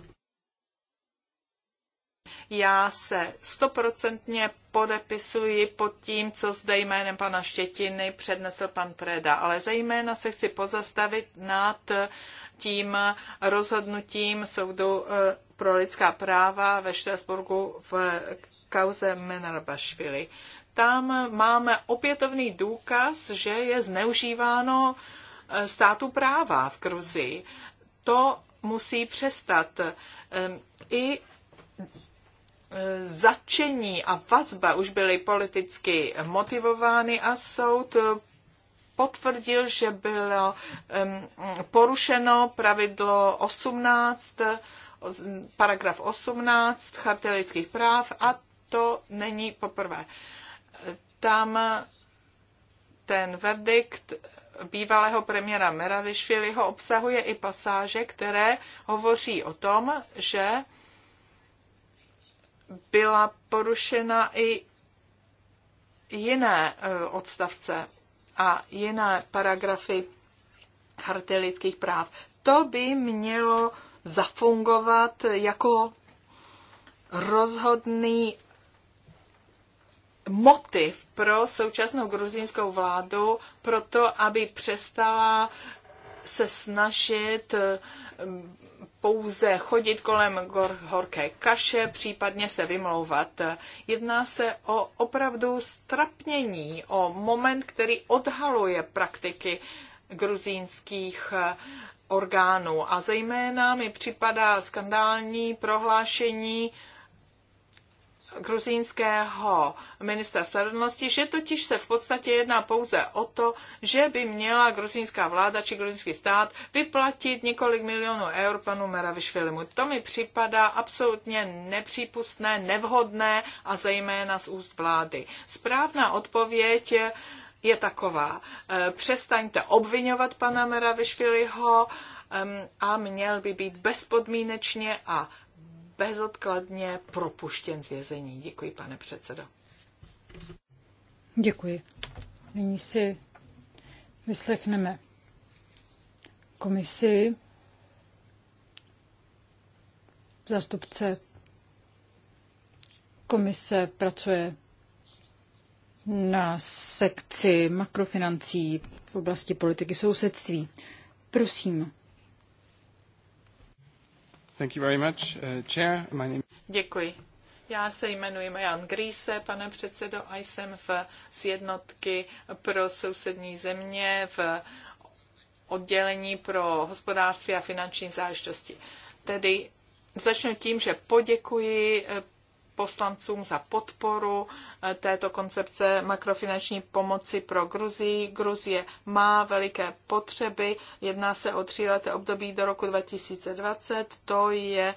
Já se stoprocentně podepisuji pod tím, co zde jménem pana Štětiny přednesl pan Preda, ale zejména se chci pozastavit nad tím rozhodnutím soudu eh, pro lidská práva ve Štrasburgu v kauze Menarbašvili. Tam máme opětovný důkaz, že je zneužíváno eh, státu práva v Gruzii. To musí přestat. Ehm, I začení a vazba už byly politicky motivovány a soud potvrdil, že bylo porušeno pravidlo 18, paragraf 18 charty lidských práv a to není poprvé. Tam ten verdikt bývalého premiéra Meravišviliho obsahuje i pasáže, které hovoří o tom, že byla porušena i jiné e, odstavce a jiné paragrafy Charty lidských práv. To by mělo zafungovat jako rozhodný motiv pro současnou gruzínskou vládu, proto aby přestala se snažit e, pouze chodit kolem horké kaše, případně se vymlouvat. Jedná se o opravdu strapnění, o moment, který odhaluje praktiky gruzínských eh, orgánů. A zejména mi připadá skandální prohlášení gruzínského ministra spravedlnosti, že totiž se v podstatě jedná pouze o to, že by měla gruzínská vláda či gruzínský stát vyplatit několik milionů eur panu Meravišvilimu. To mi připadá absolutně nepřípustné, nevhodné a zejména z úst vlády. Správná odpověď je, je taková. Eh, přestaňte obvinovat pana Meravišviliho a měl by být bezpodmínečně a bezodkladně propuštěn z vězení. Děkuji, pane předsedo. Děkuji. Nyní si vyslechneme komisi zástupce komise pracuje na sekci makrofinancí v oblasti politiky sousedství. Prosím, Thank you very much, uh, chair. My name... Děkuji. Já se jmenuji Jan Gríse, pane předsedo, a jsem v, z jednotky pro sousední země v oddělení pro hospodářství a finanční záležitosti. Tedy začnu tím, že poděkuji eh, poslancům za podporu eh, této koncepce makrofinanční pomoci pro Gruzii. Gruzie má veliké potřeby, jedná se o tříleté období do roku 2020, to je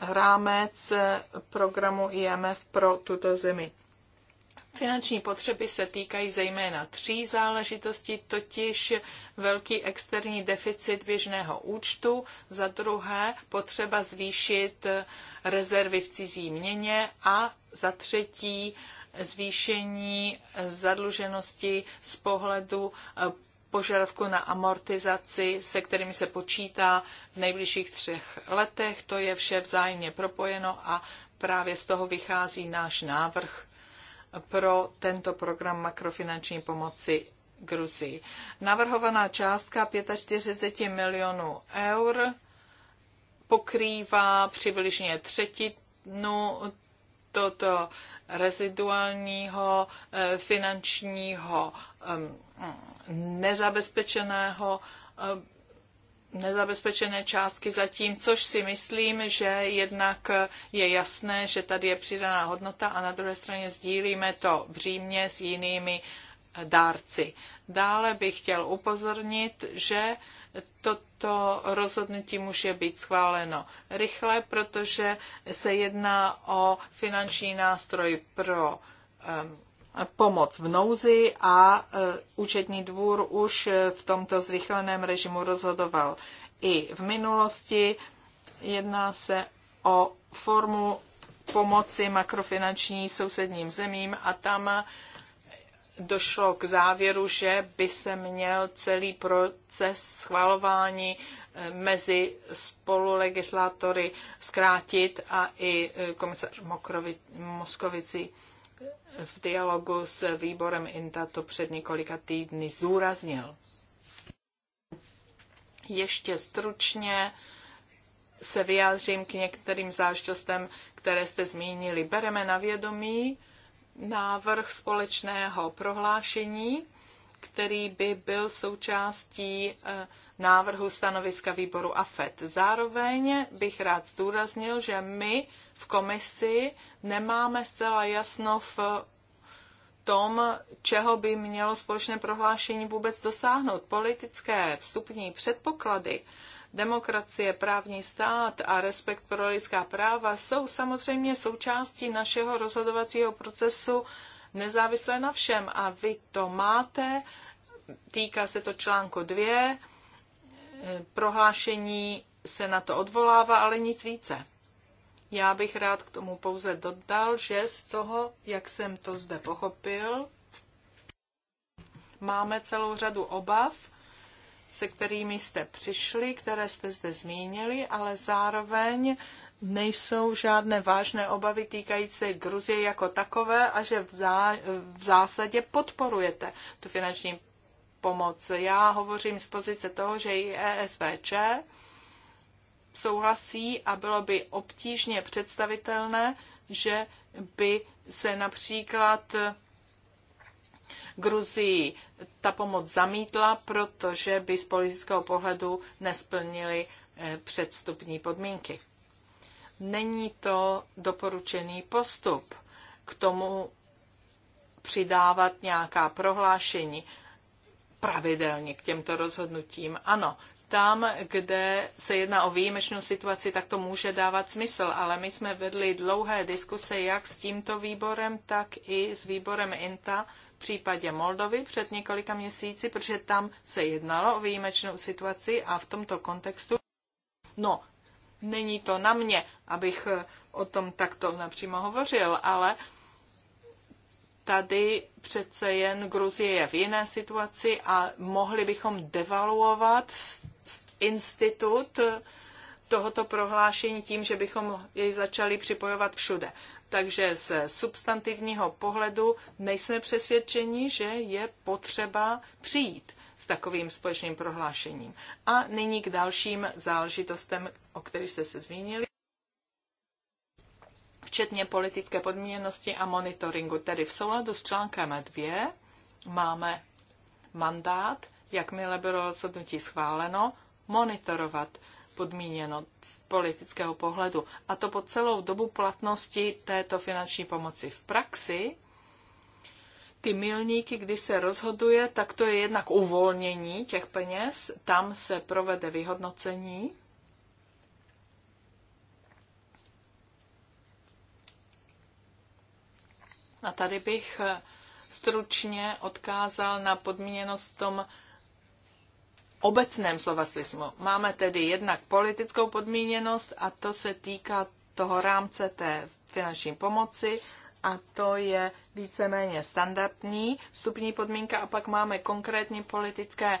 rámec eh, programu IMF pro tuto zemi. Finanční potřeby se týkají zejména tří záležitostí, totiž velký externí deficit běžného účtu, za druhé potřeba zvýšit rezervy v cizí měně a za třetí zvýšení zadluženosti z pohledu eh, požadavku na amortizaci, se kterými se počítá v nejbližších třech letech. To je vše vzájemně propojeno a právě z toho vychází náš návrh pro tento program makrofinanční pomoci Gruzii. Navrhovaná částka 45 milionů eur pokrývá přibližně třetinu toto reziduálního eh, finančního nezabezpečeného nezabezpečené částky zatím, což si myslím, že jednak je jasné, že tady je přidaná hodnota a na druhé straně sdílíme to břímně s jinými dárci. Dále bych chtěl upozornit, že toto rozhodnutí může být schváleno rychle, protože se jedná o finanční nástroj pro um, pomoc v nouzi a e, účetní dvůr už e, v tomto zrychleném režimu rozhodoval i v minulosti. Jedná se o formu pomoci makrofinanční sousedním zemím a tam došlo k závěru, že by se měl celý proces schvalování e, mezi spolulegislátory zkrátit a i komisař Moskovici v dialogu s výborem INTA to před několika týdny zúraznil. Ještě stručně se vyjádřím k některým záležitostem, které jste zmínili. Bereme na vědomí návrh společného prohlášení, který by byl součástí eh, návrhu stanoviska výboru AFET. Zároveň bych rád zdůraznil, že my v komisi nemáme zcela jasno v tom, čeho by mělo společné prohlášení vůbec dosáhnout. Politické vstupní předpoklady, demokracie, právní stát a respekt pro lidská práva jsou samozřejmě součástí našeho rozhodovacího procesu nezávisle na všem. A vy to máte, týká se to článku 2, prohlášení se na to odvolává, ale nic více. Já bych rád k tomu pouze dodal, že z toho, jak jsem to zde pochopil, máme celou řadu obav, se kterými jste přišli, které jste zde zmínili, ale zároveň nejsou žádné vážné obavy týkající Gruzie jako takové a že v, zá, v zásadě podporujete tu finanční pomoc. Já hovořím z pozice toho, že i ESVČ souhlasí a bylo by obtížně představitelné, že by se například Gruzii ta pomoc zamítla, protože by z politického pohledu nesplnili eh, předstupní podmínky. Není to doporučený postup k tomu přidávat nějaká prohlášení pravidelně k těmto rozhodnutím. Ano, tam, kde se jedná o výjimečnou situaci, tak to může dávat smysl, ale my jsme vedli dlouhé diskuse jak s tímto výborem, tak i s výborem INTA v případě Moldovy před několika měsíci, protože tam se jednalo o výjimečnou situaci a v tomto kontextu, no, není to na mě, abych o tom takto napřímo hovořil, ale tady přece jen Gruzie je v jiné situaci a mohli bychom devaluovat institut tohoto prohlášení tím, že bychom jej začali připojovat všude. Takže z substantivního pohledu nejsme přesvědčeni, že je potřeba přijít s takovým společným prohlášením. A nyní k dalším záležitostem, o kterých jste se zmínili včetně politické podmíněnosti a monitoringu. Tedy v souladu s článkem 2 máme mandát, jakmile bylo rozhodnutí schváleno, monitorovat podmíněnost politického pohledu. A to po celou dobu platnosti této finanční pomoci. V praxi ty milníky, kdy se rozhoduje, tak to je jednak uvolnění těch peněz, tam se provede vyhodnocení. A tady bych stručně odkázal na podmíněnost tom obecném slova smyslu. Máme tedy jednak politickou podmíněnost a to se týká toho rámce té finanční pomoci a to je víceméně standardní vstupní podmínka a pak máme konkrétní politické e,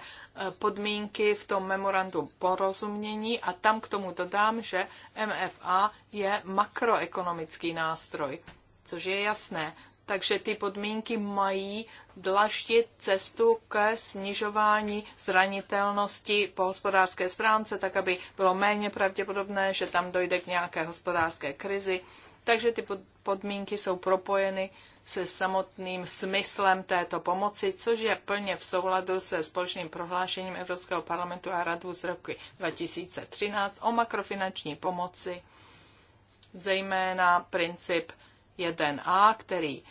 podmínky v tom memorandu porozumění a tam k tomu dodám, že MFA je makroekonomický nástroj, což je jasné. Takže ty podmínky mají dlaždit cestu ke snižování zranitelnosti po hospodářské stránce, tak aby bylo méně pravděpodobné, že tam dojde k nějaké hospodářské krizi. Takže ty podmínky jsou propojeny se samotným smyslem této pomoci, což je plně v souladu se společným prohlášením Evropského parlamentu a radu z roku 2013 o makrofinanční pomoci, zejména princip 1a, který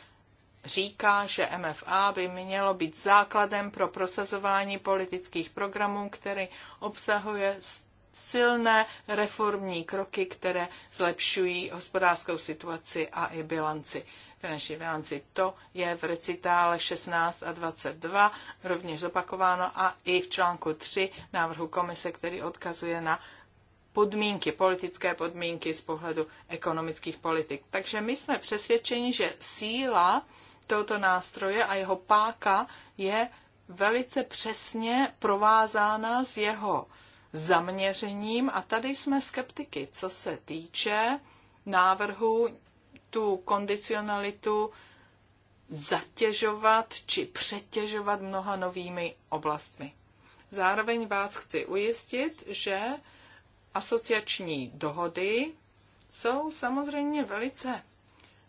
říká, že MFA by mělo být základem pro prosazování politických programů, který obsahuje silné reformní kroky, které zlepšují hospodářskou situaci a i bilanci finanční bilanci. To je v recitále 16 a 22 rovněž zopakováno a i v článku 3 návrhu komise, který odkazuje na podmínky, politické podmínky z pohledu ekonomických politik. Takže my jsme přesvědčeni, že síla tohoto nástroje a jeho páka je velice přesně provázána s jeho zaměřením a tady jsme skeptiky, co se týče návrhu tu kondicionalitu zatěžovat či přetěžovat mnoha novými oblastmi. Zároveň vás chci ujistit, že asociační dohody jsou samozřejmě velice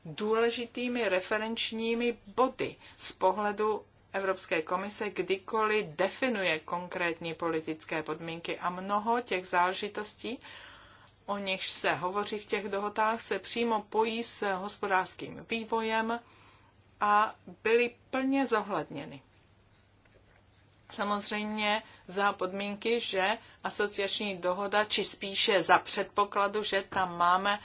důležitými referenčními body z pohledu Evropské komise, kdykoliv definuje konkrétní politické podmínky a mnoho těch záležitostí, o nichž se hovoří v těch dohodách, se přímo pojí s hospodářským vývojem a byly plně zohledněny. Samozřejmě za podmínky, že asociační dohoda, či spíše za předpokladu, že tam máme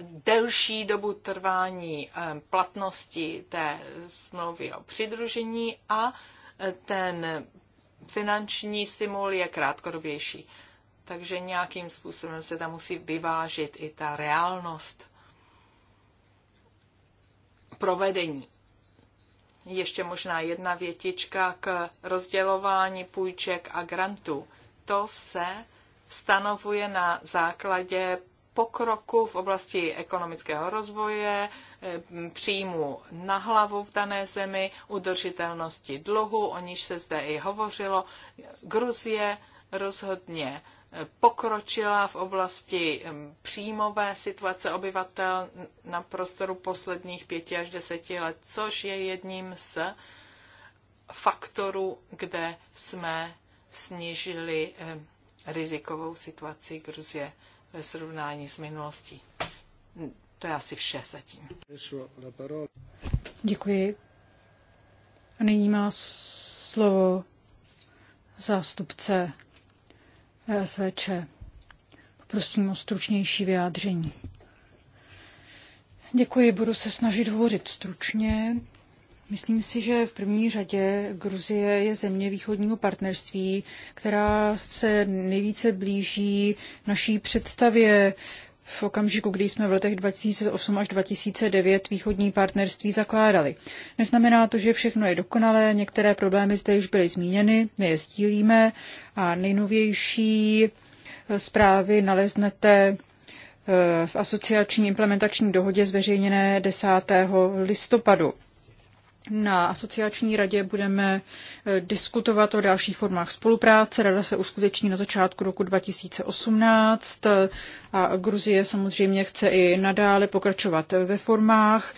delší dobu trvání eh, platnosti té smlouvy o přidružení a eh, ten finanční stimul je krátkodobější. Takže nějakým způsobem se tam musí vyvážit i ta reálnost provedení. Ještě možná jedna větička k rozdělování půjček a grantů. To se stanovuje na základě pokroku v oblasti ekonomického rozvoje, eh, příjmu na hlavu v dané zemi, udržitelnosti dluhu, o níž se zde i hovořilo. Gruzie rozhodně eh, pokročila v oblasti eh, příjmové situace obyvatel na prostoru posledních pěti až deseti let, což je jedním z faktorů, kde jsme snížili rizikovou situaci Gruzie ve srovnání s minulostí. To je asi vše zatím. Děkuji. A nyní má slovo zástupce eh, SVČ. Prosím o stručnější vyjádření. Děkuji, budu se snažit hovořit stručně. Myslím si, že v první řadě Gruzie je země východního partnerství, která se nejvíce blíží naší představě v okamžiku, kdy jsme v letech 2008 až 2009 východní partnerství zakládali. Neznamená to, že všechno je dokonalé, některé problémy zde již byly zmíněny, my je sdílíme a nejnovější eh, zprávy naleznete eh, v asociační implementační dohodě zveřejněné 10. listopadu. Na asociační radě budeme eh, diskutovat o dalších formách spolupráce. Rada se uskuteční na začátku roku 2018 eh, a Gruzie samozřejmě chce i nadále pokračovat ve formách.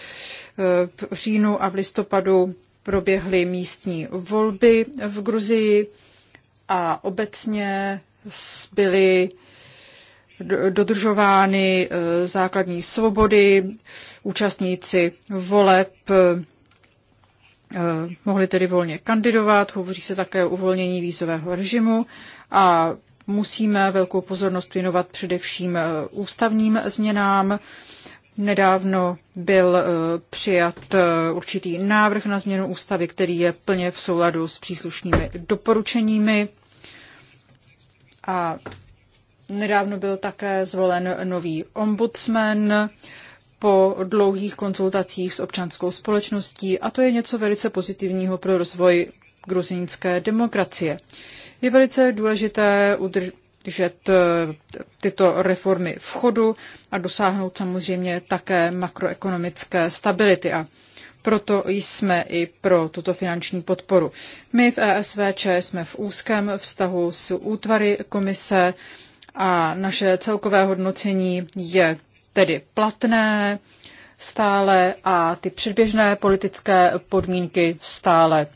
Eh, v říjnu a v listopadu proběhly místní volby v Gruzii a obecně byly dodržovány základní svobody. Účastníci voleb Eh, mohli tedy volně kandidovat, hovoří se také o uvolnění vízového režimu a musíme velkou pozornost věnovat především eh, ústavním změnám. Nedávno byl eh, přijat určitý návrh na změnu ústavy, který je plně v souladu s příslušnými doporučeními. A nedávno byl také zvolen nový ombudsman, po dlouhých konzultacích s občanskou společností a to je něco velice pozitivního pro rozvoj gruzínské demokracie. Je velice důležité udržet eh, tyto reformy v chodu a dosáhnout samozřejmě také makroekonomické stability a proto jsme i pro tuto finanční podporu. My v ESVČ jsme v úzkém vztahu s útvary komise a naše celkové hodnocení je tedy platné stále a ty předběžné politické podmínky stále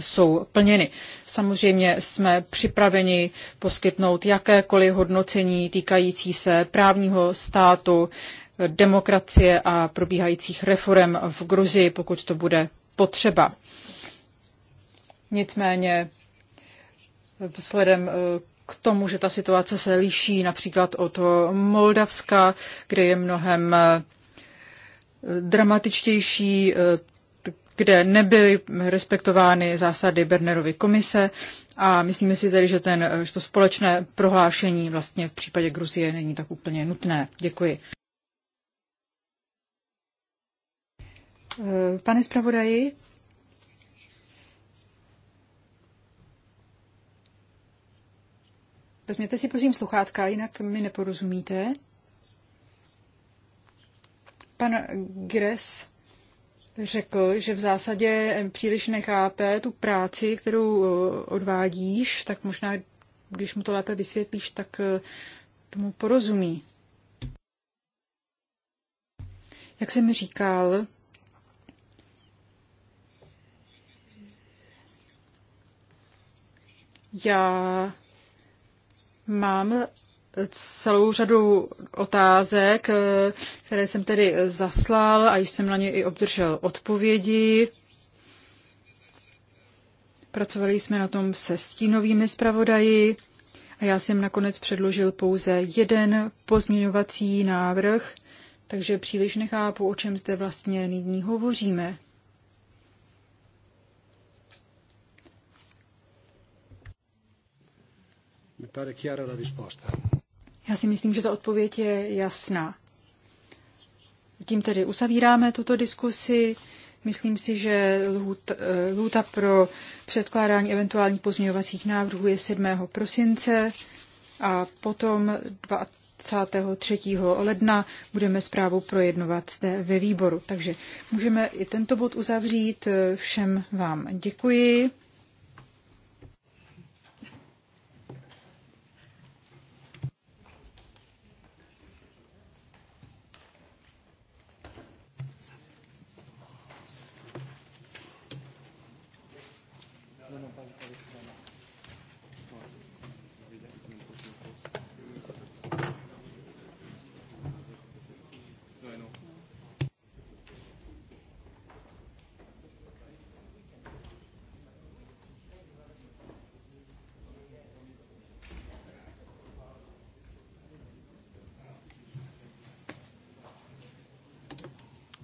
jsou plněny. Samozřejmě jsme připraveni poskytnout jakékoliv hodnocení týkající se právního státu, demokracie a probíhajících reform v Gruzii, pokud to bude potřeba. Nicméně vzhledem eh, k tomu, že ta situace se liší například od Moldavska, kde je mnohem eh, dramatičtější, eh, kde nebyly respektovány zásady Bernerovy komise a myslíme si tedy, že, ten, eh, že to společné prohlášení vlastně v případě Gruzie není tak úplně nutné. Děkuji. Pane zpravodaji, Vezměte si prosím sluchátka, jinak mi neporozumíte. Pan Gres řekl, že v zásadě příliš nechápe tu práci, kterou eh, odvádíš, tak možná, když mu to lépe vysvětlíš, tak eh, tomu porozumí. Jak jsem říkal, já Mám celou řadu otázek, které jsem tedy zaslal a již jsem na ně i obdržel odpovědi. Pracovali jsme na tom se stínovými zpravodaji a já jsem nakonec předložil pouze jeden pozměňovací návrh, takže příliš nechápu, o čem zde vlastně nyní hovoříme. Já si myslím, že ta odpověď je jasná. Tím tedy uzavíráme tuto diskusi. Myslím si, že eh, lhůta pro předkládání eventuálních pozměňovacích návrhů je 7. prosince a potom 23. ledna budeme zprávu projednovat zde ve výboru. Takže můžeme i tento bod uzavřít. Všem vám děkuji.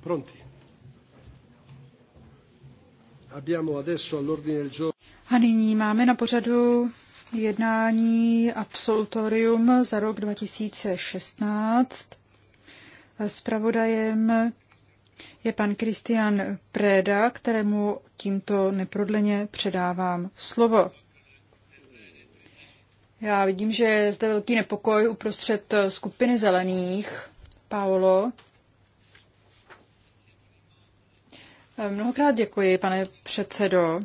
Pronti? Abbiamo adesso all'ordine del giorno. A nyní máme na pořadu jednání absolutorium za rok 2016. Spravodajem je pan Kristian Preda, kterému tímto neprodleně předávám slovo. Já vidím, že je zde velký nepokoj uprostřed skupiny zelených. Paolo. Mnohokrát děkuji, pane předsedo.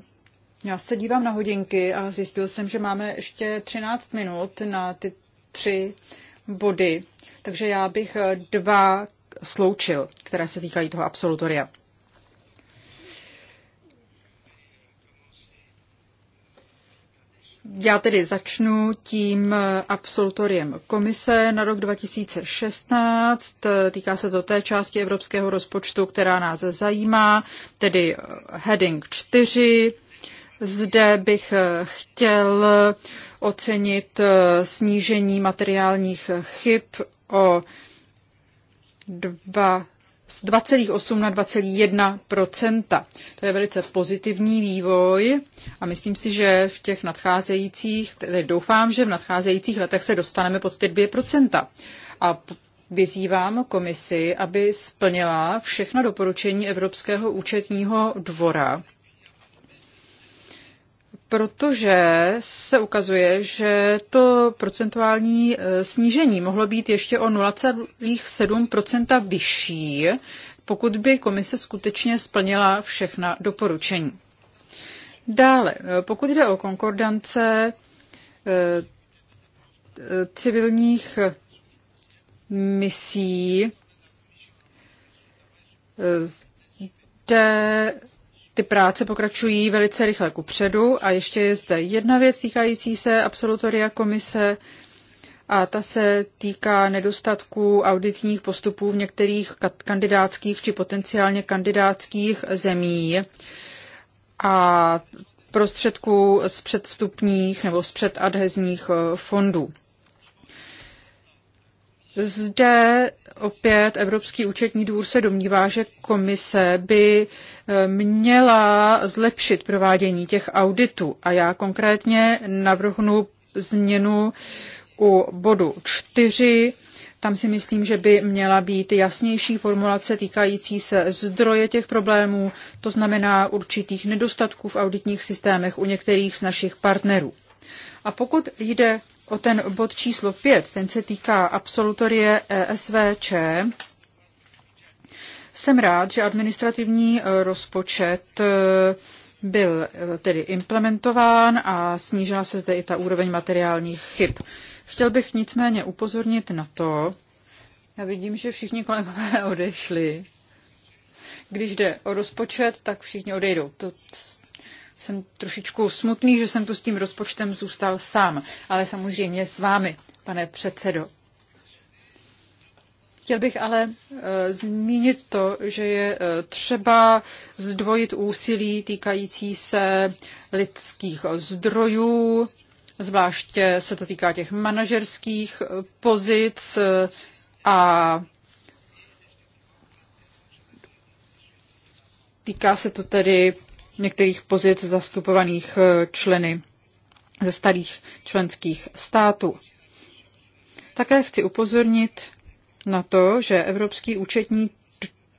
Já se dívám na hodinky a zjistil jsem, že máme ještě 13 minut na ty tři body, takže já bych dva sloučil, které se týkají toho absolutoria. Já tedy začnu tím eh, absolutoriem komise na rok 2016. Eh, týká se to té části evropského rozpočtu, která nás zajímá, tedy eh, heading 4. Zde bych chtěl ocenit snížení materiálních chyb o 2 z 2,8 na 2,1 To je velice pozitivní vývoj a myslím si, že v těch nadcházejících, tedy doufám, že v nadcházejících letech se dostaneme pod ty 2 A vyzývám komisi, aby splnila všechna doporučení Evropského účetního dvora protože se ukazuje, že to procentuální e, snížení mohlo být ještě o 0,7 vyšší, pokud by komise skutečně splnila všechna doporučení. Dále, e, pokud jde o konkordance e, civilních misí, zde ty práce pokračují velice rychle kupředu a ještě je zde jedna věc týkající se absolutoria komise a ta se týká nedostatků auditních postupů v některých kandidátských či potenciálně kandidátských zemí a prostředků z předvstupních nebo z předadhezních eh, fondů. Zde opět Evropský účetní dvůr se domnívá, že komise by eh, měla zlepšit provádění těch auditů. A já konkrétně navrhnu změnu u bodu 4. Tam si myslím, že by měla být jasnější formulace týkající se zdroje těch problémů, to znamená určitých nedostatků v auditních systémech u některých z našich partnerů. A pokud jde o ten bod číslo 5, ten se týká absolutorie ESVČ. Jsem rád, že administrativní eh, rozpočet eh, byl eh, tedy implementován a snížila se zde i ta úroveň materiálních chyb. Chtěl bych nicméně upozornit na to, já vidím, že všichni kolegové odešli. Když jde o rozpočet, tak všichni odejdou. To jsem trošičku smutný, že jsem tu s tím rozpočtem zůstal sám, ale samozřejmě s vámi, pane předsedo. Chtěl bych ale e, zmínit to, že je e, třeba zdvojit úsilí týkající se lidských zdrojů, zvláště se to týká těch manažerských e, pozic e, a týká se to tedy některých pozic zastupovaných eh, členy ze starých členských států. Také chci upozornit na to, že Evropský účetní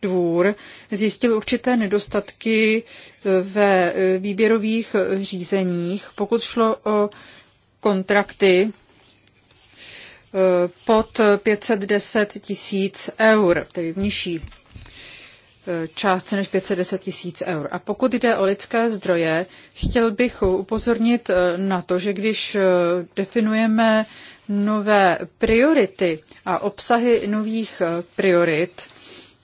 dvůr zjistil určité nedostatky eh, ve eh, výběrových řízeních, pokud šlo o kontrakty pod 510 tisíc eur, tedy v nižší Eh, částce než 510 tisíc eur. A pokud jde o lidské zdroje, chtěl bych upozornit eh, na to, že když eh, definujeme nové priority a obsahy nových priorit,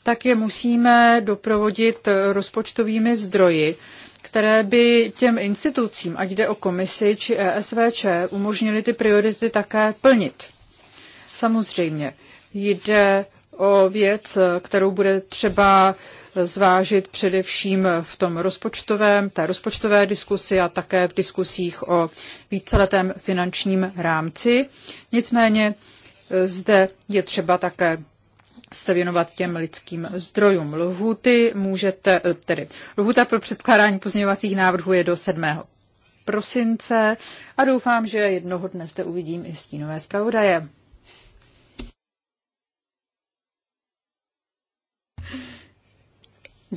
tak je musíme doprovodit rozpočtovými zdroji, které by těm institucím, ať jde o komisi či ESVČ, umožnily ty priority také plnit. Samozřejmě jde o věc, kterou bude třeba zvážit především v tom rozpočtovém, té rozpočtové diskusi a také v diskusích o víceletém finančním rámci. Nicméně zde je třeba také se věnovat těm lidským zdrojům. Lhuty můžete, eh, tedy lhuta pro předkládání pozměňovacích návrhů je do 7. prosince a doufám, že jednoho dne zde uvidím i stínové zpravodaje.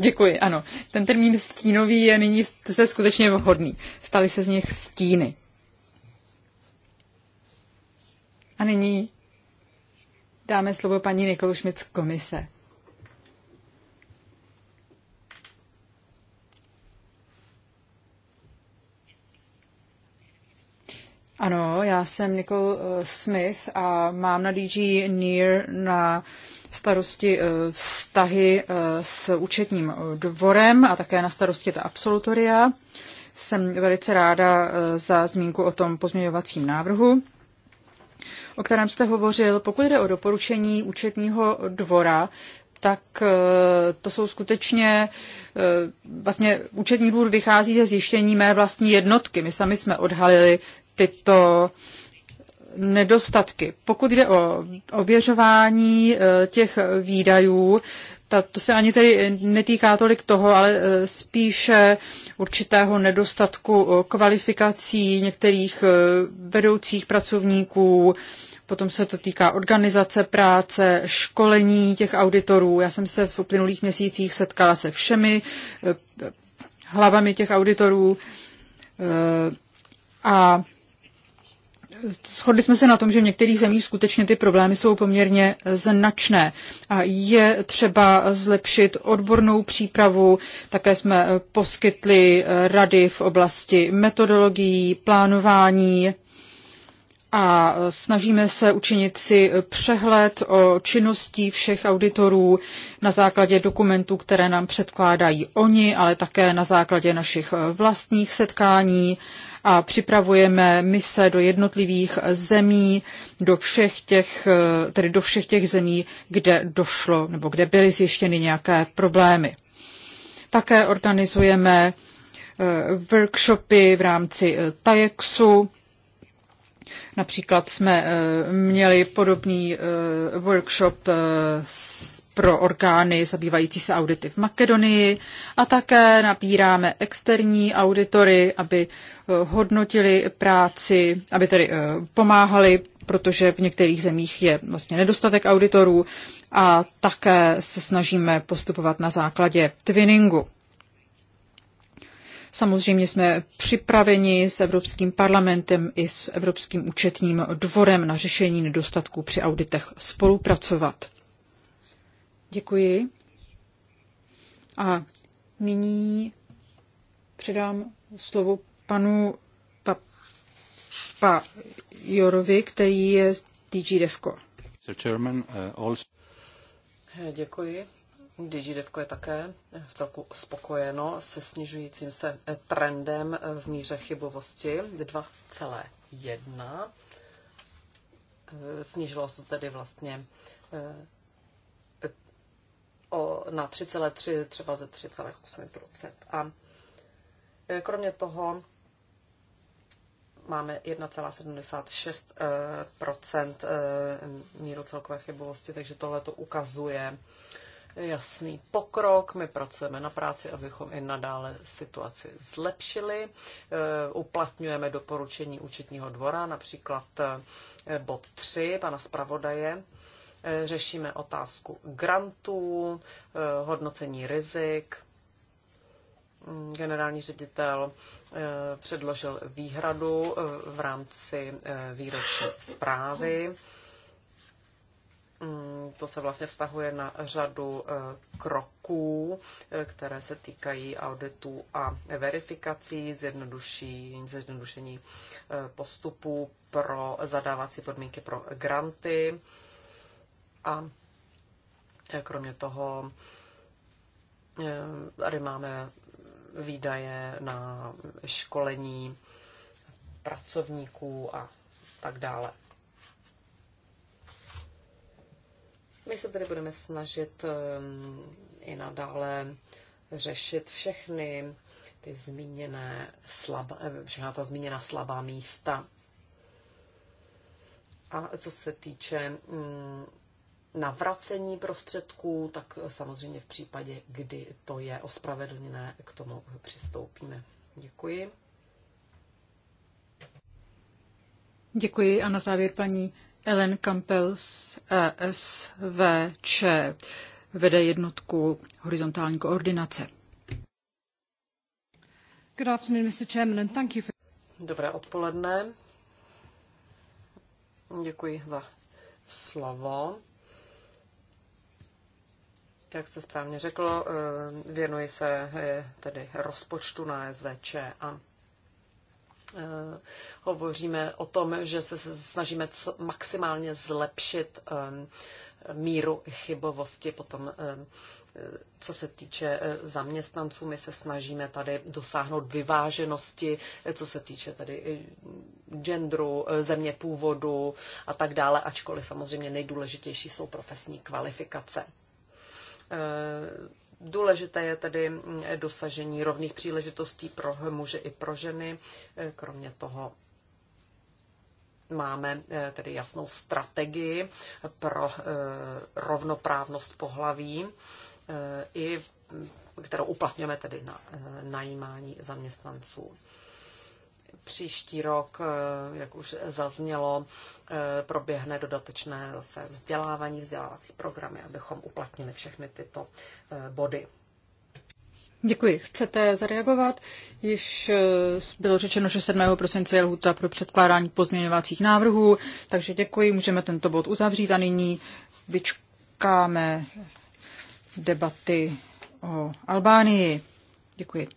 Děkuji, ano. Ten termín stínový je nyní se skutečně vhodný. Staly se z nich stíny. A nyní dáme slovo paní Nikolu Šmic komise. Ano, já jsem Nicole eh, Smith a mám na DG NEAR na uh, starosti eh, vztahy eh, s účetním eh, dvorem a také na starosti ta absolutoria. Jsem velice ráda za zmínku o tom pozměňovacím návrhu, o kterém jste hovořil. Pokud jde o doporučení účetního dvora, tak to jsou skutečně, vlastně účetní dvůr vychází ze zjištění mé vlastní jednotky. My sami jsme odhalili tyto nedostatky. Pokud jde o ověřování eh, těch výdajů, ta, to se ani tedy netýká tolik toho, ale eh, spíše určitého nedostatku eh, kvalifikací některých vedoucích pracovníků, potom se to týká organizace práce, školení těch auditorů. Já jsem se v uplynulých měsících setkala se všemi hlavami těch auditorů a shodli jsme se na tom, že v některých zemích skutečně ty problémy jsou poměrně značné a je třeba zlepšit odbornou přípravu. Také jsme poskytli rady v oblasti metodologií, plánování a snažíme se učinit si přehled o činnosti všech auditorů na základě dokumentů, které nám předkládají oni, ale také na základě našich vlastních setkání a připravujeme mise do jednotlivých zemí, do všech těch, eh, tedy do všech těch zemí, kde došlo nebo kde byly zjištěny nějaké problémy. Také organizujeme eh, workshopy v rámci eh, TAJEXu. Například jsme měli podobný workshop s pro orgány zabývající se audity v Makedonii a také nabíráme externí auditory, aby eh, hodnotili práci, aby tedy eh, pomáhali, protože v některých zemích je vlastně nedostatek auditorů a také se snažíme postupovat na základě twinningu. Samozřejmě jsme připraveni s Evropským parlamentem i s Evropským účetním dvorem na řešení nedostatků při auditech spolupracovat. Děkuji. A nyní předám slovo panu Papa Jorovi, který je z DG Devco. Uh, Děkuji. DigiDevko je také v celku spokojeno se snižujícím se trendem v míře chybovosti 2,1. Eh, snížilo se tedy vlastně eh, o, na 3,3, třeba ze 3,8 A e, kromě toho máme 1,76 e, míru celkové chybovosti, takže tohle to ukazuje jasný pokrok. My pracujeme na práci, abychom i nadále situaci zlepšili. E, uplatňujeme doporučení účetního dvora, například bod 3 pana zpravodaje Eh, řešíme otázku grantů, eh, hodnocení rizik. Mm, generální ředitel eh, předložil výhradu v rámci výroční zprávy. Mm, to se vlastně vztahuje na řadu kroků, které se týkají auditů a verifikací, zjednodušení postupů pro zadávací podmínky pro granty a e, kromě toho e, tady máme výdaje na školení pracovníků a tak dále. My se tedy budeme snažit e, i nadále řešit všechny ty zmíněné slabá, všechna ta zmíněná slabá místa. A co se týče mm, navracení prostředků, tak samozřejmě v případě, kdy to je ospravedlněné, k tomu přistoupíme. Děkuji. Děkuji a na závěr paní Ellen Campbell z ESVČ vede jednotku horizontální koordinace. Good afternoon, Mr. Chairman, and thank you for... Dobré odpoledne. Děkuji za slovo. Jak jste správně řekl, eh, věnuji se eh, tedy rozpočtu na SVČ a eh, hovoříme o tom, že se snažíme co, maximálně zlepšit míru chybovosti. Potom, co se týče zaměstnanců, my se snažíme tady dosáhnout vyváženosti, co se týče tady genderu, země původu a tak dále, ačkoliv samozřejmě nejdůležitější jsou profesní kvalifikace. Eh, důležité je tedy mm, dosažení rovných příležitostí pro muže i pro ženy. Eh, kromě toho máme eh, tedy jasnou strategii pro rovnoprávnost pohlaví i mm, kterou uplatňujeme tedy na najímání zaměstnanců. Příští rok, eh, jak už zaznělo, eh, proběhne dodatečné zase vzdělávání, vzdělávací programy, abychom uplatnili všechny tyto eh, body. Děkuji. Chcete zareagovat? Již bylo řečeno, že 7. prosince je lhuta pro předkládání pozměňovacích návrhů, takže děkuji, můžeme tento bod uzavřít a nyní vyčkáme debaty o Albánii. Děkuji.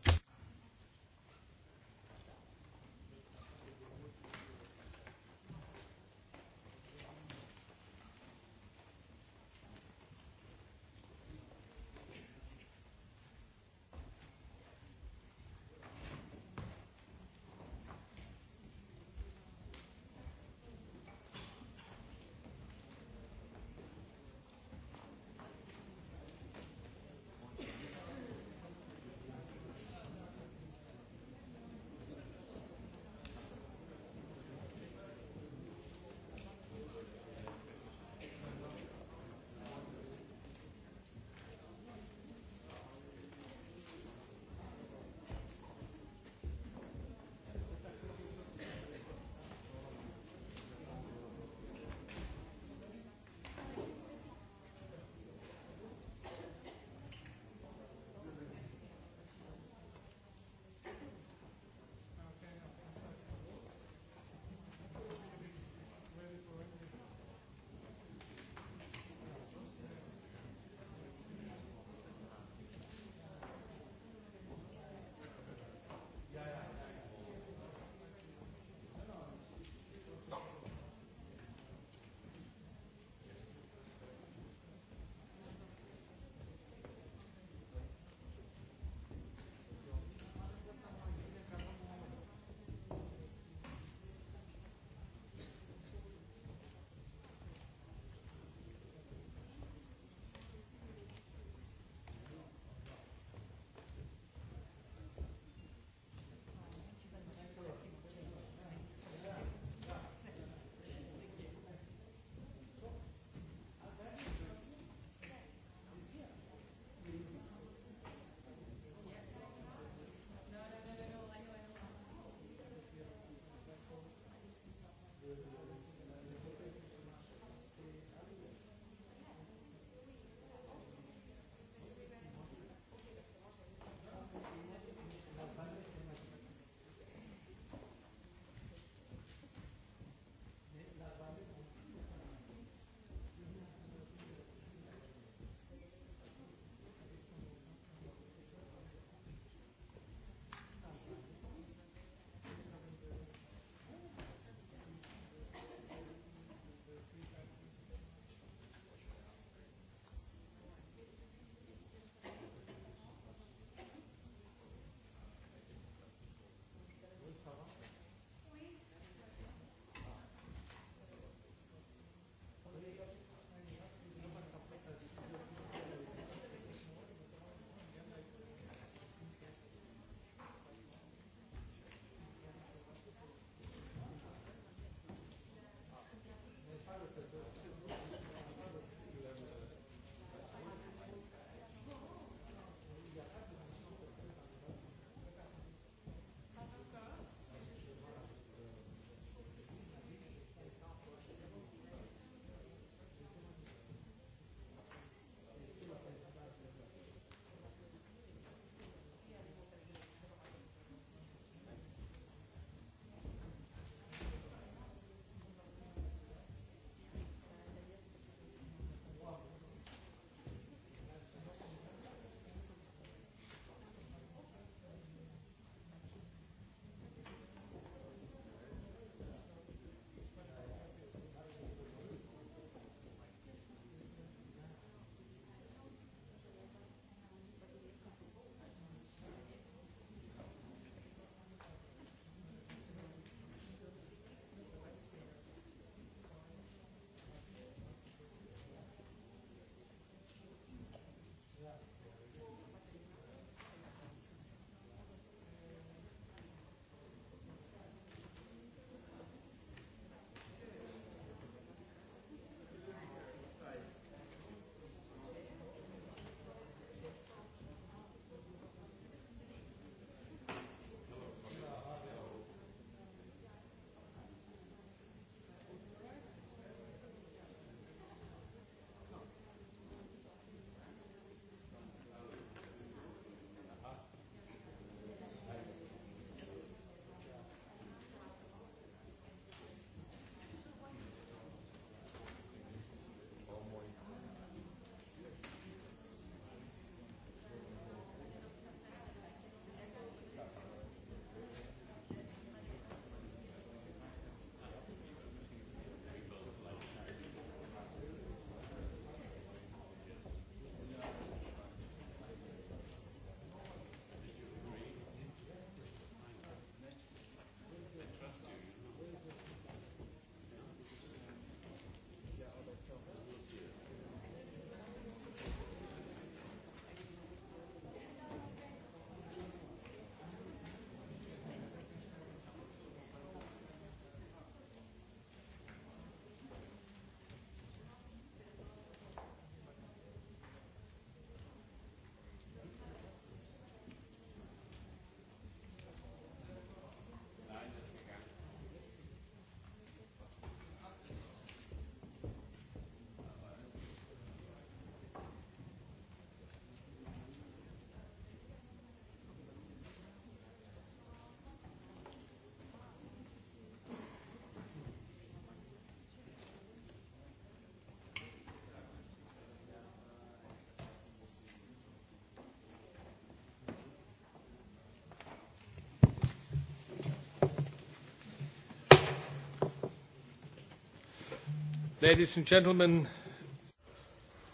Ladies and gentlemen.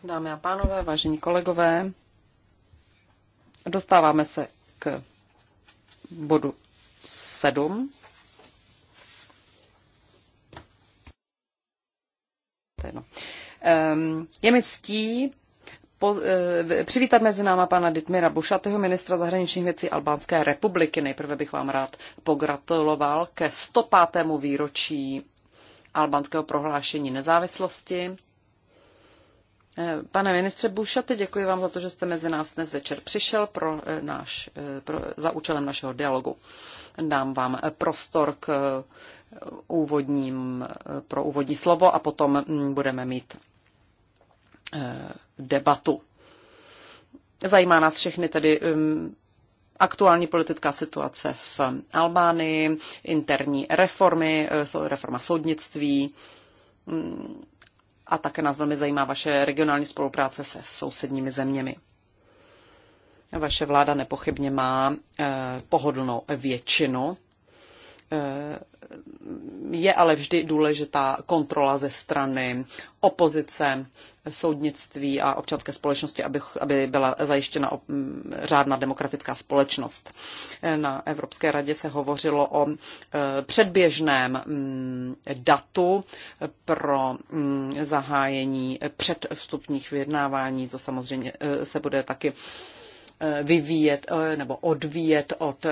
Dámy a pánové, vážení kolegové, dostáváme se k bodu 7. je, no. je mi ctí po, eh, přivítat mezi náma pana Ditmira Bušatého, ministra zahraničních věcí Albánské republiky. Nejprve bych vám rád pogratuloval ke 105. výročí albánského prohlášení nezávislosti. Eh, Pane ministře Bušate, děkuji vám za to, že jste mezi nás dnes večer přišel pro eh, náš, eh, pro, za účelem našeho dialogu. Dám vám prostor k úvodním, pro úvodní slovo a potom mm, budeme mít debatu. Zajímá nás všechny tedy mm, aktuální politická situace v Albánii, interní reformy, eh, reforma soudnictví mm, a také nás velmi zajímá vaše regionální spolupráce se sousedními zeměmi. Vaše vláda nepochybně má eh, pohodlnou většinu Eh, je ale vždy důležitá kontrola ze strany opozice, soudnictví a občanské společnosti, aby, aby byla zajištěna mm, řádná demokratická společnost. Eh, na Evropské radě se hovořilo o eh, předběžném mm, datu pro mm, zahájení předvstupních vyjednávání. To samozřejmě se bude taky vyvíjet nebo odvíjet od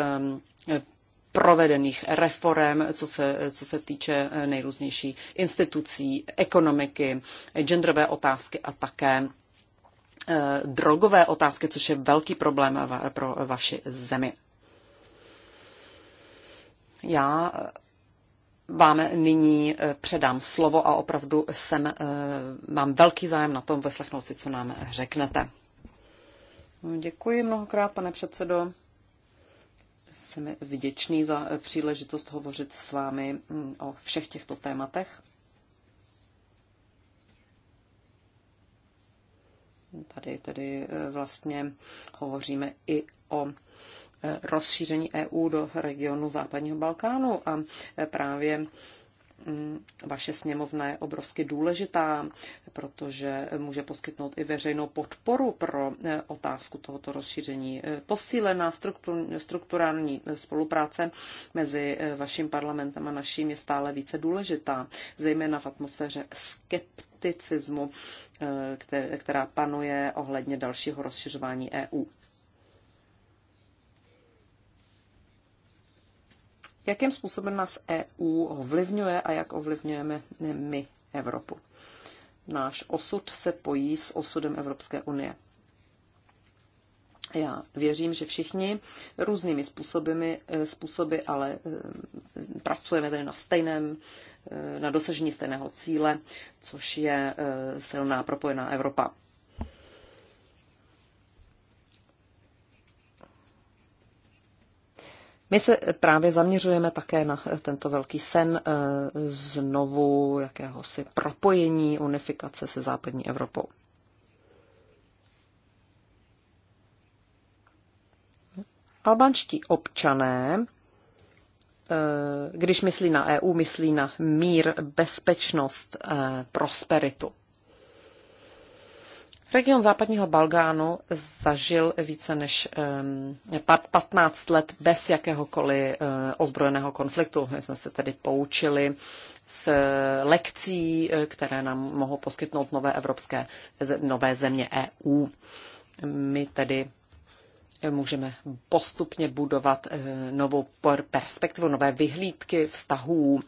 provedených reform, co se, co se týče eh, nejrůznější institucí, ekonomiky, genderové otázky a také eh, drogové otázky, což je velký problém pro vaši zemi. Já eh, vám nyní předám slovo a opravdu jsem, mám velký zájem na tom vyslechnout si, co nám řeknete. Děkuji mnohokrát, pane předsedo. Jsem vděčný za příležitost hovořit s vámi mm, o všech těchto tématech. Tady tedy e, vlastně hovoříme i o e, rozšíření EU do regionu západního Balkánu a e, právě Mm, vaše sněmovna je obrovsky důležitá, protože může poskytnout i veřejnou podporu pro eh, otázku tohoto rozšíření. Eh, posílená strukturální eh, spolupráce mezi vaším parlamentem a naším je stále více důležitá, zejména v atmosféře skepticismu, která panuje ohledně dalšího rozšiřování EU. jakým způsobem nás EU ovlivňuje a jak ovlivňujeme my Evropu. Náš osud se pojí s osudem Evropské unie. Já věřím, že všichni různými způsoby, způsoby ale eh, pracujeme tedy na stejném, eh, na dosažení stejného cíle, což je eh, silná propojená Evropa. My se právě zaměřujeme také na eh, tento velký sen eh, znovu jakéhosi propojení, unifikace se západní Evropou. Albanští občané, eh, když myslí na EU, myslí na mír, bezpečnost, prosperitu. Region západního Balgánu zažil více než 15 let bez jakéhokoliv eh, ozbrojeného konfliktu. My jsme se tedy poučili s eh, lekcí, eh, které nám mohou poskytnout nové evropské, nové země EU. My tedy můžeme postupně budovat novou perspektivu, nové vyhlídky vztahů.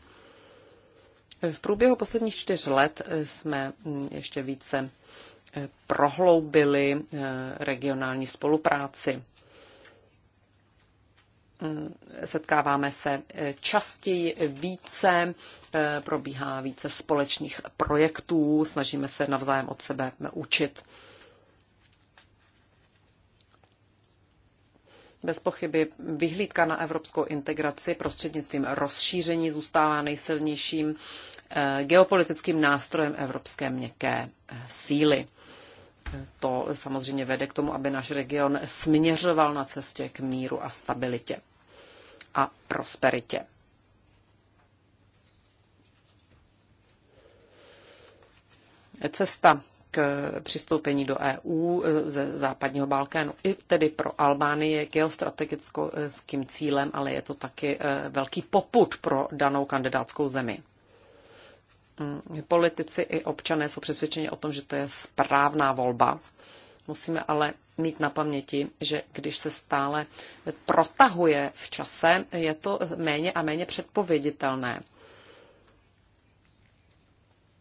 V průběhu posledních čtyř let jsme hm, ještě více Eh, prohloubili eh, regionální spolupráci. Mm, setkáváme se eh, častěji více, probíhá více společných projektů, snažíme se navzájem od sebe učit. Bez pochyby vyhlídka na evropskou integraci prostřednictvím rozšíření zůstává nejsilnějším geopolitickým nástrojem evropské měkké síly. To samozřejmě vede k tomu, aby náš region směřoval na cestě k míru a stabilitě a prosperitě. Cesta k přistoupení do EU e, ze západního Balkánu i tedy pro Albánii je geostrategickým cílem, ale je to taky e, velký poput pro danou kandidátskou zemi. Mm, politici i občané jsou přesvědčeni o tom, že to je správná volba. Musíme ale mít na paměti, že když se stále protahuje v čase, je to méně a méně předpověditelné.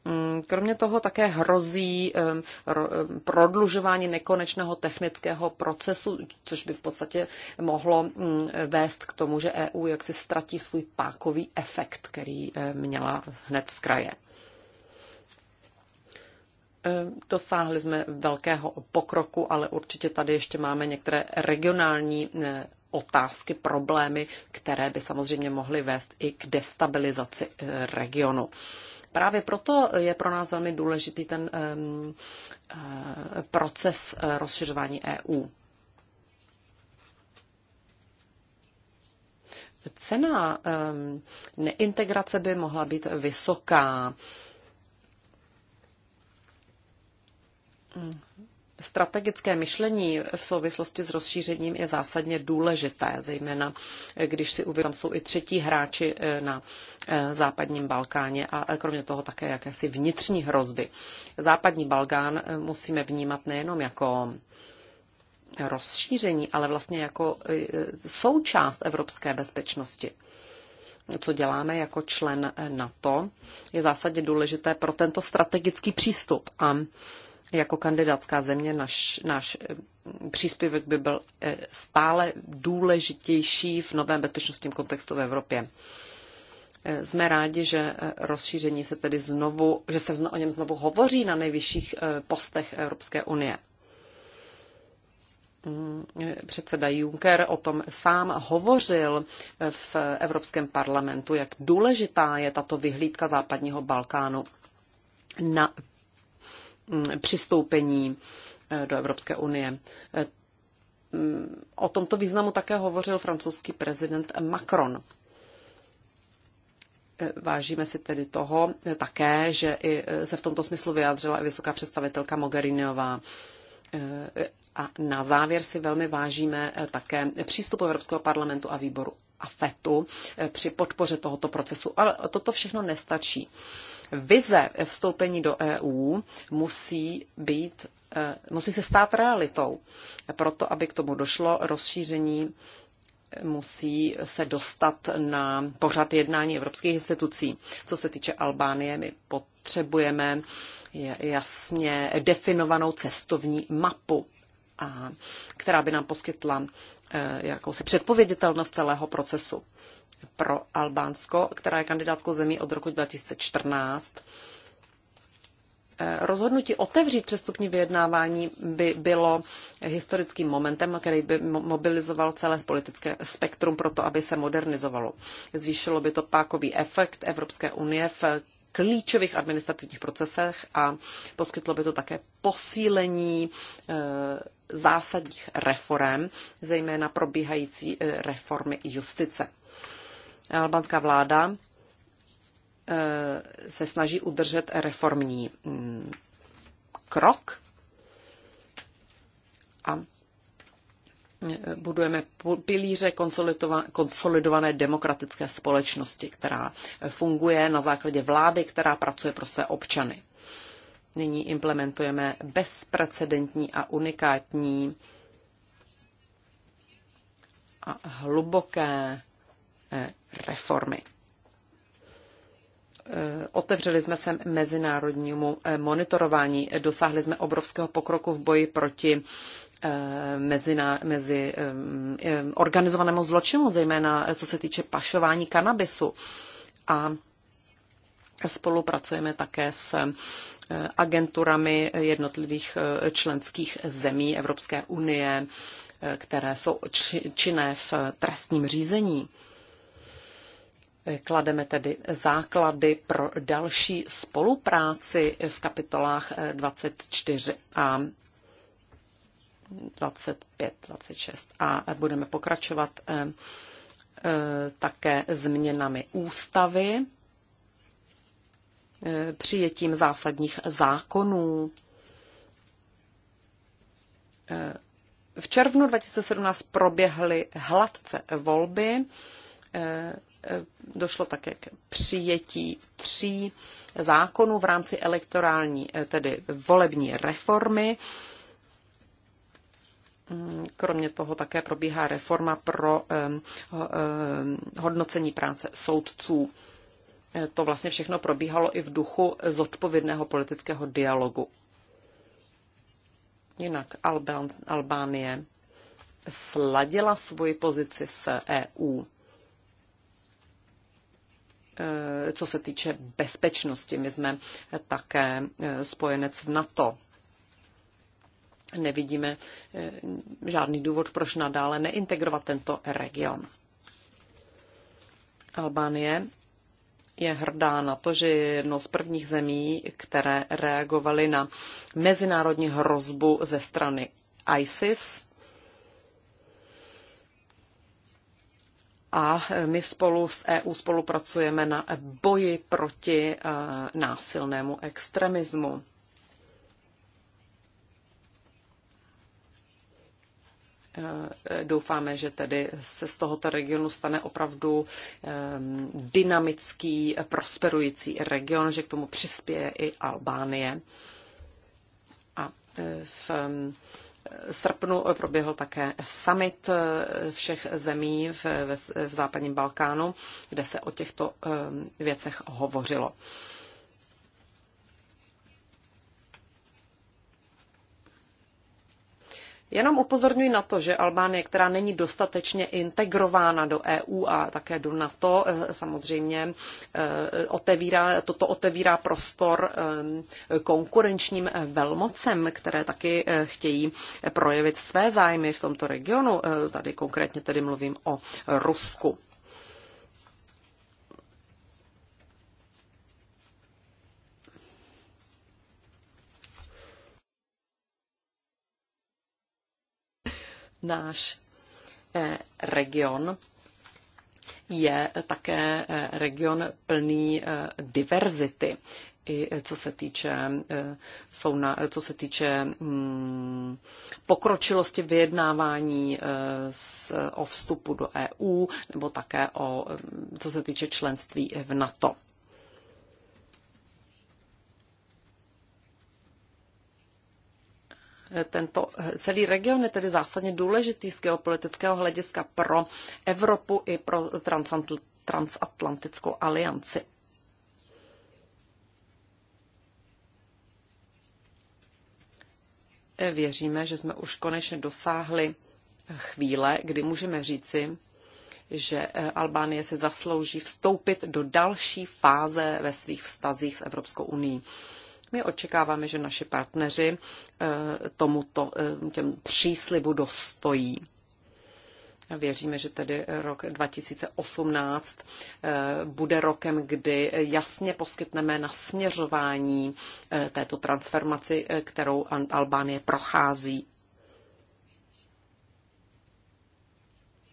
Mm, kromě toho také hrozí prodlužování nekonečného technického procesu, což by v podstatě mohlo mm, vést k tomu, že EU jaksi ztratí svůj pákový efekt, který měla hned z kraje. Ehm, dosáhli jsme velkého pokroku, ale určitě tady ještě máme některé regionální eh, otázky, problémy, které by samozřejmě mohly vést i k destabilizaci eh, regionu. Právě proto je pro nás velmi důležitý ten ehm, eh, proces rozšiřování EU. Cena ehm, neintegrace by mohla být vysoká. strategické myšlení v souvislosti s rozšířením je zásadně důležité, zejména když si uvědomí, jsou i třetí hráči eh, na eh, západním Balkáně a eh, kromě toho také jakési vnitřní hrozby. Západní Balkán musíme vnímat nejenom jako rozšíření, ale vlastně jako součást evropské bezpečnosti co děláme jako člen NATO, je zásadně důležité pro tento strategický přístup. A jako kandidátská země naš, náš eh, příspěvek by byl eh, stále důležitější v novém bezpečnostním kontextu v Evropě. Eh, jsme rádi, že rozšíření se tedy znovu, že se o něm znovu hovoří na nejvyšších postech Evropské unie. Mm, předseda Juncker o tom sám hovořil v Evropském parlamentu, jak důležitá je tato vyhlídka západního Balkánu na Mm, přistoupení eh, do Evropské unie. Eh, mm, o tomto významu také hovořil francouzský prezident Macron. Eh, vážíme si tedy toho také, že i se v tomto smyslu vyjádřila i vysoká představitelka Mogheriniová. A na závěr si velmi vážíme také přístupu Evropského parlamentu a výboru a FETu při podpoře tohoto procesu. Ale toto všechno nestačí vize vstoupení do EU musí být eh, musí se stát realitou. Proto, aby k tomu došlo, rozšíření musí se dostat na pořad jednání evropských institucí. Co se týče Albánie, my potřebujeme jasně definovanou cestovní mapu, a která by nám poskytla eh, jakousi předpověditelnost celého procesu pro Albánsko, která je kandidátskou zemí od roku 2014. Eh, rozhodnutí otevřít přestupní vyjednávání by bylo historickým momentem, který by mobilizoval celé politické spektrum pro to, aby se modernizovalo. Zvýšilo by to pákový efekt Evropské unie v klíčových administrativních procesech a poskytlo by to také posílení eh, zásadních reform, zejména probíhající eh, reformy justice albánská vláda eh, se snaží udržet reformní mm, krok a eh, budujeme pilíře konsolidované demokratické společnosti, která funguje na základě vlády, která pracuje pro své občany. Nyní implementujeme bezprecedentní a unikátní a hluboké eh, reformy. Eh, otevřeli jsme se mezinárodnímu eh, monitorování, dosáhli jsme obrovského pokroku v boji proti eh, mezi, na, mezi organizovanému zločinu, zejména co se týče pašování kanabisu. A spolupracujeme také s agenturami jednotlivých členských zemí Evropské unie, které jsou činné v trestním řízení. Klademe tedy základy pro další spolupráci v kapitolách 24 eh, a 25, 26 a budeme pokračovat eh, eh, také změnami ústavy, přijetím zásadních zákonů. V červnu 2017 proběhly hladce volby Eh, došlo také k přijetí tří zákonů v rámci elektorální, eh, tedy volební reformy. Mm, kromě toho také probíhá reforma pro eh, hodnocení práce soudců. To vlastně všechno probíhalo i v duchu zodpovědného politického dialogu. Jinak Albánie sladila svoji pozici s EU. Eh, co se týče bezpečnosti. My jsme také eh, spojenec v NATO. Nevidíme eh, žádný důvod, proč nadále neintegrovat tento region. Albánie je hrdá na to, že je jednou z prvních zemí, které reagovaly na mezinárodní hrozbu ze strany ISIS, a my spolu s EU spolupracujeme na boji proti e, násilnému extremismu. E, doufáme, že tedy se z tohoto regionu stane opravdu e, dynamický, prosperující region, že k tomu přispěje i Albánie. A v srpnu proběhl také summit eh, všech zemí v, v, v západním Balkánu, kde se o těchto eh, věcech hovořilo. Jenom upozorňuji na to, že Albánie, která není dostatečně integrována do EU a také do NATO, eh, samozřejmě eh, otevírá, toto otevírá prostor eh, konkurenčním velmocem, které taky chtějí projevit své zájmy v tomto regionu. Tady konkrétně tedy mluvím o Rusku. náš eh, region je také eh, region plný eh, diverzity, i co se týče, jsou na, co se týče mm, pokročilosti vyjednávání s, o vstupu do EU nebo také o, co se týče členství v NATO. Tento celý region je tedy zásadně důležitý z geopolitického hlediska pro Evropu i pro transatlantickou alianci. Věříme, že jsme už konečně dosáhli chvíle, kdy můžeme říci, že eh, Albánie se zaslouží vstoupit do další fáze ve svých vztazích s Evropskou unii. My očekáváme, že naši partneři eh, tomuto eh, těm příslibu dostojí. Věříme, že tedy rok 2018 eh, bude rokem, kdy jasně poskytneme nasměřování této transformaci, kterou Albánie prochází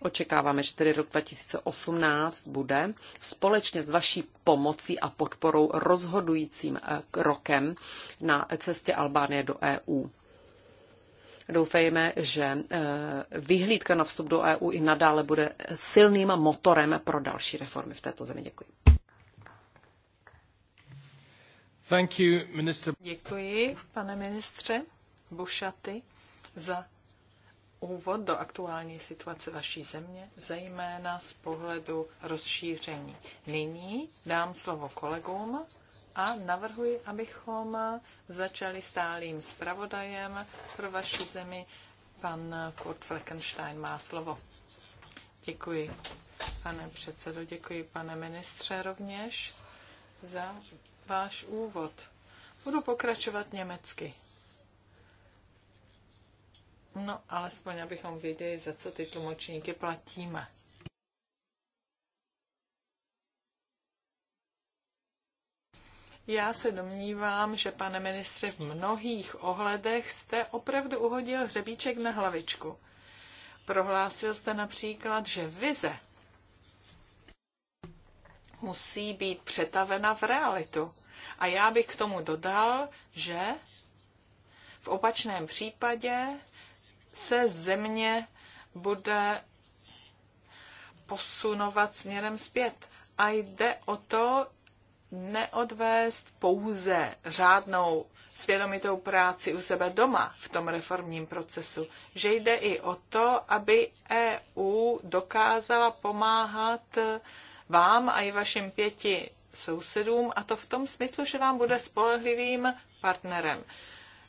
Očekáváme, že tedy rok 2018 bude společně s vaší pomocí a podporou rozhodujícím eh, krokem na cestě Albánie do EU. Doufejme, že eh, vyhlídka na vstup do EU i nadále bude silným motorem pro další reformy v této zemi. Děkuji. Thank you, minister. Děkuji, pane ministře Bušaty, za úvod do aktuální situace vaší země, zejména z pohledu rozšíření. Nyní dám slovo kolegům a navrhuji, abychom začali stálým zpravodajem pro vaši zemi. Pan Kurt Fleckenstein má slovo. Děkuji, pane předsedo, děkuji, pane ministře, rovněž za váš úvod. Budu pokračovat německy. No, alespoň abychom věděli, za co ty tlumočníky platíme. Já se domnívám, že pane ministře, v mnohých ohledech jste opravdu uhodil hřebíček na hlavičku. Prohlásil jste například, že vize musí být přetavena v realitu. A já bych k tomu dodal, že v opačném případě se země bude posunovat směrem zpět. A jde o to neodvést pouze řádnou svědomitou práci u sebe doma v tom reformním procesu, že jde i o to, aby EU dokázala pomáhat vám a i vašim pěti sousedům, a to v tom smyslu, že vám bude spolehlivým partnerem.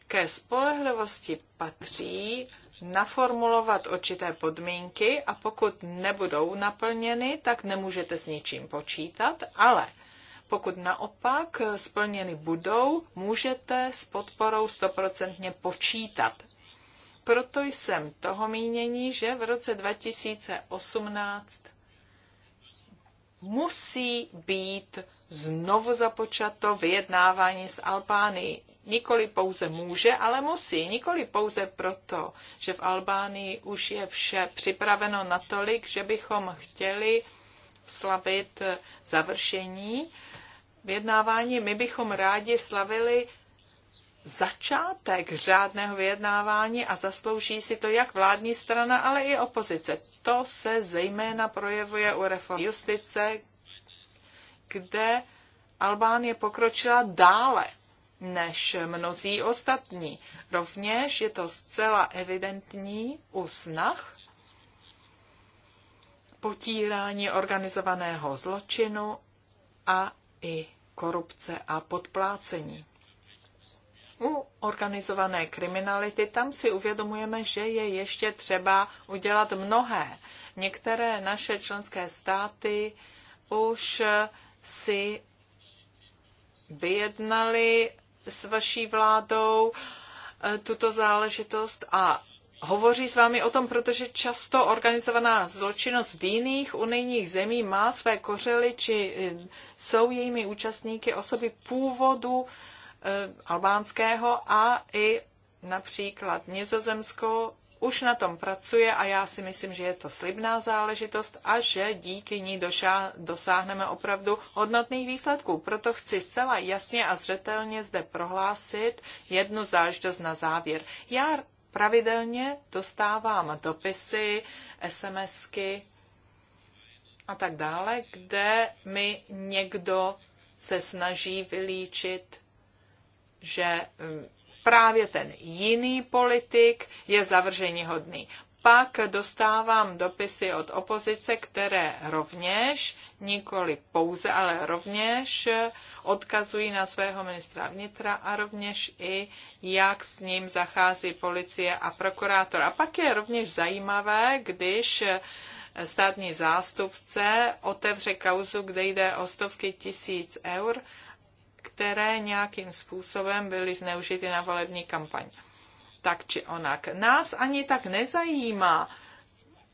Ke spolehlivosti patří naformulovat určité podmínky a pokud nebudou naplněny, tak nemůžete s ničím počítat, ale pokud naopak splněny budou, můžete s podporou stoprocentně počítat. Proto jsem toho mínění, že v roce 2018 musí být znovu započato vyjednávání s Albánií. Nikoli pouze může, ale musí. Nikoli pouze proto, že v Albánii už je vše připraveno natolik, že bychom chtěli slavit završení vyjednávání. My bychom rádi slavili začátek řádného vyjednávání a zaslouží si to jak vládní strana, ale i opozice. To se zejména projevuje u reformy justice, kde Albánie pokročila dále než mnozí ostatní. Rovněž je to zcela evidentní u snah potírání organizovaného zločinu a i korupce a podplácení. U organizované kriminality tam si uvědomujeme, že je ještě třeba udělat mnohé. Některé naše členské státy už si vyjednali s vaší vládou eh, tuto záležitost a hovoří s vámi o tom, protože často organizovaná zločinnost v jiných unijních zemí má své kořely, či eh, jsou jejími účastníky osoby původu eh, albánského a i například Nizozemsko už na tom pracuje a já si myslím, že je to slibná záležitost a že díky ní došá, dosáhneme opravdu hodnotných výsledků. Proto chci zcela jasně a zřetelně zde prohlásit jednu záležitost na závěr. Já pravidelně dostávám dopisy, SMSky a tak dále, kde mi někdo se snaží vylíčit, že hm, právě ten jiný politik je zavržení hodný. Pak dostávám dopisy od opozice, které rovněž, nikoli pouze, ale rovněž odkazují na svého ministra vnitra a rovněž i jak s ním zachází policie a prokurátor. A pak je rovněž zajímavé, když státní zástupce otevře kauzu, kde jde o stovky tisíc eur, které nějakým způsobem byly zneužity na volební kampaň. Tak či onak. Nás ani tak nezajímá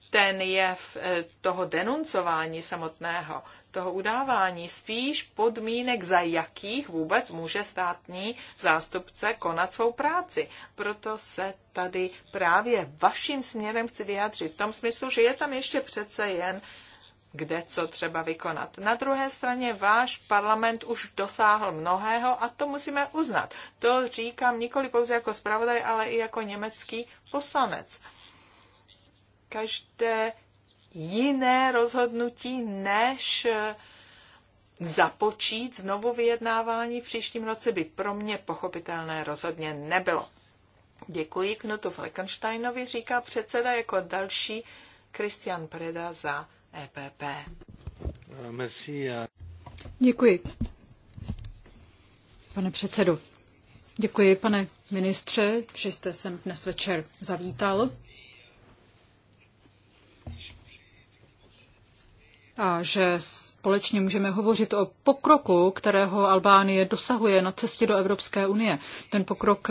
ten jev eh, toho denuncování samotného, toho udávání, spíš podmínek, za jakých vůbec může státní zástupce konat svou práci. Proto se tady právě vaším směrem chci vyjádřit v tom smyslu, že je tam ještě přece jen kde co třeba vykonat. Na druhé straně váš parlament už dosáhl mnohého a to musíme uznat. To říkám nikoli pouze jako zpravodaj, ale i jako německý poslanec. Každé jiné rozhodnutí než eh, započít znovu vyjednávání v příštím roce by pro mě pochopitelné rozhodně nebylo. Děkuji Knutu Fleckensteinovi, říká předseda jako další Christian Preda za EPP. Děkuji. Pane předsedo, děkuji, pane ministře, že jste sem dnes večer zavítal. a že společně můžeme hovořit o pokroku, kterého Albánie dosahuje na cestě do Evropské unie. Ten pokrok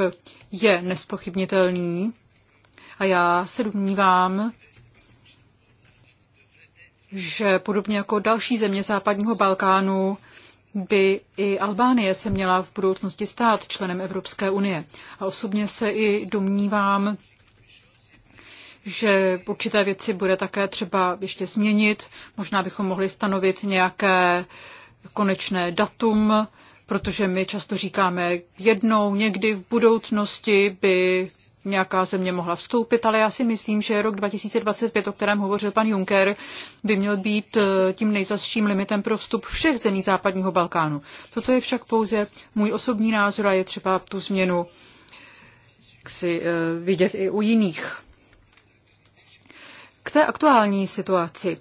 je nespochybnitelný a já se domnívám, že podobně jako další země západního Balkánu by i Albánie se měla v budoucnosti stát členem Evropské unie. A osobně se i domnívám, že určité věci bude také třeba ještě změnit. Možná bychom mohli stanovit nějaké konečné datum, protože my často říkáme jednou, někdy v budoucnosti by nějaká země mohla vstoupit, ale já si myslím, že rok 2025, o kterém hovořil pan Juncker, by měl být eh, tím nejzasším limitem pro vstup všech zemí západního Balkánu. Toto je však pouze můj osobní názor a je třeba tu změnu eh, si eh, vidět i u jiných. K té aktuální situaci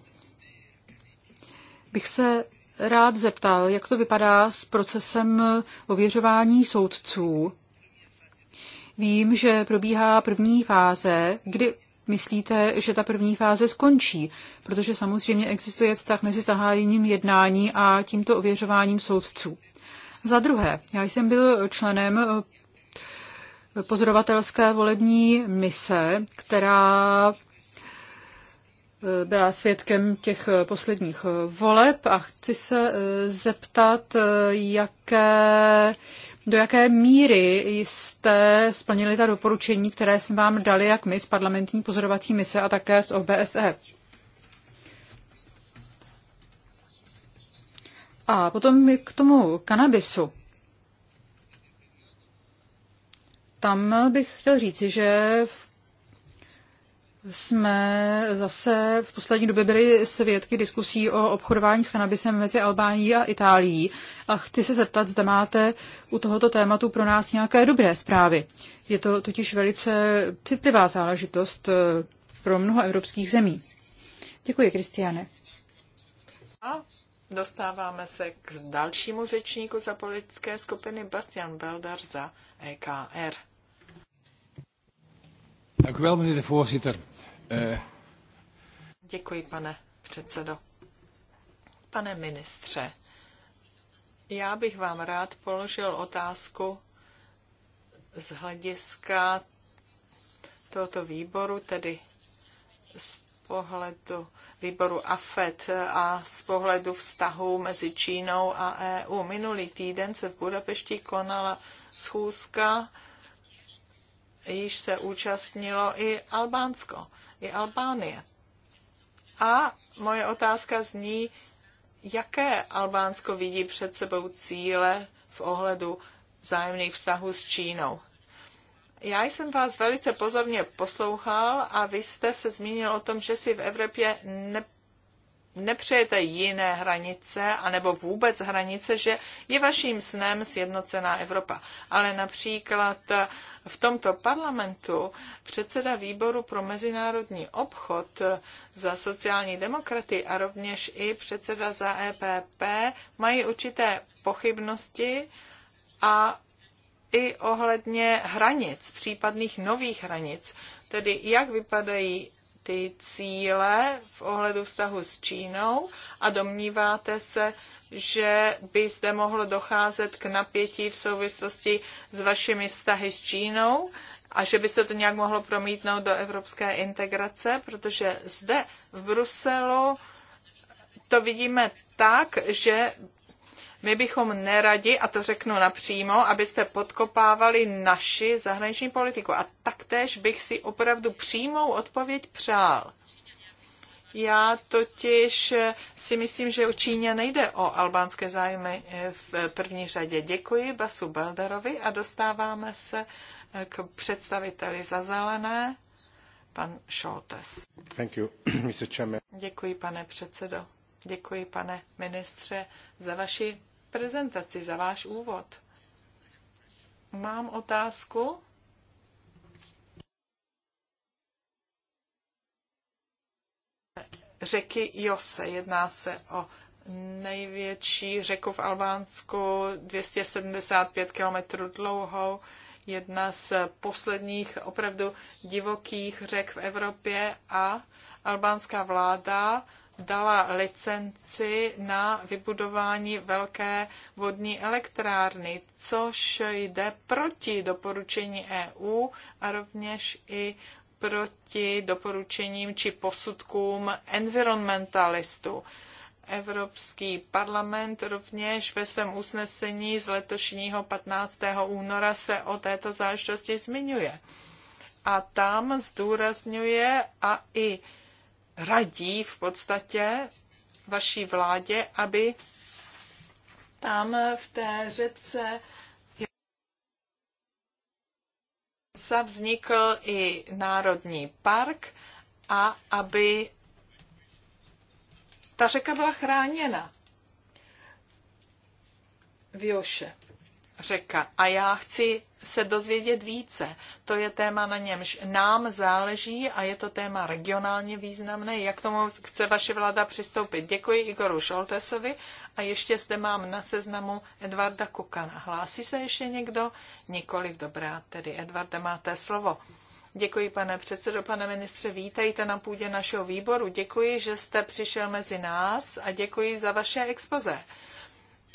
bych se rád zeptal, jak to vypadá s procesem ověřování soudců Vím, že probíhá první fáze, kdy myslíte, že ta první fáze skončí, protože samozřejmě existuje vztah mezi zahájením jednání a tímto ověřováním soudců. Za druhé, já jsem byl členem eh, pozorovatelské volební mise, která eh, byla svědkem těch eh, posledních voleb a chci se zeptat, jaké do jaké míry jste splnili ta doporučení, které jsme vám dali, jak my z parlamentní pozorovací mise a také z OBSE. A potom k tomu kanabisu. Tam bych chtěl říci, že v jsme zase v poslední době byli svědky diskusí o obchodování s kanabisem mezi Albánií a Itálií. A chci se zeptat, zda máte u tohoto tématu pro nás nějaké dobré zprávy. Je to totiž velice citlivá záležitost eh, pro mnoho evropských zemí. Děkuji, Kristiane. A dostáváme se k dalšímu řečníku za politické skupiny Bastian Beldar za EKR. Dank u wel, meneer de voorzitter. Eh. Děkuji, pane předsedo. Pane ministře, já bych vám rád položil otázku z hlediska tohoto výboru, tedy z pohledu výboru AFET a z pohledu vztahu mezi Čínou a EU. Minulý týden se v Budapešti konala schůzka, již se účastnilo i Albánsko i Albánie. A moje otázka zní, jaké Albánsko vidí před sebou cíle v ohledu zájemných vztahů s Čínou. Já jsem vás velice pozorně poslouchal a vy jste se zmínil o tom, že si v Evropě ne nepřejete jiné hranice, anebo vůbec hranice, že je vaším snem sjednocená Evropa. Ale například eh, v tomto parlamentu předseda výboru pro mezinárodní obchod eh, za sociální demokraty a rovněž i předseda za EPP mají určité pochybnosti a i ohledně hranic, případných nových hranic, tedy jak vypadají ty cíle v ohledu vztahu s Čínou a domníváte se, že by zde mohlo docházet k napětí v souvislosti s vašimi vztahy s Čínou a že by se to nějak mohlo promítnout do evropské integrace, protože zde v Bruselu to vidíme tak, že my bychom neradi, a to řeknu napřímo, abyste podkopávali naši zahraniční politiku. A taktéž bych si opravdu přímou odpověď přál. Já totiž si myslím, že u Číně nejde o albánské zájmy v první řadě. Děkuji Basu Belderovi a dostáváme se k představiteli za zelené, pan Šoltes. Thank you, Mr. Děkuji, pane předsedo. Děkuji, pane ministře, za vaši prezentaci, za váš úvod. Mám otázku. Řeky Jose, jedná se o největší řeku v Albánsku, 275 km dlouhou, jedna z posledních opravdu divokých řek v Evropě a albánská vláda dala licenci na vybudování velké vodní elektrárny, což jde proti doporučení EU a rovněž i proti doporučením či posudkům environmentalistů. Evropský parlament rovněž ve svém usnesení z letošního 15. února se o této záležitosti zmiňuje. A tam zdůrazňuje a i radí v podstatě vaší vládě, aby tam v té řece vznikl i národní park a aby ta řeka byla chráněna. Vioše řeka. A já chci se dozvědět více. To je téma, na němž nám záleží a je to téma regionálně významné. Jak tomu chce vaše vláda přistoupit? Děkuji Igoru Šoltesovi a ještě zde mám na seznamu Edvarda Kukana. Hlásí se ještě někdo? Nikoliv dobrá, tedy Edvarda máte slovo. Děkuji, pane předsedo, pane ministře, vítejte na půdě našeho výboru. Děkuji, že jste přišel mezi nás a děkuji za vaše expoze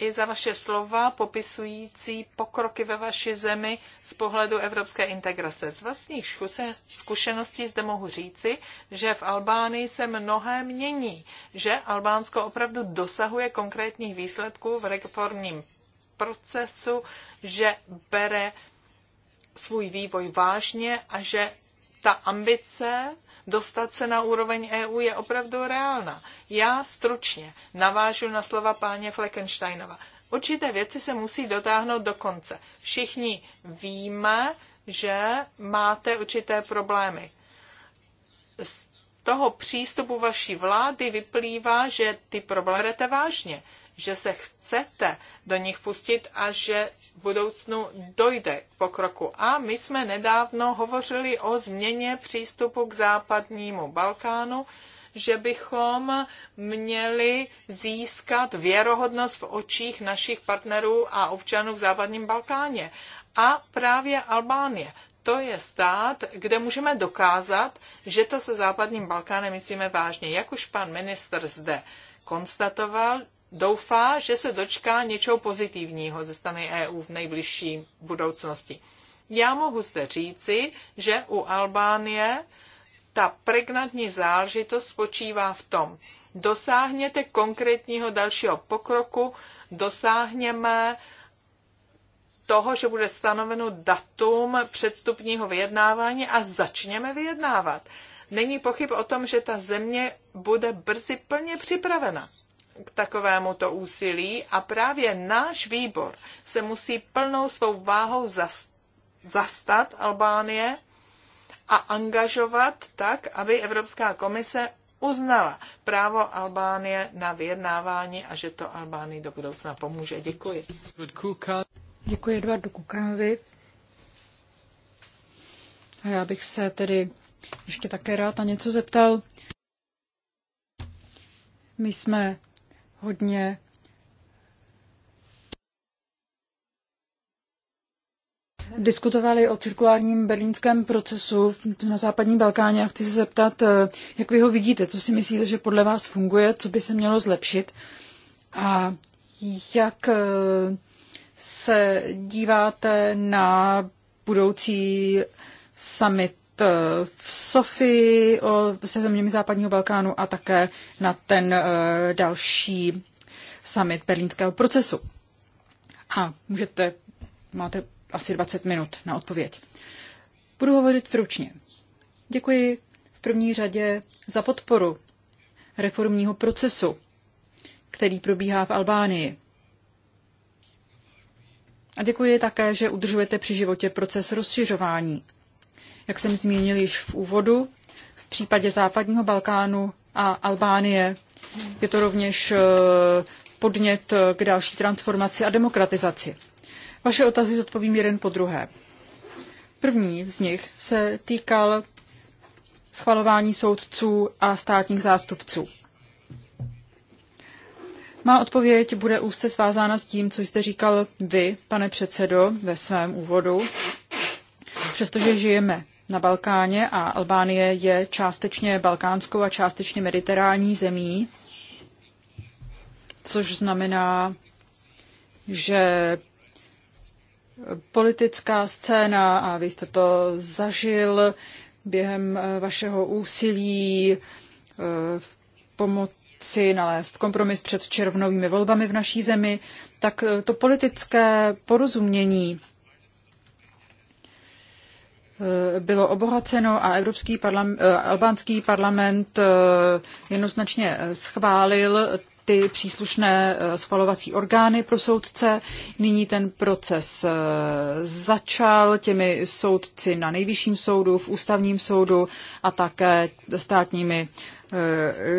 i za vaše slova popisující pokroky ve vaší zemi z pohledu evropské integrace. Z vlastních zkušeností zde mohu říci, že v Albánii se mnohé mění, že Albánsko opravdu dosahuje konkrétních výsledků v reformním procesu, že bere svůj vývoj vážně a že ta ambice dostat se na úroveň EU je opravdu reálná. Já stručně navážu na slova páně Fleckensteinova. Určité věci se musí dotáhnout do konce. Všichni víme, že máte určité problémy. Z toho přístupu vaší vlády vyplývá, že ty problémy berete vážně, že se chcete do nich pustit a že v budoucnu dojde k pokroku. A my jsme nedávno hovořili o změně přístupu k západnímu Balkánu, že bychom měli získat věrohodnost v očích našich partnerů a občanů v západním Balkáně. A právě Albánie. To je stát, kde můžeme dokázat, že to se západním Balkánem myslíme vážně. Jak už pan minister zde konstatoval, doufá, že se dočká něčeho pozitivního ze strany EU v nejbližší budoucnosti. Já mohu zde říci, že u Albánie ta pregnantní záležitost spočívá v tom, dosáhněte konkrétního dalšího pokroku, dosáhněme toho, že bude stanoveno datum předstupního vyjednávání a začněme vyjednávat. Není pochyb o tom, že ta země bude brzy plně připravena k takovému to úsilí a právě náš výbor se musí plnou svou váhou zastat Albánie a angažovat tak, aby Evropská komise uznala právo Albánie na vyjednávání a že to Albánii do budoucna pomůže. Děkuji. Děkuji Eduardu Kukanovi. A já bych se tedy ještě také rád na něco zeptal. My jsme hodně diskutovali o cirkulárním berlínském procesu na západním Balkáně a chci se zeptat, eh, jak vy ho vidíte, co si myslíte, že podle vás funguje, co by se mělo zlepšit a jak eh, se díváte na budoucí summit Eh, v Sofii se zeměmi západního Balkánu a také na ten eh, další summit berlínského procesu. A můžete, máte asi 20 minut na odpověď. Budu hovořit stručně. Děkuji v první řadě za podporu reformního procesu, který probíhá v Albánii. A děkuji také, že udržujete při životě proces rozšiřování jak jsem zmínil již v úvodu. V případě západního Balkánu a Albánie je to rovněž eh, podnět eh, k další transformaci a demokratizaci. Vaše otázky zodpovím jeden po druhé. První z nich se týkal schvalování soudců a státních zástupců. Má odpověď bude úzce svázána s tím, co jste říkal vy, pane předsedo, ve svém úvodu. Přestože žijeme na Balkáně a Albánie je částečně balkánskou a částečně mediterální zemí, což znamená, že politická scéna, a vy jste to zažil během eh, vašeho úsilí eh, v pomoci nalézt kompromis před červnovými volbami v naší zemi, tak eh, to politické porozumění Eh, bylo obohaceno a Evropský parlament, eh, albánský parlament eh, jednoznačně schválil ty příslušné schvalovací orgány pro soudce. Nyní ten proces začal těmi soudci na nejvyšším soudu, v ústavním soudu a také státními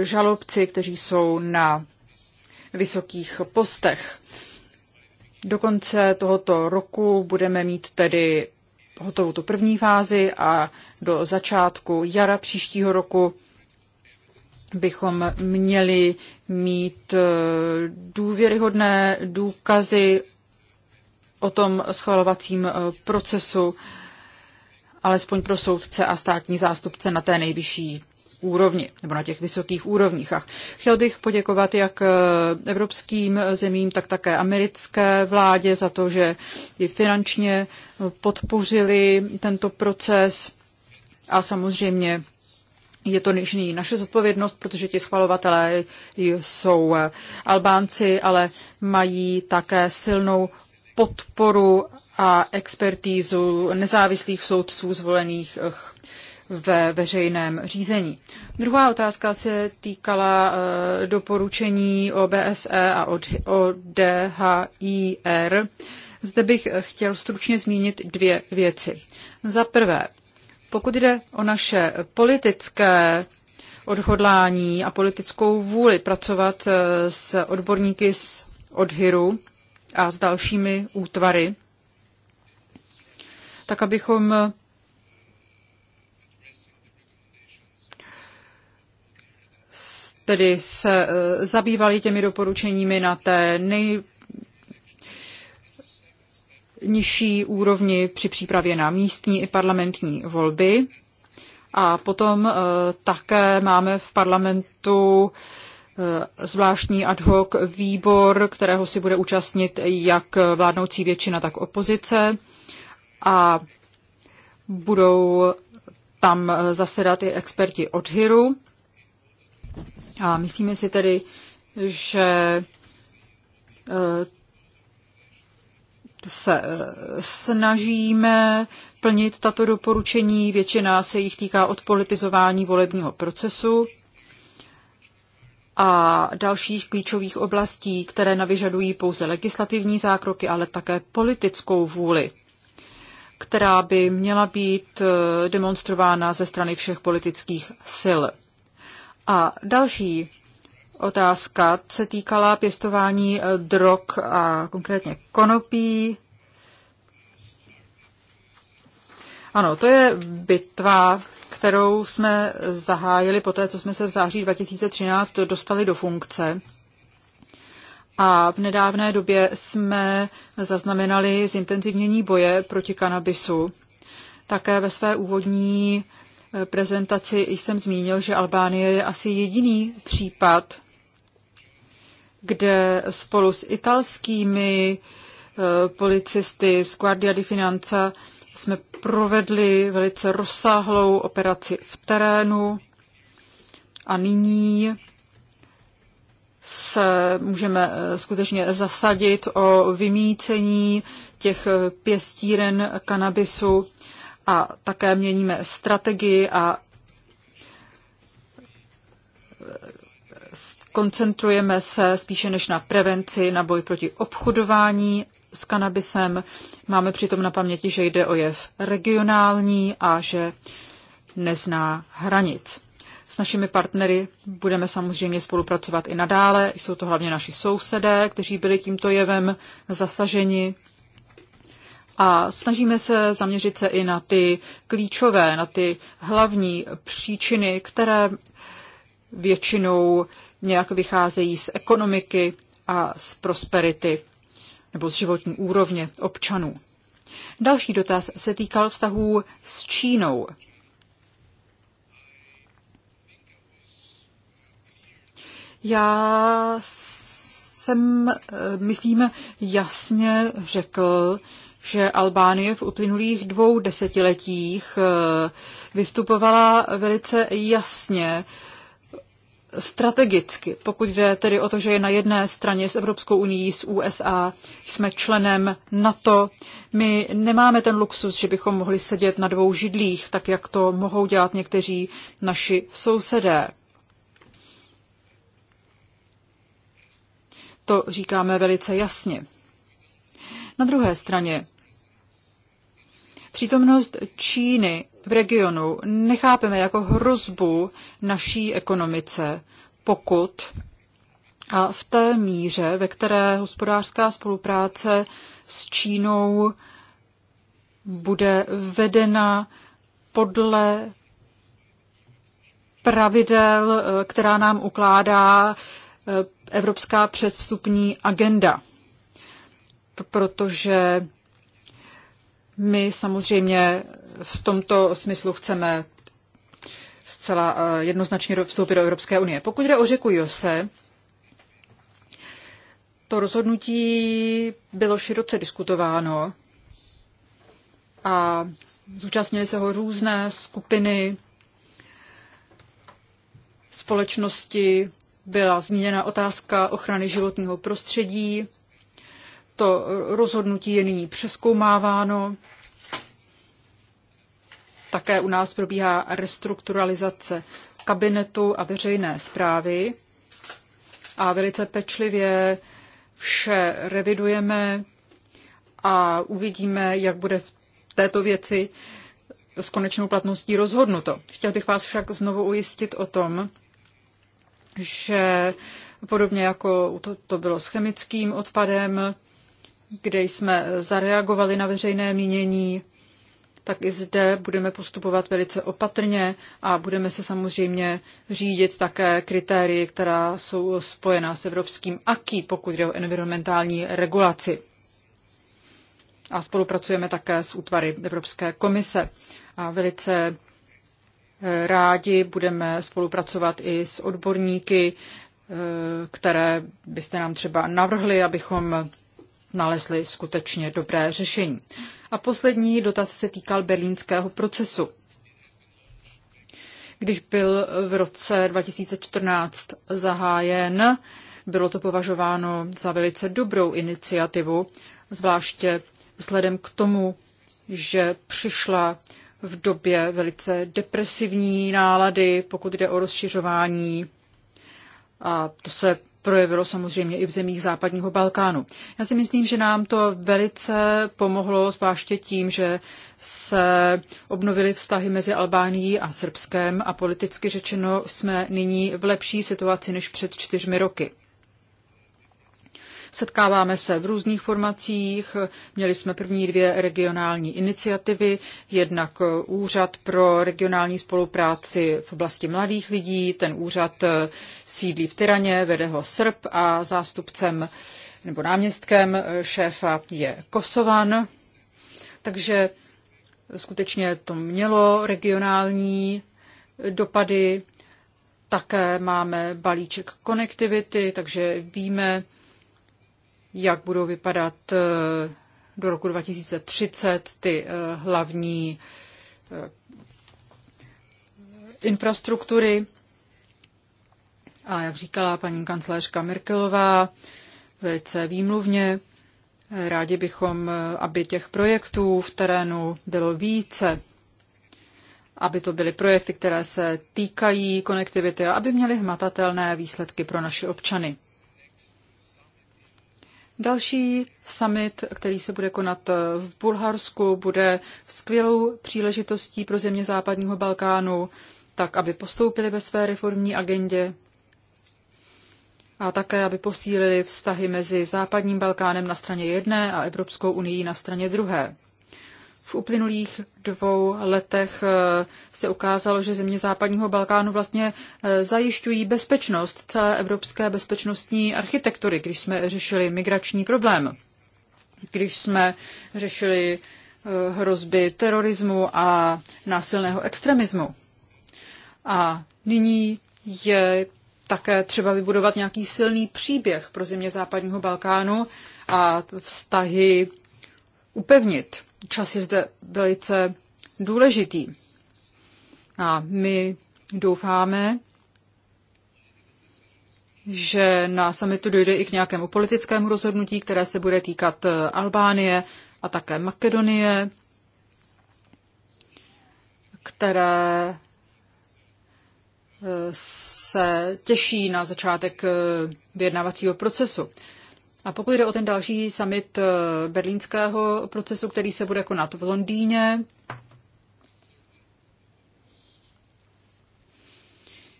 žalobci, kteří jsou na vysokých postech. Do konce tohoto roku budeme mít tedy hotovou tu první fázi a do začátku jara příštího roku bychom měli mít eh, důvěryhodné důkazy o tom schvalovacím eh, procesu, alespoň pro soudce a státní zástupce na té nejvyšší úrovni, nebo na těch vysokých úrovních. A chtěl bych poděkovat jak eh, evropským zemím, tak také americké vládě za to, že i finančně eh, podpořili tento proces a samozřejmě je to nyní naše zodpovědnost, protože ti schvalovatelé jsou eh, Albánci, ale mají také silnou podporu a expertízu nezávislých soudců zvolených ve veřejném řízení. Druhá otázka se týkala eh, doporučení OBSE a ODHIR. Zde bych chtěl stručně zmínit dvě věci. Za prvé, pokud jde o naše politické odhodlání a politickou vůli pracovat eh, s odborníky z odhyru a s dalšími útvary, tak abychom tedy se eh, zabývali těmi doporučeními na té nejnižší úrovni při přípravě na místní i parlamentní volby. A potom eh, také máme v parlamentu eh, zvláštní ad hoc výbor, kterého si bude účastnit jak vládnoucí většina, tak opozice. A budou tam zasedat i experti od HIRu. A myslíme si tedy, že eh, se eh, snažíme plnit tato doporučení. Většina se jich týká odpolitizování volebního procesu a dalších klíčových oblastí, které navyžadují pouze legislativní zákroky, ale také politickou vůli, která by měla být eh, demonstrována ze strany všech politických sil. A další otázka se týkala pěstování eh, drog a konkrétně konopí. Ano, to je bitva, kterou jsme zahájili po té, co jsme se v září 2013 dostali do funkce. A v nedávné době jsme zaznamenali zintenzivnění boje proti kanabisu. Také ve své úvodní prezentaci jsem zmínil, že Albánie je asi jediný případ, kde spolu s italskými eh, policisty z Guardia di Finanza jsme provedli velice rozsáhlou operaci v terénu a nyní se můžeme eh, skutečně zasadit o vymícení těch eh, pěstíren kanabisu a také měníme strategii a e, koncentrujeme se spíše než na prevenci, na boj proti obchodování s kanabisem. Máme přitom na paměti, že jde o jev regionální a že nezná hranic. S našimi partnery budeme samozřejmě spolupracovat i nadále. Jsou to hlavně naši sousedé, kteří byli tímto jevem zasaženi a snažíme se zaměřit se i na ty klíčové, na ty hlavní příčiny, které většinou nějak vycházejí z ekonomiky a z prosperity nebo z životní úrovně občanů. Další dotaz se týkal vztahů s Čínou. Já jsem, eh, myslím, jasně řekl, že Albánie v uplynulých dvou desetiletích eh, vystupovala velice jasně strategicky, pokud jde tedy o to, že je na jedné straně s Evropskou unii, s USA, jsme členem NATO. My nemáme ten luxus, že bychom mohli sedět na dvou židlích, tak jak to mohou dělat někteří naši sousedé. To říkáme velice jasně. Na druhé straně Přítomnost Číny v regionu nechápeme jako hrozbu naší ekonomice, pokud a v té míře, ve které hospodářská spolupráce s Čínou bude vedena podle pravidel, která nám ukládá eh, Evropská předvstupní agenda. Protože my samozřejmě v tomto smyslu chceme zcela eh, jednoznačně vstoupit do Evropské unie. Pokud jde o řeku Jose, to rozhodnutí bylo široce diskutováno a zúčastnili se ho různé skupiny společnosti. Byla zmíněna otázka ochrany životního prostředí, to rozhodnutí je nyní přeskoumáváno. Také u nás probíhá restrukturalizace kabinetu a veřejné zprávy a velice pečlivě vše revidujeme a uvidíme, jak bude v této věci s konečnou platností rozhodnuto. Chtěl bych vás však znovu ujistit o tom, že podobně jako to, to bylo s chemickým odpadem, kde jsme zareagovali na veřejné mínění, tak i zde budeme postupovat velice opatrně a budeme se samozřejmě řídit také kritérii, která jsou spojená s evropským AKI, pokud jde o environmentální regulaci. A spolupracujeme také s útvary Evropské komise. A velice eh, rádi budeme spolupracovat i s odborníky, eh, které byste nám třeba navrhli, abychom nalezli skutečně dobré řešení. A poslední dotaz se týkal berlínského procesu. Když byl v roce 2014 zahájen, bylo to považováno za velice dobrou iniciativu, zvláště vzhledem k tomu, že přišla v době velice depresivní nálady, pokud jde o rozšiřování. A to se projevilo samozřejmě i v zemích západního Balkánu. Já si myslím, že nám to velice pomohlo, zvláště tím, že se obnovily vztahy mezi Albánií a Srbskem a politicky řečeno jsme nyní v lepší situaci než před čtyřmi roky. Setkáváme se v různých formacích. Měli jsme první dvě regionální iniciativy, jednak Úřad pro regionální spolupráci v oblasti mladých lidí. Ten úřad eh, sídlí v Tyraně, vede ho Srb a zástupcem nebo náměstkem eh, šéfa je Kosovan. Takže skutečně to mělo regionální eh, dopady. Také máme balíček konektivity, takže víme, jak budou vypadat eh, do roku 2030 ty eh, hlavní eh, infrastruktury. A jak říkala paní kancléřka Merkelová, velice výmluvně, rádi bychom, aby těch projektů v terénu bylo více, aby to byly projekty, které se týkají konektivity a aby měly hmatatelné výsledky pro naše občany. Další summit, který se bude konat v Bulharsku, bude skvělou příležitostí pro země západního Balkánu, tak aby postoupili ve své reformní agendě a také, aby posílili vztahy mezi západním Balkánem na straně jedné a Evropskou unii na straně druhé. V uplynulých dvou letech eh, se ukázalo, že země západního Balkánu vlastně eh, zajišťují bezpečnost celé evropské bezpečnostní architektury, když jsme řešili migrační problém, když jsme řešili eh, hrozby terorismu a násilného extremismu. A nyní je také třeba vybudovat nějaký silný příběh pro země západního Balkánu a vztahy upevnit. Čas je zde velice důležitý. A my doufáme, že na samitu dojde i k nějakému politickému rozhodnutí, které se bude týkat eh, Albánie a také Makedonie, které eh, se těší na začátek eh, vyjednávacího procesu. A pokud jde o ten další summit eh, berlínského procesu, který se bude konat v Londýně,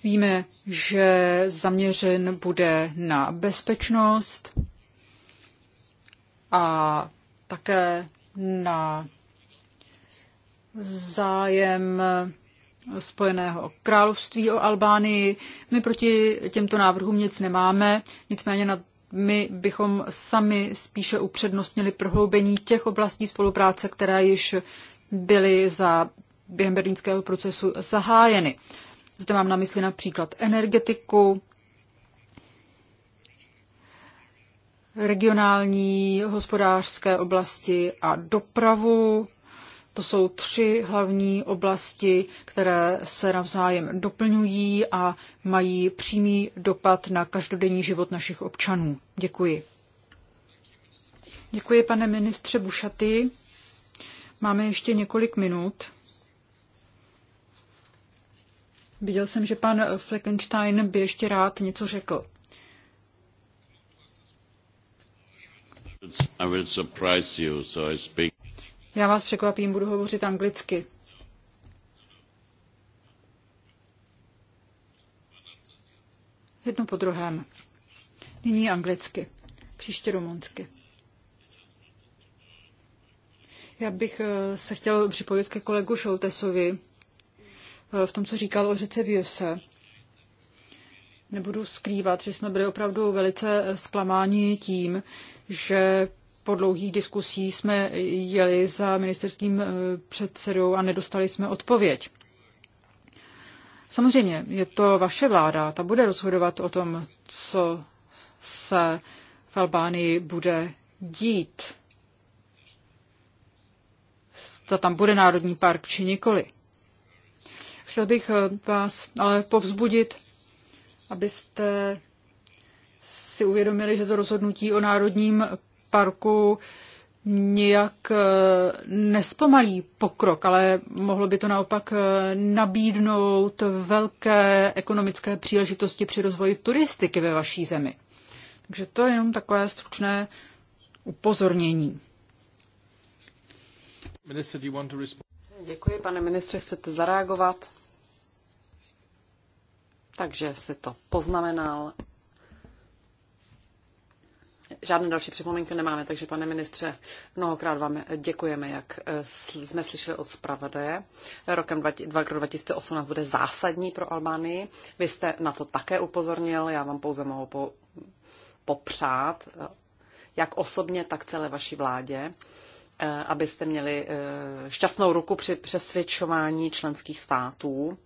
Víme, že zaměřen bude na bezpečnost a také na zájem Spojeného království o Albánii. My proti těmto návrhům nic nemáme, nicméně na my bychom sami spíše upřednostnili prohloubení těch oblastí spolupráce, které již byly za během berlínského procesu zahájeny. Zde mám na mysli například energetiku, regionální hospodářské oblasti a dopravu. To jsou tři hlavní oblasti, které se navzájem doplňují a mají přímý dopad na každodenní život našich občanů. Děkuji. Děkuji, pane ministře Bušaty. Máme ještě několik minut. Viděl jsem, že pan Fleckenstein by ještě rád něco řekl. I will surprise you, so I speak. Já vás překvapím, budu hovořit anglicky. Jedno po druhém. Nyní anglicky, příště rumunsky. Já bych eh, se chtěl připojit ke kolegu Šoltesovi eh, v tom, co říkal o řece Viose. Nebudu skrývat, že jsme byli opravdu velice zklamáni tím, že po dlouhých diskusích jsme jeli za ministerským eh, předsedou a nedostali jsme odpověď. Samozřejmě, je to vaše vláda, ta bude rozhodovat o tom, co se v Albánii bude dít. Zda tam bude národní park či nikoli. Chtěl bych eh, vás ale povzbudit, abyste si uvědomili, že to rozhodnutí o národním parku nijak eh, nespomalí pokrok, ale mohlo by to naopak eh, nabídnout velké ekonomické příležitosti při rozvoji turistiky ve vaší zemi. Takže to je jenom takové stručné upozornění. Minister, do you want to Děkuji, pane ministře, chcete zareagovat? Takže si to poznamenal Žádné další připomínky nemáme, takže pane ministře, mnohokrát vám děkujeme, jak eh, jsme slyšeli od zpravodaje. Rokem 2018 bude zásadní pro Albánii. Vy jste na to také upozornil, já vám pouze mohu po, popřát, eh, jak osobně, tak celé vaší vládě, eh, abyste měli šťastnou ruku při přesvědčování členských států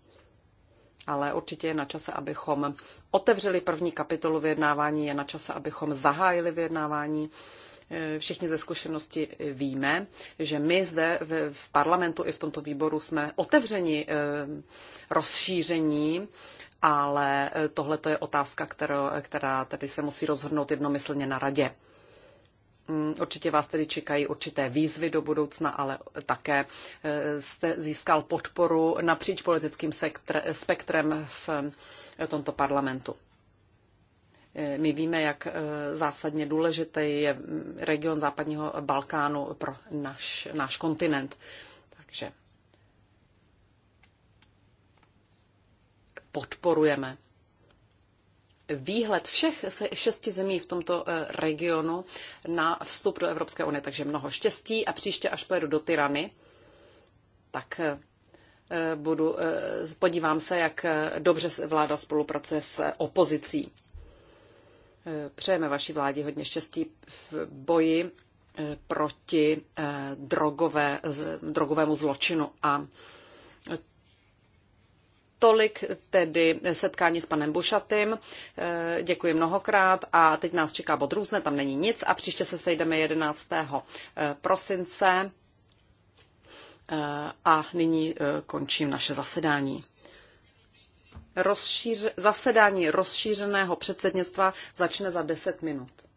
ale určitě je na čase, abychom otevřeli první kapitolu vyjednávání, je na čase, abychom zahájili vyjednávání. Eh, všichni ze zkušenosti víme, že my zde v parlamentu i v tomto výboru jsme otevřeni eh, rozšíření ale eh, tohle je otázka, která, tady se musí rozhodnout jednomyslně na radě. Mm, určitě vás tedy čekají určité výzvy do budoucna, ale také e, jste získal podporu napříč politickým spektrem v e, tomto parlamentu. E, my víme, jak zásadně důležitý je mm, region západního Balkánu pro naš, náš kontinent. Takže podporujeme výhled všech šesti zemí v tomto eh, regionu na vstup do Evropské unie. Takže mnoho štěstí a příště, až pojedu do Tyrany, tak eh, budu, eh, podívám se, jak dobře vláda spolupracuje s opozicí. Přejeme vaší vládě hodně štěstí v boji proti drogové, drogovému zločinu a Tolik tedy setkání s panem Bušatým. Eh, děkuji mnohokrát a teď nás čeká bod různé, tam není nic a příště se sejdeme 11. Eh, prosince. Eh, a nyní končím naše zasedání. Rozšíř, zasedání rozšířeného předsednictva začne za 10 minut.